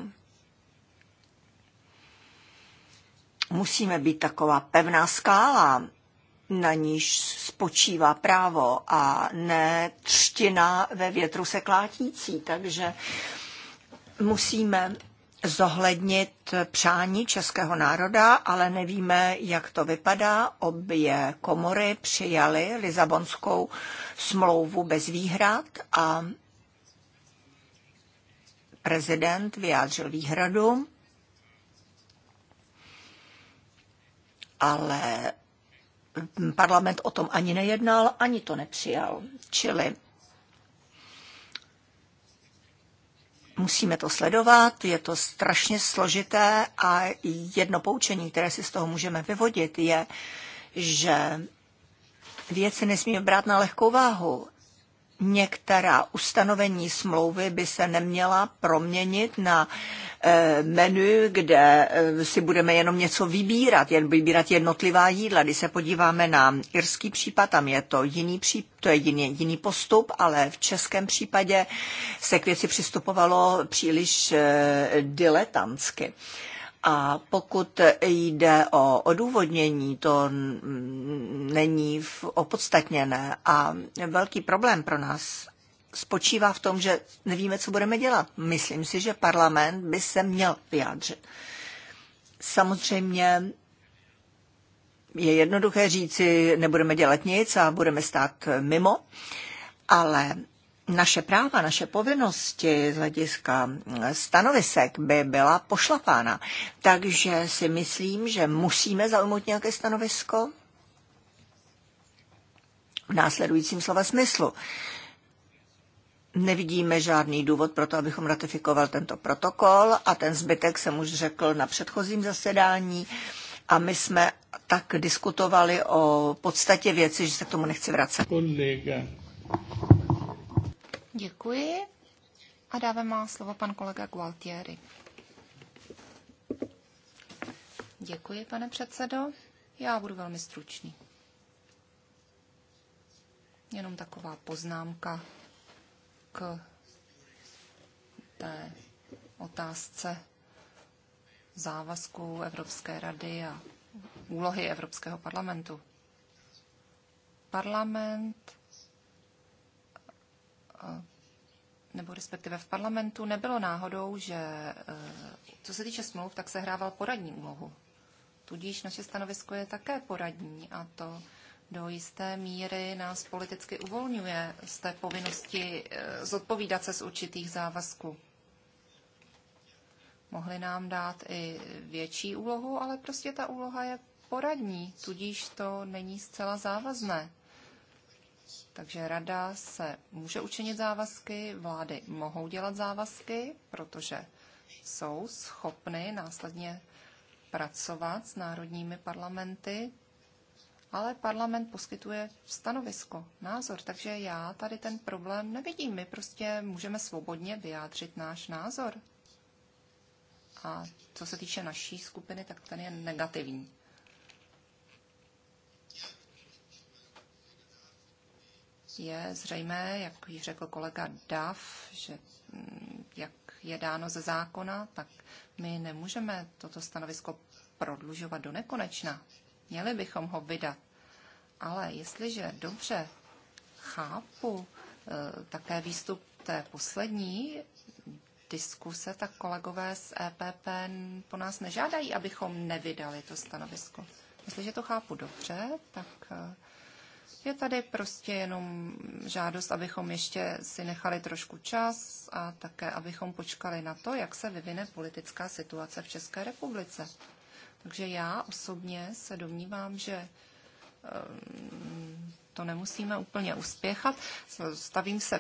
musíme být taková pevná skála na níž spočívá právo a ne třtina ve větru se klátící. Takže musíme zohlednit přání českého národa, ale nevíme, jak to vypadá. Obě komory přijaly Lizabonskou smlouvu bez výhrad a prezident vyjádřil výhradu, ale parlament o tom ani nejednal, ani to nepřijal. Čili musíme to sledovat, je to strašně složité a jedno poučení, které si z toho můžeme vyvodit, je, že věci nesmíme brát na lehkou váhu některá ustanovení smlouvy by se neměla proměnit na eh, menu, kde eh, si budeme jenom něco vybírat, jen vybírat jednotlivá jídla. Když se podíváme na irský případ, tam je to jiný případ, to je jiný, jiný postup, ale v českém případě se k věci přistupovalo příliš eh, diletantsky. A pokud jde o odůvodnění, to není opodstatněné a velký problém pro nás spočívá v tom, že nevíme, co budeme dělat. Myslím si, že parlament by se měl vyjádřit. Samozřejmě je jednoduché říci, nebudeme dělat nic a budeme stát mimo, ale naše práva, naše povinnosti z hlediska eh, stanovisek by byla pošlapána. Takže si myslím, že musíme zaujmout nějaké stanovisko v následujícím slova smyslu. Nevidíme žádný důvod pro to, abychom ratifikoval tento protokol a ten zbytek jsem už řekl na předchozím zasedání a my jsme tak diskutovali o podstatě věci, že se k tomu nechci vracet. Kolega. Děkuji. A dáme má slovo pan kolega Gualtieri. Děkuji, pane předsedo. Já budu velmi stručný. Jenom taková poznámka k té otázce závazků Evropské rady a úlohy Evropského parlamentu. Parlament respektive v parlamentu, nebylo náhodou, že eh, co se týče smluv, tak se hrával poradní úlohu. Tudíž naše stanovisko je také poradní a to do jisté míry nás politicky uvolňuje z té povinnosti eh, zodpovídat se z určitých závazků. Mohli nám dát i větší úlohu, ale prostě ta úloha je poradní, tudíž to není zcela závazné. Takže rada se může učinit závazky, vlády mohou dělat závazky, protože jsou schopny následně pracovat s národními parlamenty, ale parlament poskytuje stanovisko, názor, takže já tady ten problém nevidím. My prostě můžeme svobodně vyjádřit náš názor. A co se týče naší skupiny, tak ten je negativní. je zřejmé, jak již řekl kolega Dav, že mm, jak je dáno ze zákona, tak my nemůžeme toto stanovisko prodlužovat do nekonečna. Měli bychom ho vydat. Ale jestliže dobře chápu e, také výstup té poslední diskuse, tak kolegové z EPP po nás nežádají, abychom nevydali to stanovisko. Jestliže to chápu dobře, tak e, je tady prostě jenom žádost, abychom ještě si nechali trošku čas a také abychom počkali na to, jak se vyvine politická situace v České republice. Takže já osobně se domnívám, že ehm, to nemusíme úplně uspěchat. Stavím se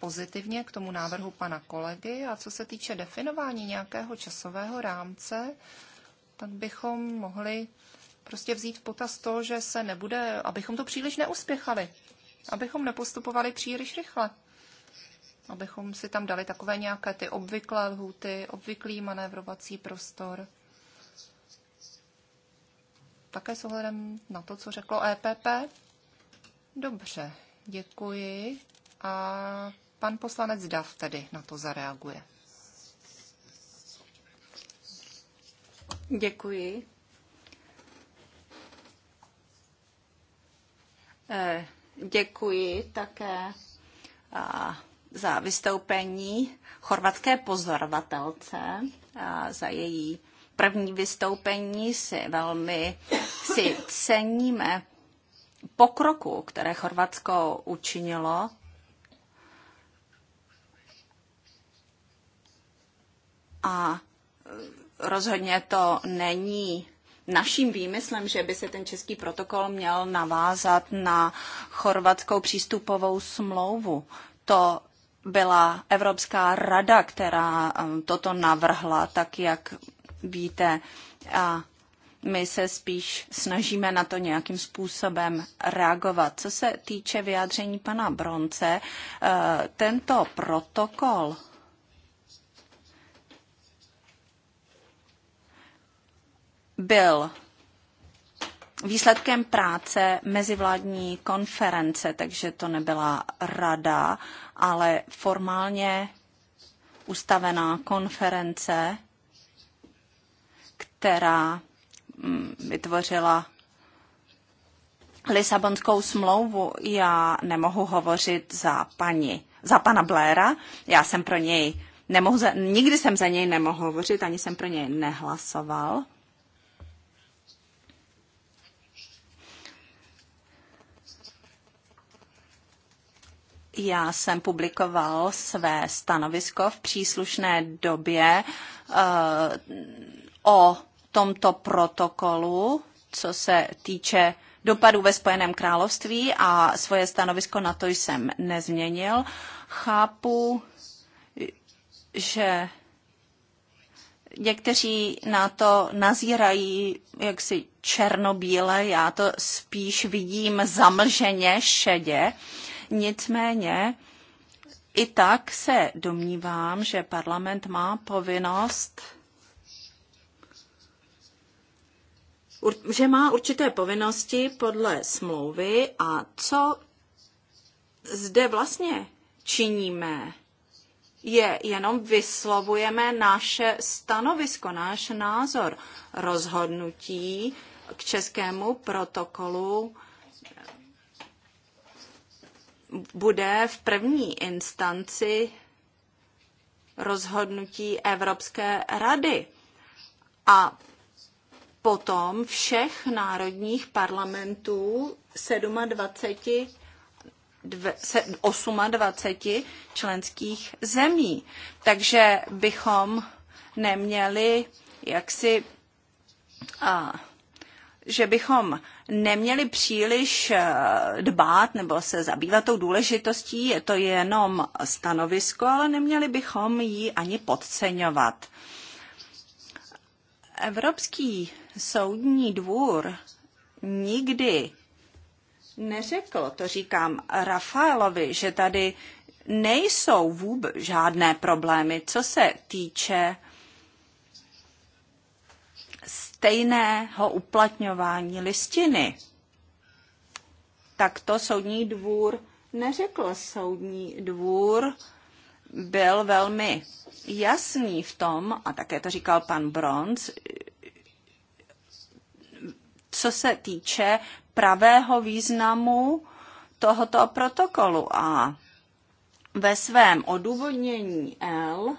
pozitivně k tomu návrhu pana kolegy a co se týče definování nějakého časového rámce, tak bychom mohli prostě vzít v potaz to, že se nebude, abychom to příliš neuspěchali, abychom nepostupovali příliš rychle, abychom si tam dali takové nějaké ty obvyklé lhuty, obvyklý manévrovací prostor. Také s ohledem na to, co řeklo EPP. Dobře, děkuji. A pan poslanec Dav tedy na to zareaguje. Děkuji. Eh, děkuji také eh, za vystoupení chorvatské pozorovatelce, eh, za její první vystoupení si velmi si ceníme pokroku, které Chorvatsko učinilo a rozhodně to není naším výmyslem, že by se ten český protokol měl navázat na chorvatskou přístupovou smlouvu. To byla Evropská rada, která um, toto navrhla, tak jak víte. A my se spíš snažíme na to nějakým způsobem reagovat. Co se týče vyjádření pana Bronce, uh, tento protokol byl výsledkem práce mezivládní konference, takže to nebyla rada, ale formálně ustavená konference, která mm, vytvořila Lisabonskou smlouvu. Já nemohu hovořit za paní, za pana Blaira, já jsem pro něj nemohu, za, nikdy jsem za něj nemohl hovořit, ani jsem pro něj nehlasoval Já jsem publikoval své stanovisko v příslušné době eh, o tomto protokolu, co se týče dopadů ve Spojeném království a svoje stanovisko na to jsem nezměnil. Chápu, že někteří na to nazírají jaksi černobíle, já to spíš vidím zamlženě šedě. Uh, Nicméně i tak se domnívám, že parlament má povinnost že má určité povinnosti podle smlouvy a co zde vlastně činíme, je jenom vyslovujeme naše stanovisko, náš názor, rozhodnutí k českému protokolu bude v první instanci rozhodnutí Evropské rady. A potom všech národních parlamentů 27 28 členských zemí. Takže bychom neměli jaksi, a, že bychom neměli příliš eh, dbát nebo se zabývat tou důležitostí, je to jenom stanovisko, ale neměli bychom ji ani podceňovat. Evropský soudní dvůr nikdy neřekl, to říkám Rafaelovi, že tady nejsou vůbec žádné problémy, co se týče stejného uplatňování listiny. Tak to soudní dvůr neřekl. Soudní dvůr byl velmi jasný v tom, a také to říkal pan Bronz, co se týče pravého významu tohoto protokolu. A ve svém odůvodnění L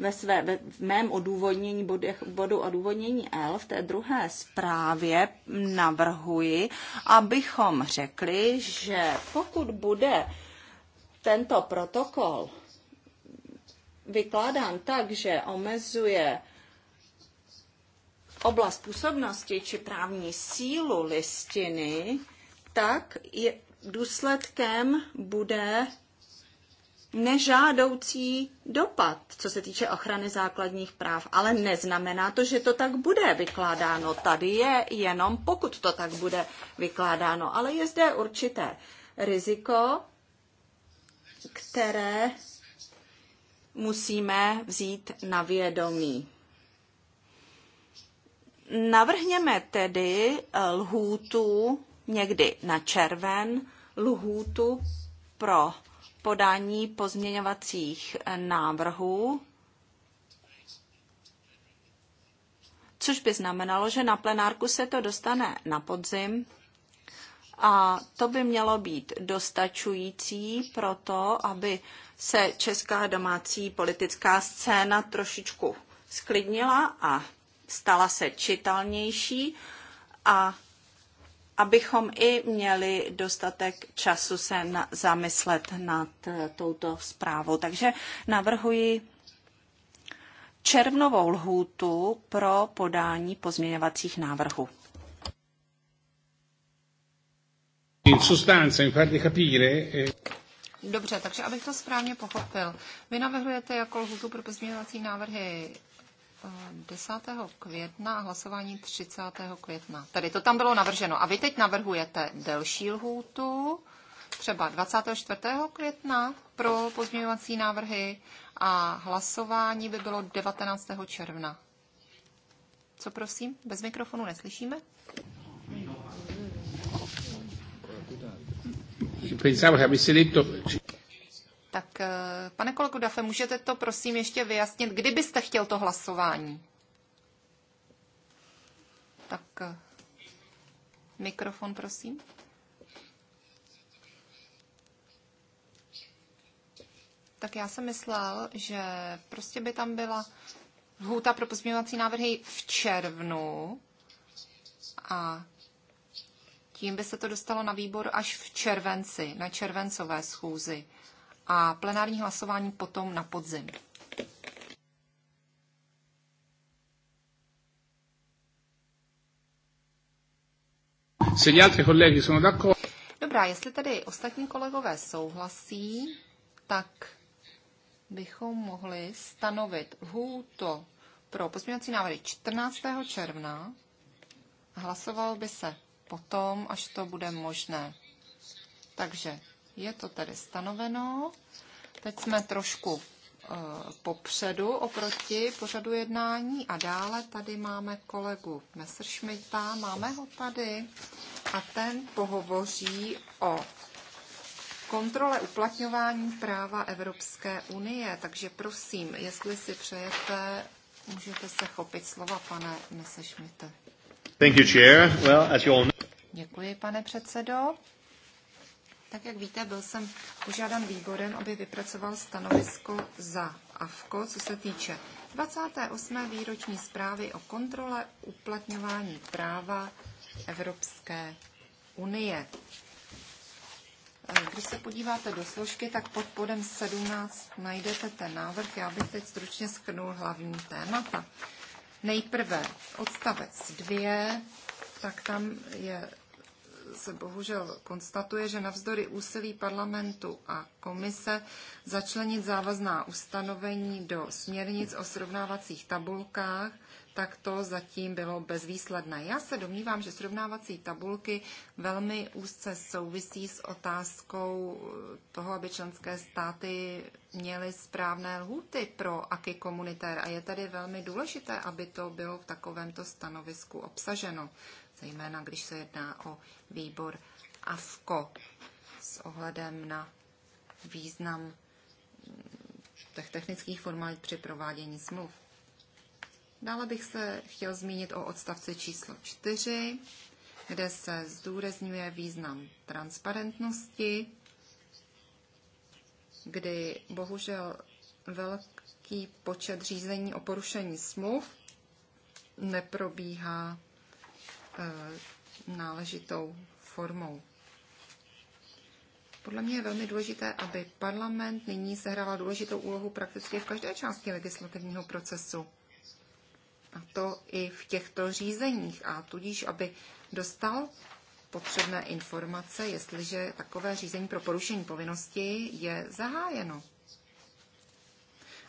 ve, své, ve v mém odůvodnění, bodech, bodu odůvodnění L, v té druhé zprávě navrhuji, abychom řekli, že pokud bude tento protokol vykládán tak, že omezuje oblast působnosti či právní sílu listiny, tak je, důsledkem bude nežádoucí dopad, co se týče ochrany základních práv. Ale neznamená to, že to tak bude vykládáno. Tady je jenom, pokud to tak bude vykládáno. Ale je zde určité riziko, které musíme vzít na vědomí. Navrhněme tedy eh, lhůtu někdy na červen, lhůtu pro podání pozměňovacích návrhů, což by znamenalo, že na plenárku se to dostane na podzim a to by mělo být dostačující pro to, aby se česká domácí politická scéna trošičku sklidnila a stala se čitelnější a abychom i měli dostatek času se na, zamyslet nad eh, touto zprávou. Takže navrhuji červnovou lhůtu pro podání pozměňovacích návrhů. Eh, Dobře, takže abych to správně pochopil. Vy navrhujete jako lhůtu pro pozměňovací návrhy 10. května a hlasování 30. května. Tady to tam bylo navrženo. A vy teď navrhujete delší lhůtu, třeba 24. května pro pozměňovací návrhy a hlasování by bylo 19. června. Co prosím? Bez mikrofonu neslyšíme? Pensavo che avesse detto tak, eh, pane kolego Dafe, můžete to prosím ještě vyjasnit, kdybyste chtěl to hlasování? Tak, eh, mikrofon, prosím. Tak já jsem myslel, že prostě by tam byla lhůta pro pozměňovací návrhy v červnu a tím by se to dostalo na výbor až v červenci, na červencové schůzi a plenární hlasování potom na podzim. Se Dobrá, jestli tedy ostatní kolegové souhlasí, tak bychom mohli stanovit hůto pro pozměňovací návrhy 14. června. Hlasoval by se potom, až to bude možné. Takže je to tady stanoveno. Teď jsme trošku eh, popředu oproti pořadu jednání a dále tady máme kolegu Messerschmitta, máme ho tady a ten pohovoří o kontrole uplatňování práva Evropské unie. Takže prosím, jestli si přejete, můžete se chopit slova, pane Messerschmitte. Thank you, chair. Well, as you all... Děkuji, pane předsedo. Tak jak víte, byl jsem požádán výborem, aby vypracoval stanovisko za AFKO, co se týče 28. výroční zprávy o kontrole uplatňování práva Evropské unie. Eh, když se podíváte do složky, tak pod podem 17 najdete ten návrh. Já bych teď stručně schrnul hlavní témata. Nejprve odstavec 2, tak tam je se bohužel konstatuje, že navzdory úsilí parlamentu a komise začlenit závazná ustanovení do směrnic o srovnávacích tabulkách, tak to zatím bylo bezvýsledné. Já se domnívám, že srovnávací tabulky velmi úzce souvisí s otázkou toho, aby členské státy měly správné lhuty pro aky komunitér a je tady velmi důležité, aby to bylo v takovémto stanovisku obsaženo zejména když se jedná o výbor AFKO s ohledem na význam těch technických formalit při provádění smluv. Dále bych se chtěl zmínit o odstavci číslo 4, kde se zdůrazňuje význam transparentnosti, kdy bohužel velký počet řízení o porušení smluv neprobíhá Eh, náležitou formou. Podle mě je velmi důležité, aby parlament nyní sehrával důležitou úlohu prakticky v každé části legislativního procesu. A to i v těchto řízeních. A tudíž, aby dostal potřebné informace, jestliže takové řízení pro porušení povinnosti je zahájeno.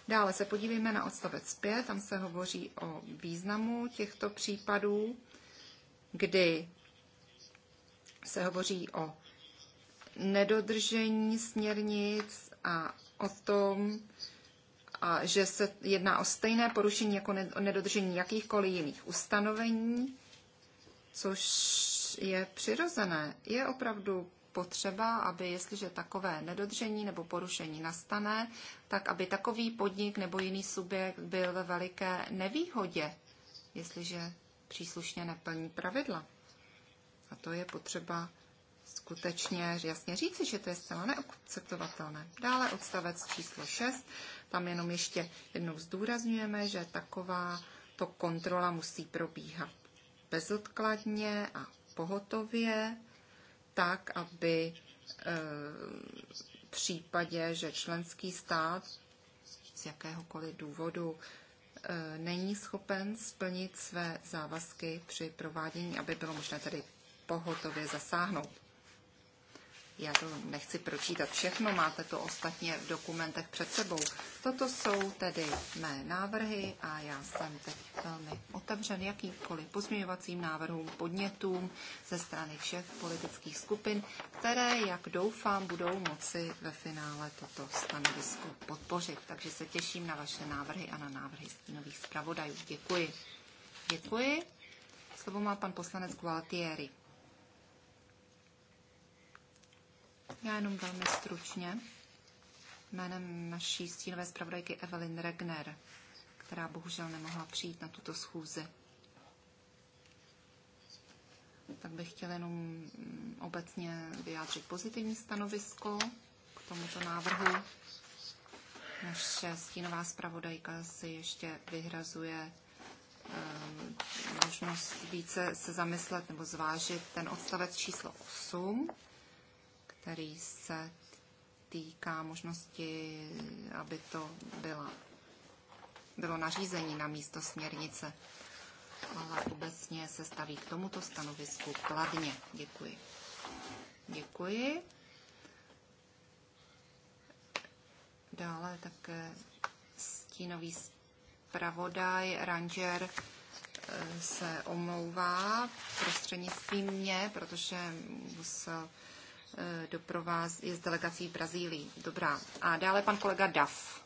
Dále se podívejme na odstavec 5, tam se hovoří o významu těchto případů kdy se hovoří o nedodržení směrnic a o tom, a že se jedná o stejné porušení jako nedodržení jakýchkoliv jiných ustanovení, což je přirozené. Je opravdu potřeba, aby jestliže takové nedodržení nebo porušení nastane, tak aby takový podnik nebo jiný subjekt byl ve veliké nevýhodě, jestliže příslušně neplní pravidla. A to je potřeba skutečně jasně říci, že to je zcela neakceptovatelné. Dále odstavec číslo 6. Tam jenom ještě jednou zdůrazňujeme, že taková to kontrola musí probíhat bezodkladně a pohotově, tak, aby e, v případě, že členský stát z jakéhokoliv důvodu Eh, není schopen splnit své závazky při provádění, aby bylo možné tedy pohotově zasáhnout. Já to nechci pročítat všechno, máte to ostatně v dokumentech před sebou. Toto jsou tedy mé návrhy a já jsem teď velmi otevřen jakýmkoliv pozměňovacím návrhům, podnětům ze strany všech politických skupin, které, jak doufám, budou moci ve finále toto stanovisko podpořit. Takže se těším na vaše návrhy a na návrhy stínových zpravodajů. Děkuji. Děkuji. Slovo má pan poslanec Gualtieri. Já jenom velmi stručně. Jménem naší stínové zpravodajky Evelyn Regner, která bohužel nemohla přijít na tuto schůzi. Tak bych chtěla jenom obecně vyjádřit pozitivní stanovisko k tomuto návrhu. Naše stínová zpravodajka si ještě vyhrazuje eh, možnost více se zamyslet nebo zvážit ten odstavec číslo 8, který se týká možnosti, aby to byla, bylo nařízení na místo směrnice. Ale obecně se staví k tomuto stanovisku kladně. Děkuji. Děkuji. Dále také stínový zpravodaj Ranger eh, se omlouvá prostřednictvím mě, protože musel Eh, Doprovází je z delegací Brazílii. Dobrá. A dále pan kolega Duff.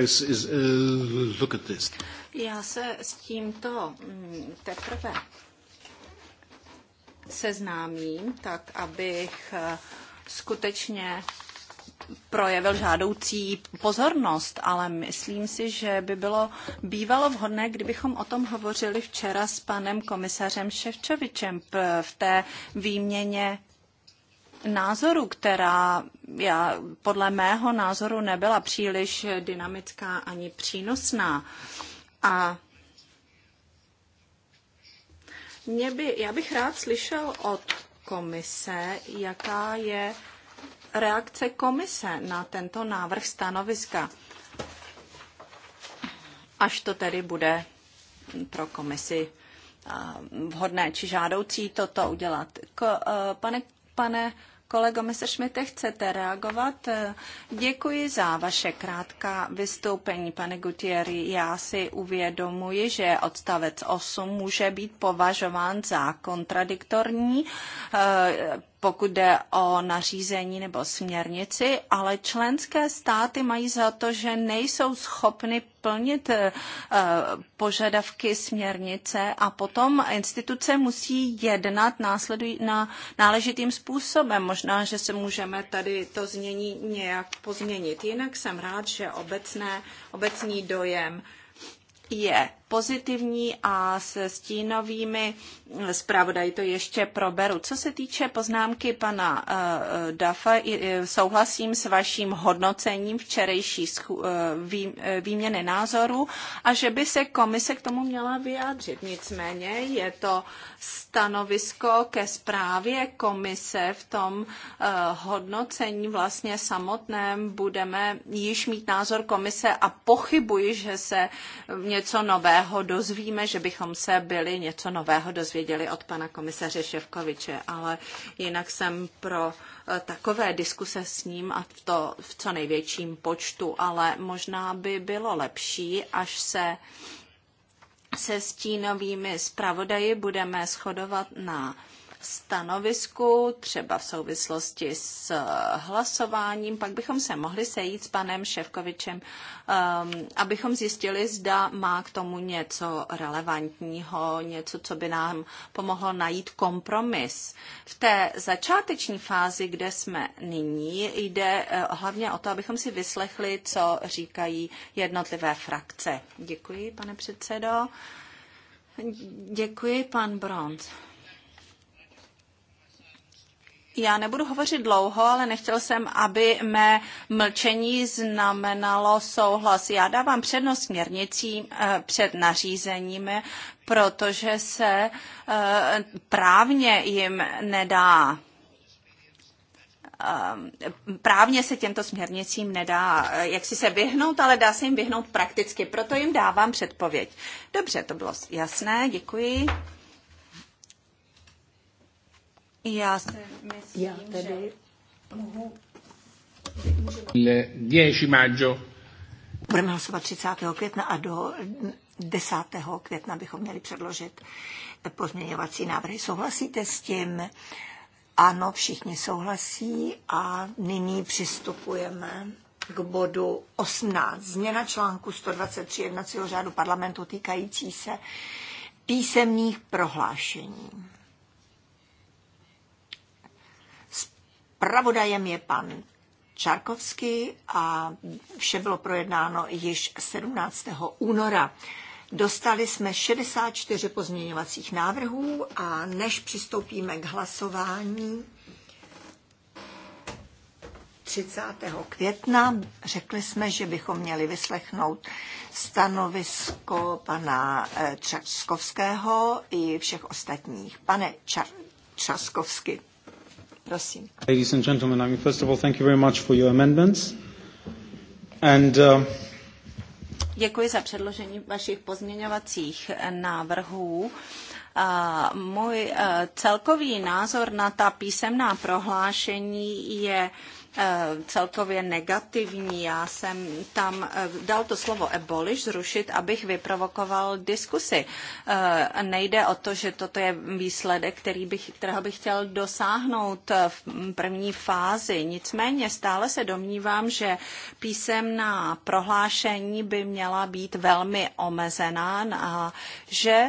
Is, is, uh, eh, look at this. Já se s tímto mm, teprve seznámím, tak abych eh, skutečně projevil žádoucí pozornost, ale myslím si, že by bylo bývalo vhodné, kdybychom o tom hovořili včera s panem komisařem Ševčovičem v té výměně názoru, která já, podle mého názoru nebyla příliš dynamická ani přínosná. A mě by, já bych rád slyšel od komise, jaká je reakce komise na tento návrh stanoviska, až to tedy bude pro komisi vhodné či žádoucí toto udělat. K, pane Pane kolego Mr. Schmidte, chcete reagovat? Děkuji za vaše krátká vystoupení, pane Gutieri. Já si uvědomuji, že odstavec 8 může být považován za kontradiktorní eh, pokud jde o nařízení nebo směrnici, ale členské státy mají za to, že nejsou schopny plnit eh, požadavky směrnice a potom instituce musí jednat následují na náležitým způsobem. Možná, že se můžeme tady to změní nějak pozměnit. Jinak jsem rád, že obecné, obecný dojem je pozitivní a se stínovými zpravodaj to ještě proberu. Co se týče poznámky pana uh, Dafa, eh, souhlasím s vaším hodnocením včerejší výměny názorů a že by se komise k tomu měla vyjádřit. Nicméně je to stanovisko ke zprávě komise v tom uh, hodnocení vlastně samotném budeme již mít názor komise a pochybuji, že se něco nového nového dozvíme, že bychom se byli něco nového dozvěděli od pana komisaře Ševkoviče, ale jinak jsem pro eh, takové diskuse s ním a v to v co největším počtu, ale možná by bylo lepší, až se se stínovými zpravodaji budeme shodovat na stanovisku, třeba v souvislosti s eh, hlasováním. Pak bychom se mohli sejít s panem Ševkovičem, ehm, abychom zjistili, zda má k tomu něco relevantního, něco, co by nám pomohlo najít kompromis. V té začáteční fázi, kde jsme nyní, jde eh, hlavně o to, abychom si vyslechli, co říkají jednotlivé frakce. Děkuji, pane předsedo. Děkuji, pan Bront. Já nebudu hovořit dlouho, ale nechtěl jsem, aby mé mlčení znamenalo souhlas. Já dávám přednost směrnicím eh, před nařízením, protože se eh, právně jim nedá eh, právně se těmto směrnicím nedá jak si se vyhnout, ale dá se jim vyhnout prakticky, proto jim dávám předpověď. Dobře, to bylo jasné, děkuji. Já si myslím, Já tedy že mohu... 10. maggio. Budeme hlasovat 30. května a do 10. května bychom měli předložit pozměňovací návrhy. Souhlasíte s tím? Ano, všichni souhlasí a nyní přistupujeme k bodu 18. Změna článku 123 jednacího řádu parlamentu týkající se písemných prohlášení. Pravodajem je pan Čarkovský a vše bylo projednáno již 17. února. Dostali jsme 64 pozměňovacích návrhů a než přistoupíme k hlasování 30. května, řekli jsme, že bychom měli vyslechnout stanovisko pana Čarkovského eh, i všech ostatních. Pane Čar- Prosím. Ladies and gentlemen, I mean, first of all, thank you very much for your amendments. And, uh... Děkuji za předložení vašich pozměňovacích návrhů. můj eh, celkový názor na ta písemná prohlášení je Eh, celkově negativní. Já jsem tam eh, dal to slovo abolish, zrušit, abych vyprovokoval diskusy. Eh, nejde o to, že toto je výsledek, který bych, kterého bych chtěl dosáhnout v první fázi. Nicméně stále se domnívám, že písemná prohlášení by měla být velmi omezená a že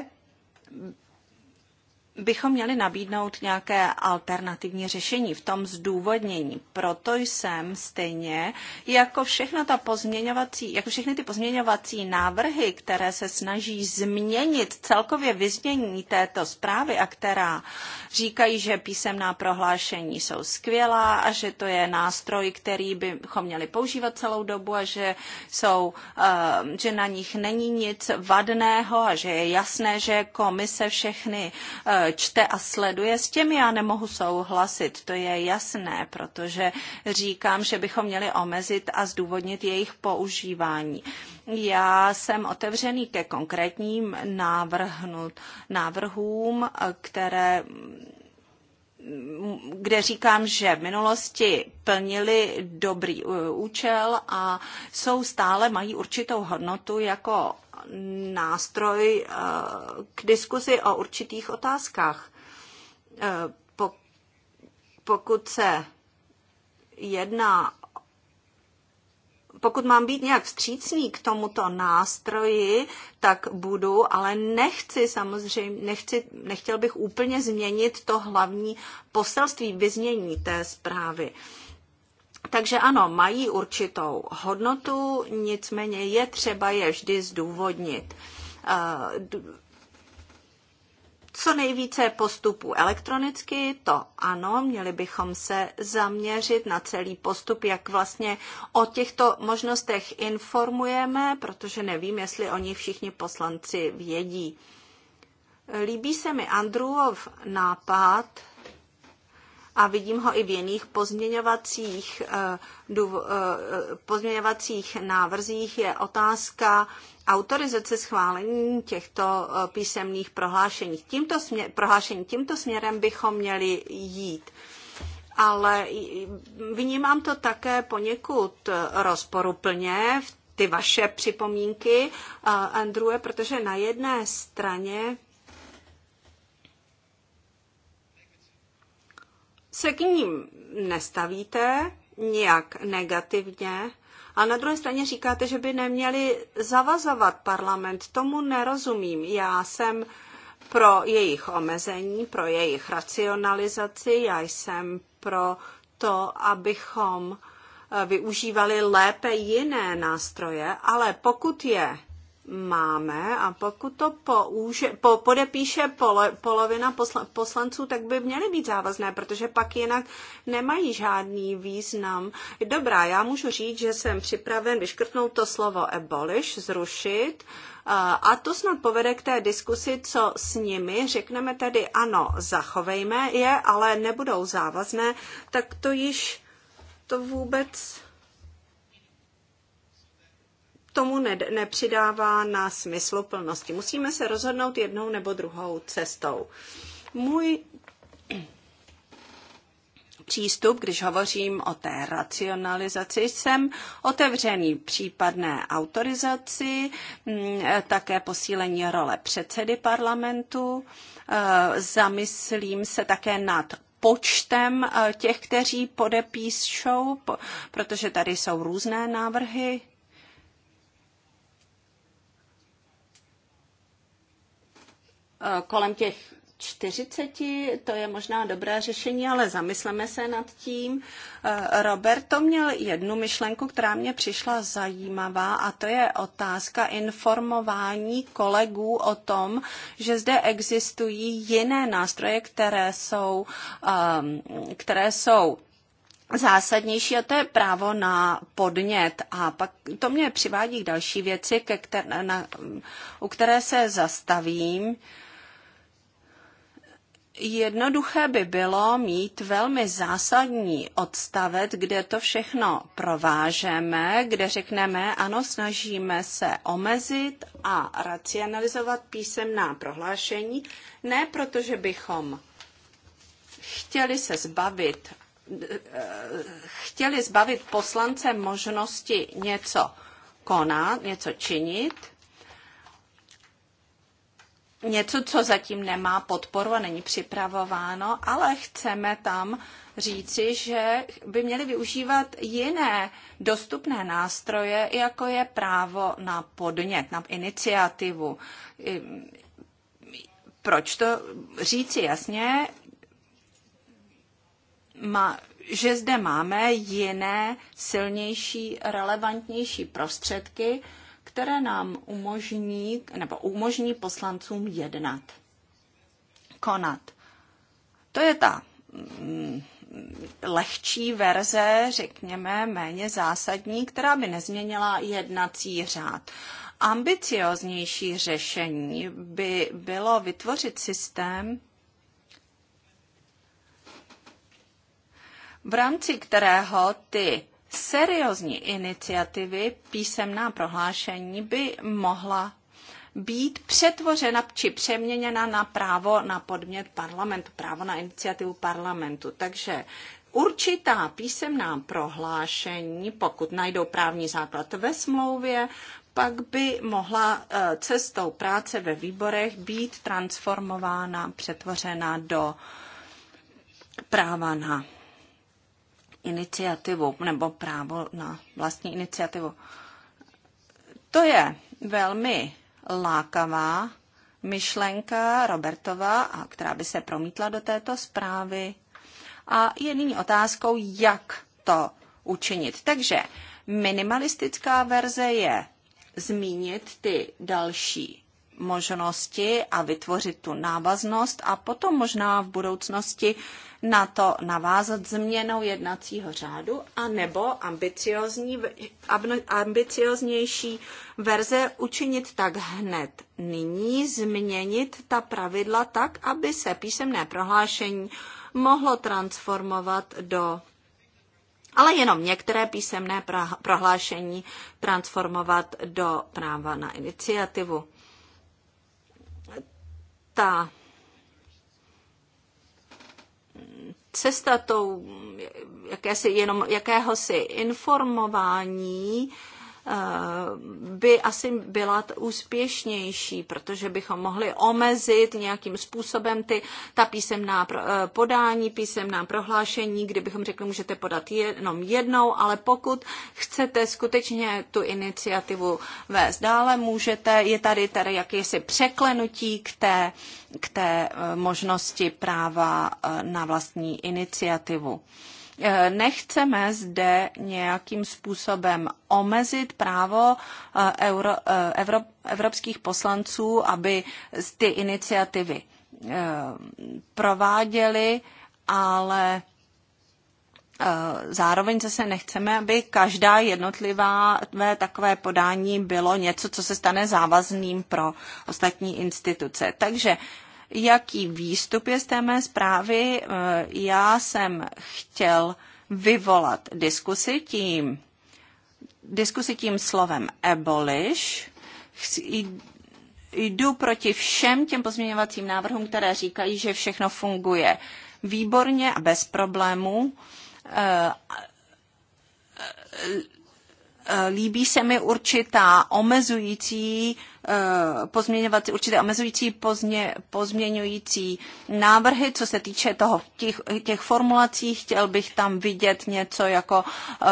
bychom měli nabídnout nějaké alternativní řešení v tom zdůvodnění. Proto jsem stejně jako, všechno ta pozměňovací, jako všechny ty pozměňovací návrhy, které se snaží změnit celkově vyznění této zprávy a která říkají, že písemná prohlášení jsou skvělá a že to je nástroj, který bychom měli používat celou dobu a že, jsou, eh, že na nich není nic vadného a že je jasné, že komise všechny eh, čte a sleduje, s těmi já nemohu souhlasit, to je jasné, protože říkám, že bychom měli omezit a zdůvodnit jejich používání. Já jsem otevřený ke konkrétním návrhům, které kde říkám, že v minulosti plnili dobrý e, účel a jsou stále, mají určitou hodnotu jako nástroj eh, k diskuzi o určitých otázkách. Eh, pokud se jedná pokud mám být nějak vstřícný k tomuto nástroji, tak budu, ale nechci samozřejmě, nechci, nechtěl bych úplně změnit to hlavní poselství vyznění té zprávy. Uh, takže ano, mají určitou hodnotu, nicméně je třeba je vždy zdůvodnit eh, co nejvíce postupů elektronicky, to ano, měli bychom se zaměřit na celý postup, jak vlastně o těchto možnostech informujeme, protože nevím, jestli oni všichni poslanci vědí. Líbí se mi Andruov nápad, a vidím ho i v jiných pozměňovacích, eh, eh, pozměňovacích návrzích, je otázka autorizace schválení těchto eh, písemných prohlášení. Tímto směr, prohlášení tímto směrem bychom měli jít ale vnímám to také poněkud rozporuplně, ty vaše připomínky, Andrew, protože na jedné straně se k ním nestavíte nijak negativně, a na druhé straně říkáte, že by neměli zavazovat parlament. Tomu nerozumím. Já jsem pro jejich omezení, pro jejich racionalizaci, já jsem pro to, abychom eh, využívali lépe jiné nástroje, ale pokud je máme a pokud to použe, po, podepíše pole, polovina posla, poslanců, tak by měly být závazné, protože pak jinak nemají žádný význam. Dobrá, já můžu říct, že jsem připraven vyškrtnout to slovo abolish, zrušit, a to snad povede k té diskusi, co s nimi. Řekneme tedy ano, zachovejme je, ale nebudou závazné, tak to již to vůbec tomu ne- nepřidává na smysluplnosti. Musíme se rozhodnout jednou nebo druhou cestou. Můj přístup, když hovořím o té racionalizaci, jsem otevřený případné autorizaci, mm, také posílení role předsedy parlamentu. E, zamyslím se také nad počtem e, těch, kteří podepíšou, protože tady jsou různé návrhy Eh, kolem těch 40, to je možná dobré řešení, ale zamysleme se nad tím. Eh, Roberto měl jednu myšlenku, která mě přišla zajímavá, a to je otázka informování kolegů o tom, že zde existují jiné nástroje, které jsou, ehm, které jsou zásadnější a to je právo na podnět. A pak to mě přivádí k další věci, ke které, na, u které se zastavím. Jednoduché by bylo mít velmi zásadní odstavec, kde to všechno provážeme, kde řekneme, ano, snažíme se omezit a racionalizovat písemná prohlášení, ne protože bychom chtěli se zbavit chtěli zbavit poslance možnosti něco konat, něco činit, něco, co zatím nemá podporu a není připravováno, ale chceme tam říci, že by měli využívat jiné dostupné nástroje, jako je právo na podnět, na iniciativu. Proč to říci jasně? Má, že zde máme jiné, silnější, relevantnější prostředky, které nám umožní, nebo umožní poslancům jednat, konat. To je ta mm, lehčí verze, řekněme, méně zásadní, která by nezměnila jednací řád. Ambicioznější řešení by bylo vytvořit systém, v rámci kterého ty seriózní iniciativy, písemná prohlášení by mohla být přetvořena či přeměněna na právo na podmět parlamentu, právo na iniciativu parlamentu. Takže určitá písemná prohlášení, pokud najdou právní základ ve smlouvě, pak by mohla e, cestou práce ve výborech být transformována, přetvořena do práva na iniciativu nebo právo na vlastní iniciativu. To je velmi lákavá myšlenka Robertova, a která by se promítla do této zprávy. A je nyní otázkou, jak to učinit. Takže minimalistická verze je zmínit ty další možnosti a vytvořit tu návaznost a potom možná v budoucnosti na to navázat změnou jednacího řádu a nebo ambiciozní, ambicioznější verze učinit tak hned nyní, změnit ta pravidla tak, aby se písemné prohlášení mohlo transformovat do ale jenom některé písemné prohlášení transformovat do práva na iniciativu ta cesta tou jakési, jenom jakéhosi informování Eh, by asi byla úspěšnější, protože bychom mohli omezit nějakým způsobem ty, ta písemná eh, podání, písemná prohlášení, kdybychom řekli, můžete podat jenom jednou, ale pokud chcete skutečně tu iniciativu vést dále, můžete, je tady tady jakési překlenutí k té, k té eh, možnosti práva na vlastní iniciativu. Eh, nechceme zde nějakým způsobem omezit právo eh, euro, eh, evro, evropských poslanců, aby ty iniciativy prováděli, ale Zároveň zase nechceme, aby každá jednotlivá tvé takové podání bylo něco, co se stane závazným pro ostatní instituce. Takže jaký výstup je z té mé zprávy. Eh, já jsem chtěl vyvolat diskusi tím, diskusi tím slovem abolish. Jdu proti všem těm pozměňovacím návrhům, které říkají, že všechno funguje výborně a bez problémů eh, Eh, líbí se mi určitá omezující eh, pozměňovací, určité omezující pozmě, pozměňující návrhy, co se týče toho, těch, těch formulací, chtěl bych tam vidět něco jako eh,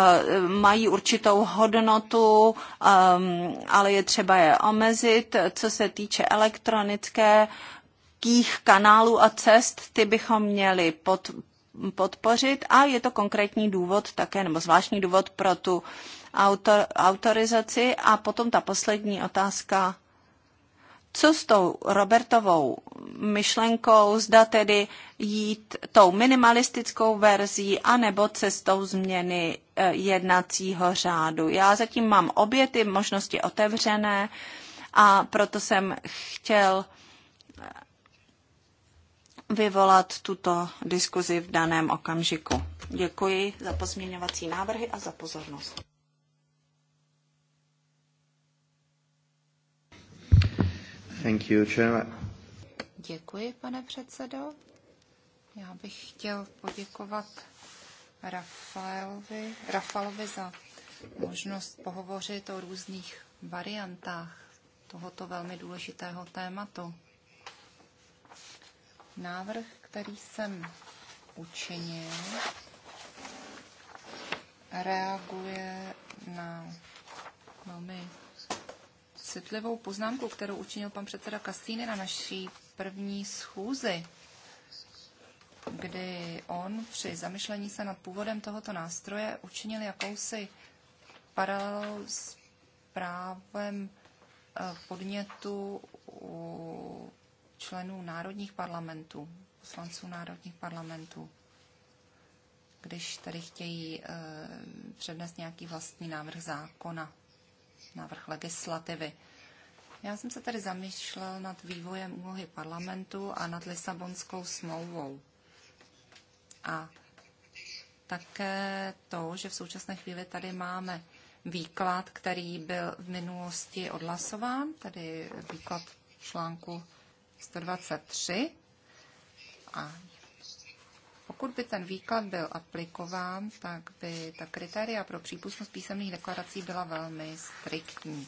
mají určitou hodnotu, ehm, ale je třeba je omezit, co se týče elektronické jakých kanálů a cest ty bychom měli pod, podpořit a je to konkrétní důvod také, nebo zvláštní důvod pro tu uh, autor, autorizaci. A potom ta poslední otázka. Co s tou Robertovou myšlenkou, zda tedy jít tou minimalistickou verzí anebo cestou změny eh, jednacího řádu. Já zatím mám obě ty možnosti otevřené a proto jsem chtěl eh, vyvolat tuto diskuzi v daném okamžiku. Děkuji za pozměňovací návrhy a za pozornost. Thank you, Děkuji, pane předsedo. Já bych chtěl poděkovat Rafaelovi, Rafalovi za možnost pohovořit o různých variantách tohoto velmi důležitého tématu. Návrh, který jsem učinil, reaguje na velmi citlivou poznámku, kterou učinil pan předseda Kastýny na naší první schůzi, kdy on při zamyšlení se nad původem tohoto nástroje učinil jakousi paralelu s právem eh, podnětu u členů národních parlamentů, poslanců národních parlamentů, když tady chtějí eh, přednést nějaký vlastní návrh zákona návrh legislativy. Já jsem se tady zamýšlel nad vývojem úlohy parlamentu a nad Lisabonskou smlouvou. A také to, že v současné chvíli tady máme výklad, který byl v minulosti odhlasován, tedy výklad článku 123. A pokud by ten výklad byl aplikován, tak by ta kritéria pro přípustnost písemných deklarací byla velmi striktní.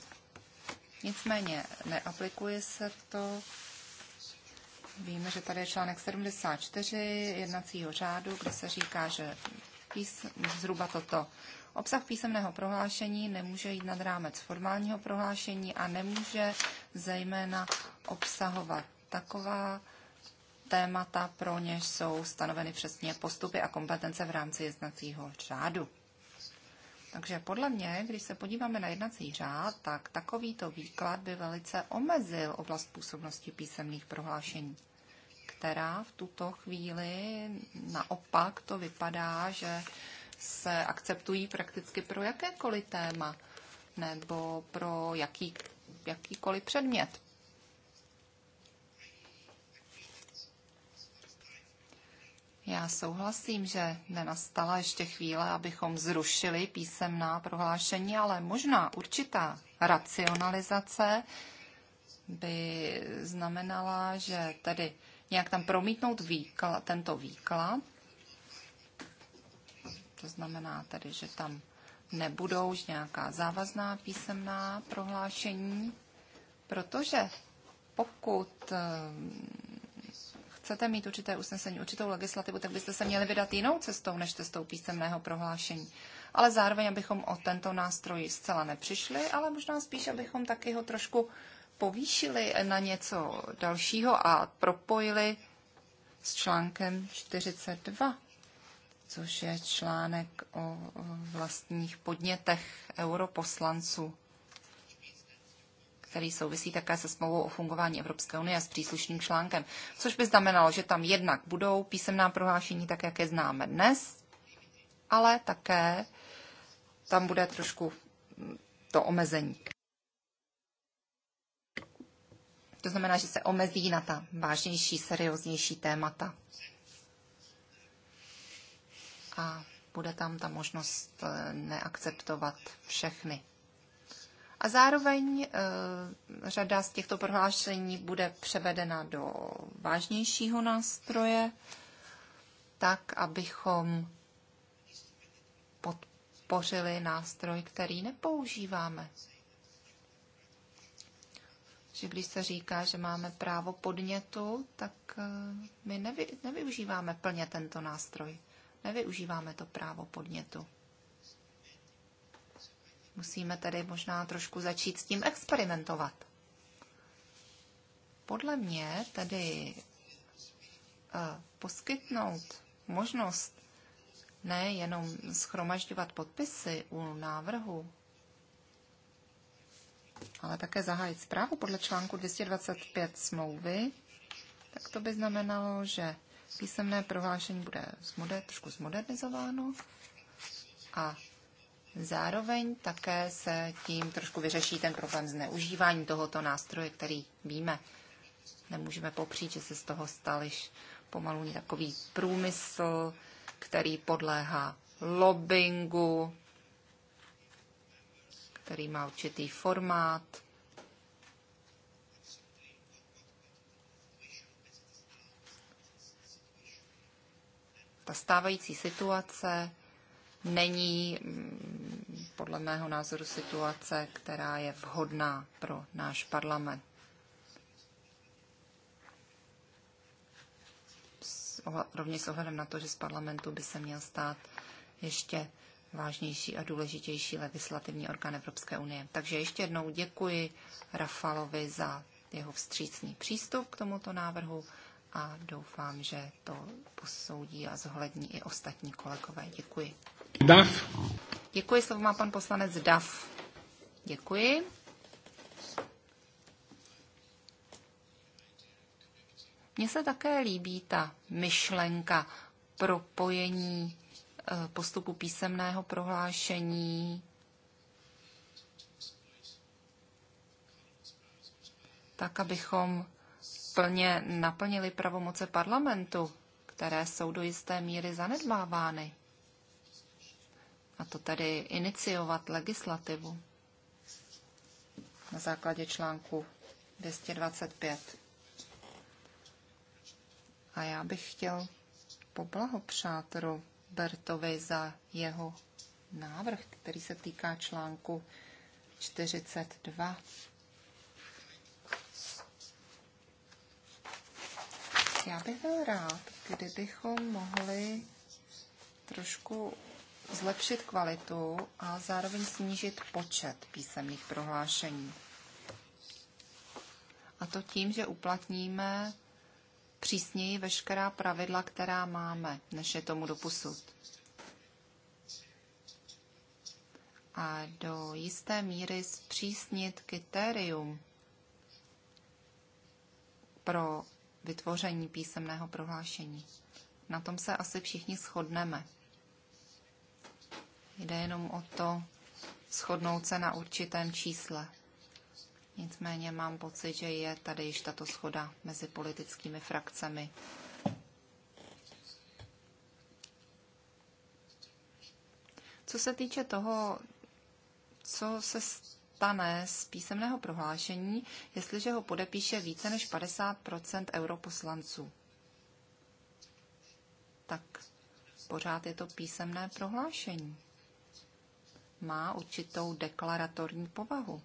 Nicméně neaplikuje se to. Víme, že tady je článek 74 jednacího řádu, kde se říká, že pís, zhruba toto. Obsah písemného prohlášení nemůže jít nad rámec formálního prohlášení a nemůže zejména obsahovat taková témata, pro něž jsou stanoveny přesně postupy a kompetence v rámci jednacího řádu. Takže podle mě, když se podíváme na jednací řád, tak takovýto výklad by velice omezil oblast působnosti písemných prohlášení, která v tuto chvíli naopak to vypadá, že se akceptují prakticky pro jakékoliv téma nebo pro jaký, jakýkoliv předmět. Já souhlasím, že nenastala ještě chvíle, abychom zrušili písemná prohlášení, ale možná určitá racionalizace by znamenala, že tedy nějak tam promítnout výkl, tento výklad. To znamená tedy, že tam nebudou už nějaká závazná písemná prohlášení, protože pokud ehm, chcete mít určité usnesení, určitou legislativu, tak byste se měli vydat jinou cestou než cestou písemného prohlášení. Ale zároveň, abychom o tento nástroj zcela nepřišli, ale možná spíš, abychom taky ho trošku povýšili na něco dalšího a propojili s článkem 42, což je článek o vlastních podnětech europoslanců který souvisí také se smlouvou o fungování Evropské unie a s příslušným článkem, což by znamenalo, že tam jednak budou písemná prohlášení, tak jak je známe dnes, ale také tam bude trošku to omezení. To znamená, že se omezí na ta vážnější, serióznější témata. A bude tam ta možnost eh, neakceptovat všechny. A zároveň eh, řada z těchto prohlášení bude převedena do vážnějšího nástroje, tak abychom podpořili nástroj, který nepoužíváme. Že když se říká, že máme právo podnětu, tak eh, my nevy, nevyužíváme plně tento nástroj. Nevyužíváme to právo podnětu. Musíme tedy možná trošku začít s tím experimentovat. Podle mě tedy eh, poskytnout možnost nejenom schromažďovat podpisy u návrhu, ale také zahájit zprávu podle článku 225 smlouvy, tak to by znamenalo, že písemné prohlášení bude zmoder, trošku zmodernizováno a Zároveň také se tím trošku vyřeší ten problém zneužívání tohoto nástroje, který víme. Nemůžeme popřít, že se z toho stal již pomalu takový průmysl, který podléhá lobbingu, který má určitý formát. Ta stávající situace není mm, podle mého názoru situace, která je vhodná pro náš parlament. Rovněž s ohledem na to, že z parlamentu by se měl stát ještě vážnější a důležitější legislativní orgán Evropské unie. Takže ještě jednou děkuji Rafalovi za jeho vstřícný přístup k tomuto návrhu a doufám, že to posoudí a zohlední i ostatní kolegové. Děkuji. Dav. Děkuji, slovo má pan poslanec Dav. Děkuji. Mně se také líbí ta myšlenka propojení eh, postupu písemného prohlášení tak, abychom plně naplnili pravomoce parlamentu, které jsou do jisté míry zanedbávány a to tedy iniciovat legislativu na základě článku 225. A já bych chtěl poblahopřát Robertovi za jeho návrh, který se týká článku 42. Já bych byl rád, kdybychom mohli trošku zlepšit kvalitu a zároveň snížit počet písemných prohlášení. A to tím, že uplatníme přísněji veškerá pravidla, která máme, než je tomu doposud. A do jisté míry zpřísnit kritérium pro vytvoření písemného prohlášení. Na tom se asi všichni shodneme. Jde jenom o to shodnout se na určitém čísle. Nicméně mám pocit, že je tady již tato schoda mezi politickými frakcemi. Co se týče toho, co se stane z písemného prohlášení, jestliže ho podepíše více než 50 europoslanců, tak pořád je to písemné prohlášení má určitou deklaratorní povahu.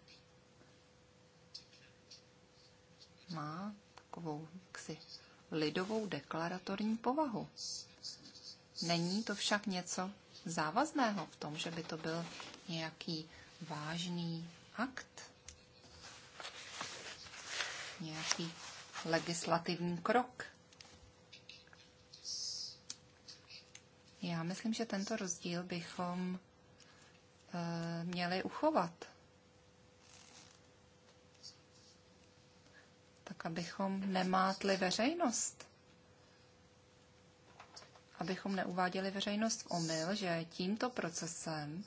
Má takovou jaksi, lidovou deklaratorní povahu. Není to však něco závazného v tom, že by to byl nějaký vážný akt, nějaký legislativní krok. Já myslím, že tento rozdíl bychom Eh, měli uchovat. Tak abychom nemátli veřejnost. Abychom neuváděli veřejnost v omyl, že tímto procesem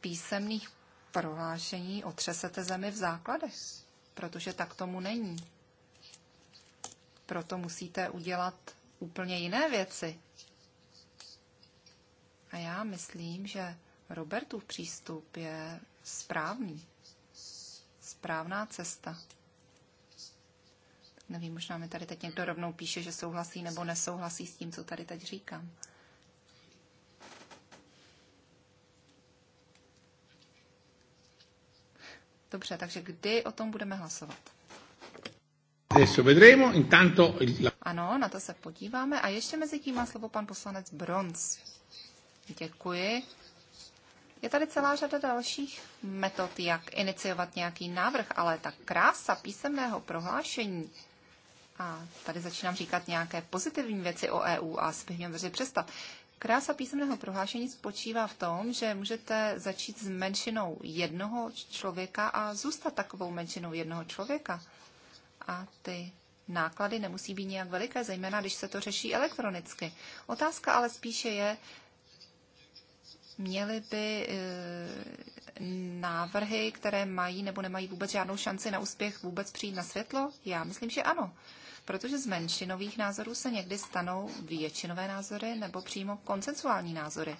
písemných prohlášení otřesete zemi v základech, protože tak tomu není. Proto musíte udělat úplně jiné věci. A já myslím, že Robertův přístup je správný. Správná cesta. Tak nevím, možná mi tady teď někdo rovnou píše, že souhlasí nebo nesouhlasí s tím, co tady teď říkám. Dobře, takže kdy o tom budeme hlasovat? Ano, na to se podíváme. A ještě mezi tím má slovo pan poslanec Bronz. Děkuji. Je tady celá řada dalších metod, jak iniciovat nějaký návrh, ale ta krása písemného prohlášení, a tady začínám říkat nějaké pozitivní věci o EU a spěch měl brzy přestat, Krása písemného prohlášení spočívá v tom, že můžete začít s menšinou jednoho člověka a zůstat takovou menšinou jednoho člověka. A ty náklady nemusí být nějak veliké, zejména když se to řeší elektronicky. Otázka ale spíše je, měli by e, návrhy, které mají nebo nemají vůbec žádnou šanci na úspěch, vůbec přijít na světlo? Já myslím, že ano. Protože z menšinových názorů se někdy stanou většinové názory nebo přímo koncensuální názory.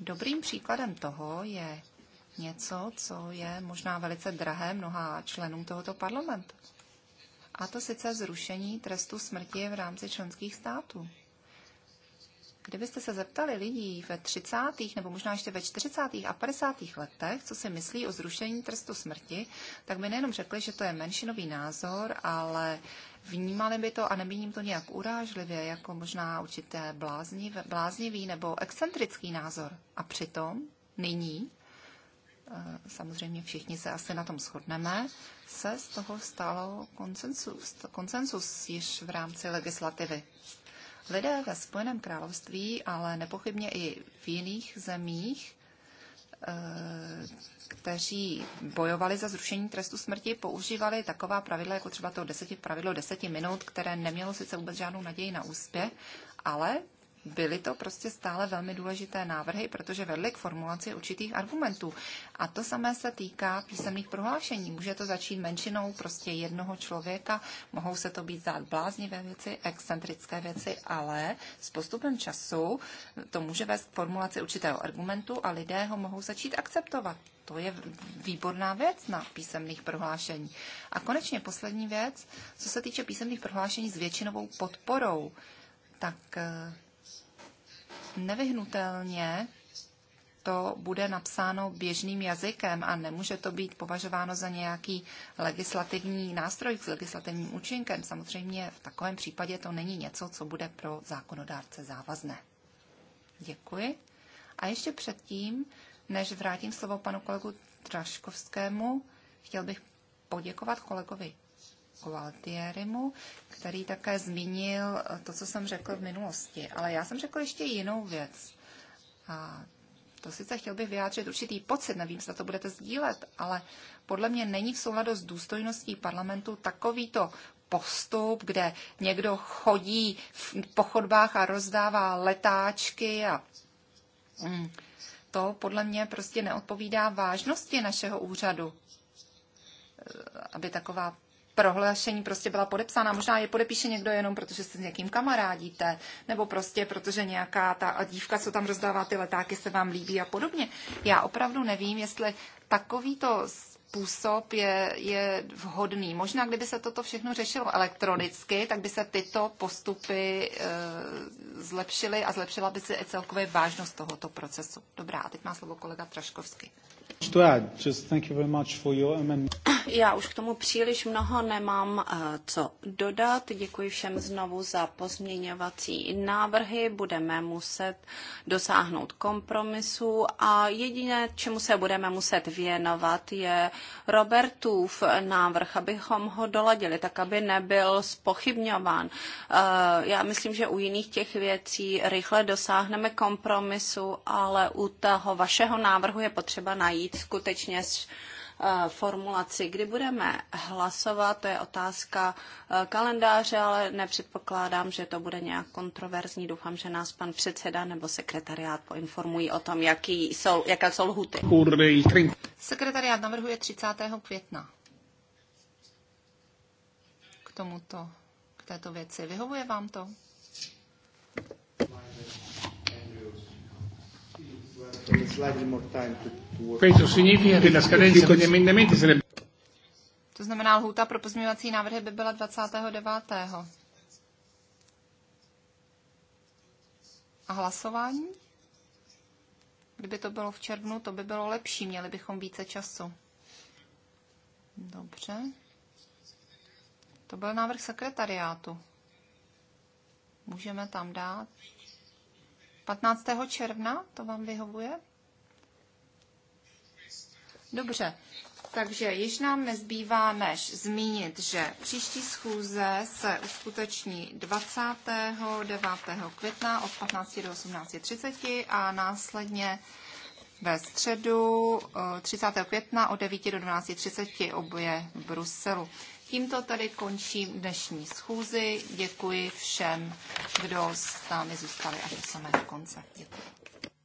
Dobrým příkladem toho je něco, co je možná velice drahé mnoha členům tohoto parlamentu. A to sice zrušení trestu smrti v rámci členských států. Kdybyste se zeptali lidí ve 30. nebo možná ještě ve 40. a 50. letech, co si myslí o zrušení trestu smrti, tak by nejenom řekli, že to je menšinový názor, ale vnímali by to a nemíním to nějak urážlivě, jako možná určité bláznivý nebo excentrický názor. A přitom nyní, eh, samozřejmě všichni se asi na tom shodneme, se z toho stalo konsensus, konsensus již v rámci legislativy. Lidé ve Spojeném království, ale nepochybně i v jiných zemích, eh, kteří bojovali za zrušení trestu smrti, používali taková pravidla, jako třeba to deseti, pravidlo deseti minut, které nemělo sice vůbec žádnou naději na úspěch, ale byly to prostě stále velmi důležité návrhy, protože vedly k formulaci určitých argumentů. A to samé se týká písemných prohlášení. Může to začít menšinou prostě jednoho člověka, mohou se to být zát bláznivé věci, excentrické věci, ale s postupem času to může vést k formulaci určitého argumentu a lidé ho mohou začít akceptovat. To je výborná věc na písemných prohlášení. A konečně poslední věc, co se týče písemných prohlášení s většinovou podporou, tak eh, nevyhnutelně to bude napsáno běžným jazykem a nemůže to být považováno za nějaký legislativní nástroj s legislativním účinkem. Samozřejmě v takovém případě to není něco, co bude pro zákonodárce závazné. Děkuji. A ještě předtím, než vrátím slovo panu kolegu Traškovskému, chtěl bych poděkovat kolegovi Gualtierimu, který také zmínil to, co jsem řekl v minulosti. Ale já jsem řekl ještě jinou věc. A to sice chtěl bych vyjádřit určitý pocit, nevím, zda to budete sdílet, ale podle mě není v souladu s důstojností parlamentu takovýto postup, kde někdo chodí v pochodbách a rozdává letáčky a mm, to podle mě prostě neodpovídá vážnosti našeho úřadu, aby taková prohlášení prostě byla podepsána. Možná je podepíše někdo jenom, protože se s někým kamarádíte, nebo prostě protože nějaká ta dívka, co tam rozdává ty letáky, se vám líbí a podobně. Já opravdu nevím, jestli takovýto způsob je, je vhodný. Možná, kdyby se toto všechno řešilo elektronicky, tak by se tyto postupy e, zlepšily a zlepšila by se i celkově vážnost tohoto procesu. Dobrá, a teď má slovo kolega Traškovský. Já už k tomu příliš mnoho nemám eh, co dodat. Děkuji všem znovu za pozměňovací návrhy. Budeme muset dosáhnout kompromisu a jediné, čemu se budeme muset věnovat, je Robertův návrh, abychom ho doladili, tak aby nebyl spochybňován. Eh, já myslím, že u jiných těch věcí rychle dosáhneme kompromisu, ale u toho vašeho návrhu je potřeba najít najít skutečně eh, formulaci. Kdy budeme hlasovat, to je otázka eh, kalendáře, ale nepředpokládám, že to bude nějak kontroverzní. Doufám, že nás pan předseda nebo sekretariát poinformují o tom, jaký jsou, jaké jsou lhuty. Sekretariát navrhuje 30. května. K tomuto, k této věci. Vyhovuje vám to? Slightly more time to to znamená, lhůta pro pozměňovací návrhy by byla 29. A hlasování? Kdyby to bylo v červnu, to by bylo lepší, měli bychom více času. Dobře. To byl návrh sekretariátu. Můžeme tam dát. 15. června, to vám vyhovuje? Dobře, takže již nám nezbývá, než zmínit, že příští schůze se uskuteční 29. května od 15 do 18.30 a následně ve středu 30. Eh, května od 9 do 12.30 oboje v Bruselu. Tímto tady končím dnešní schůzi. Děkuji všem, kdo s námi zůstali až do samého konce. Děkuji.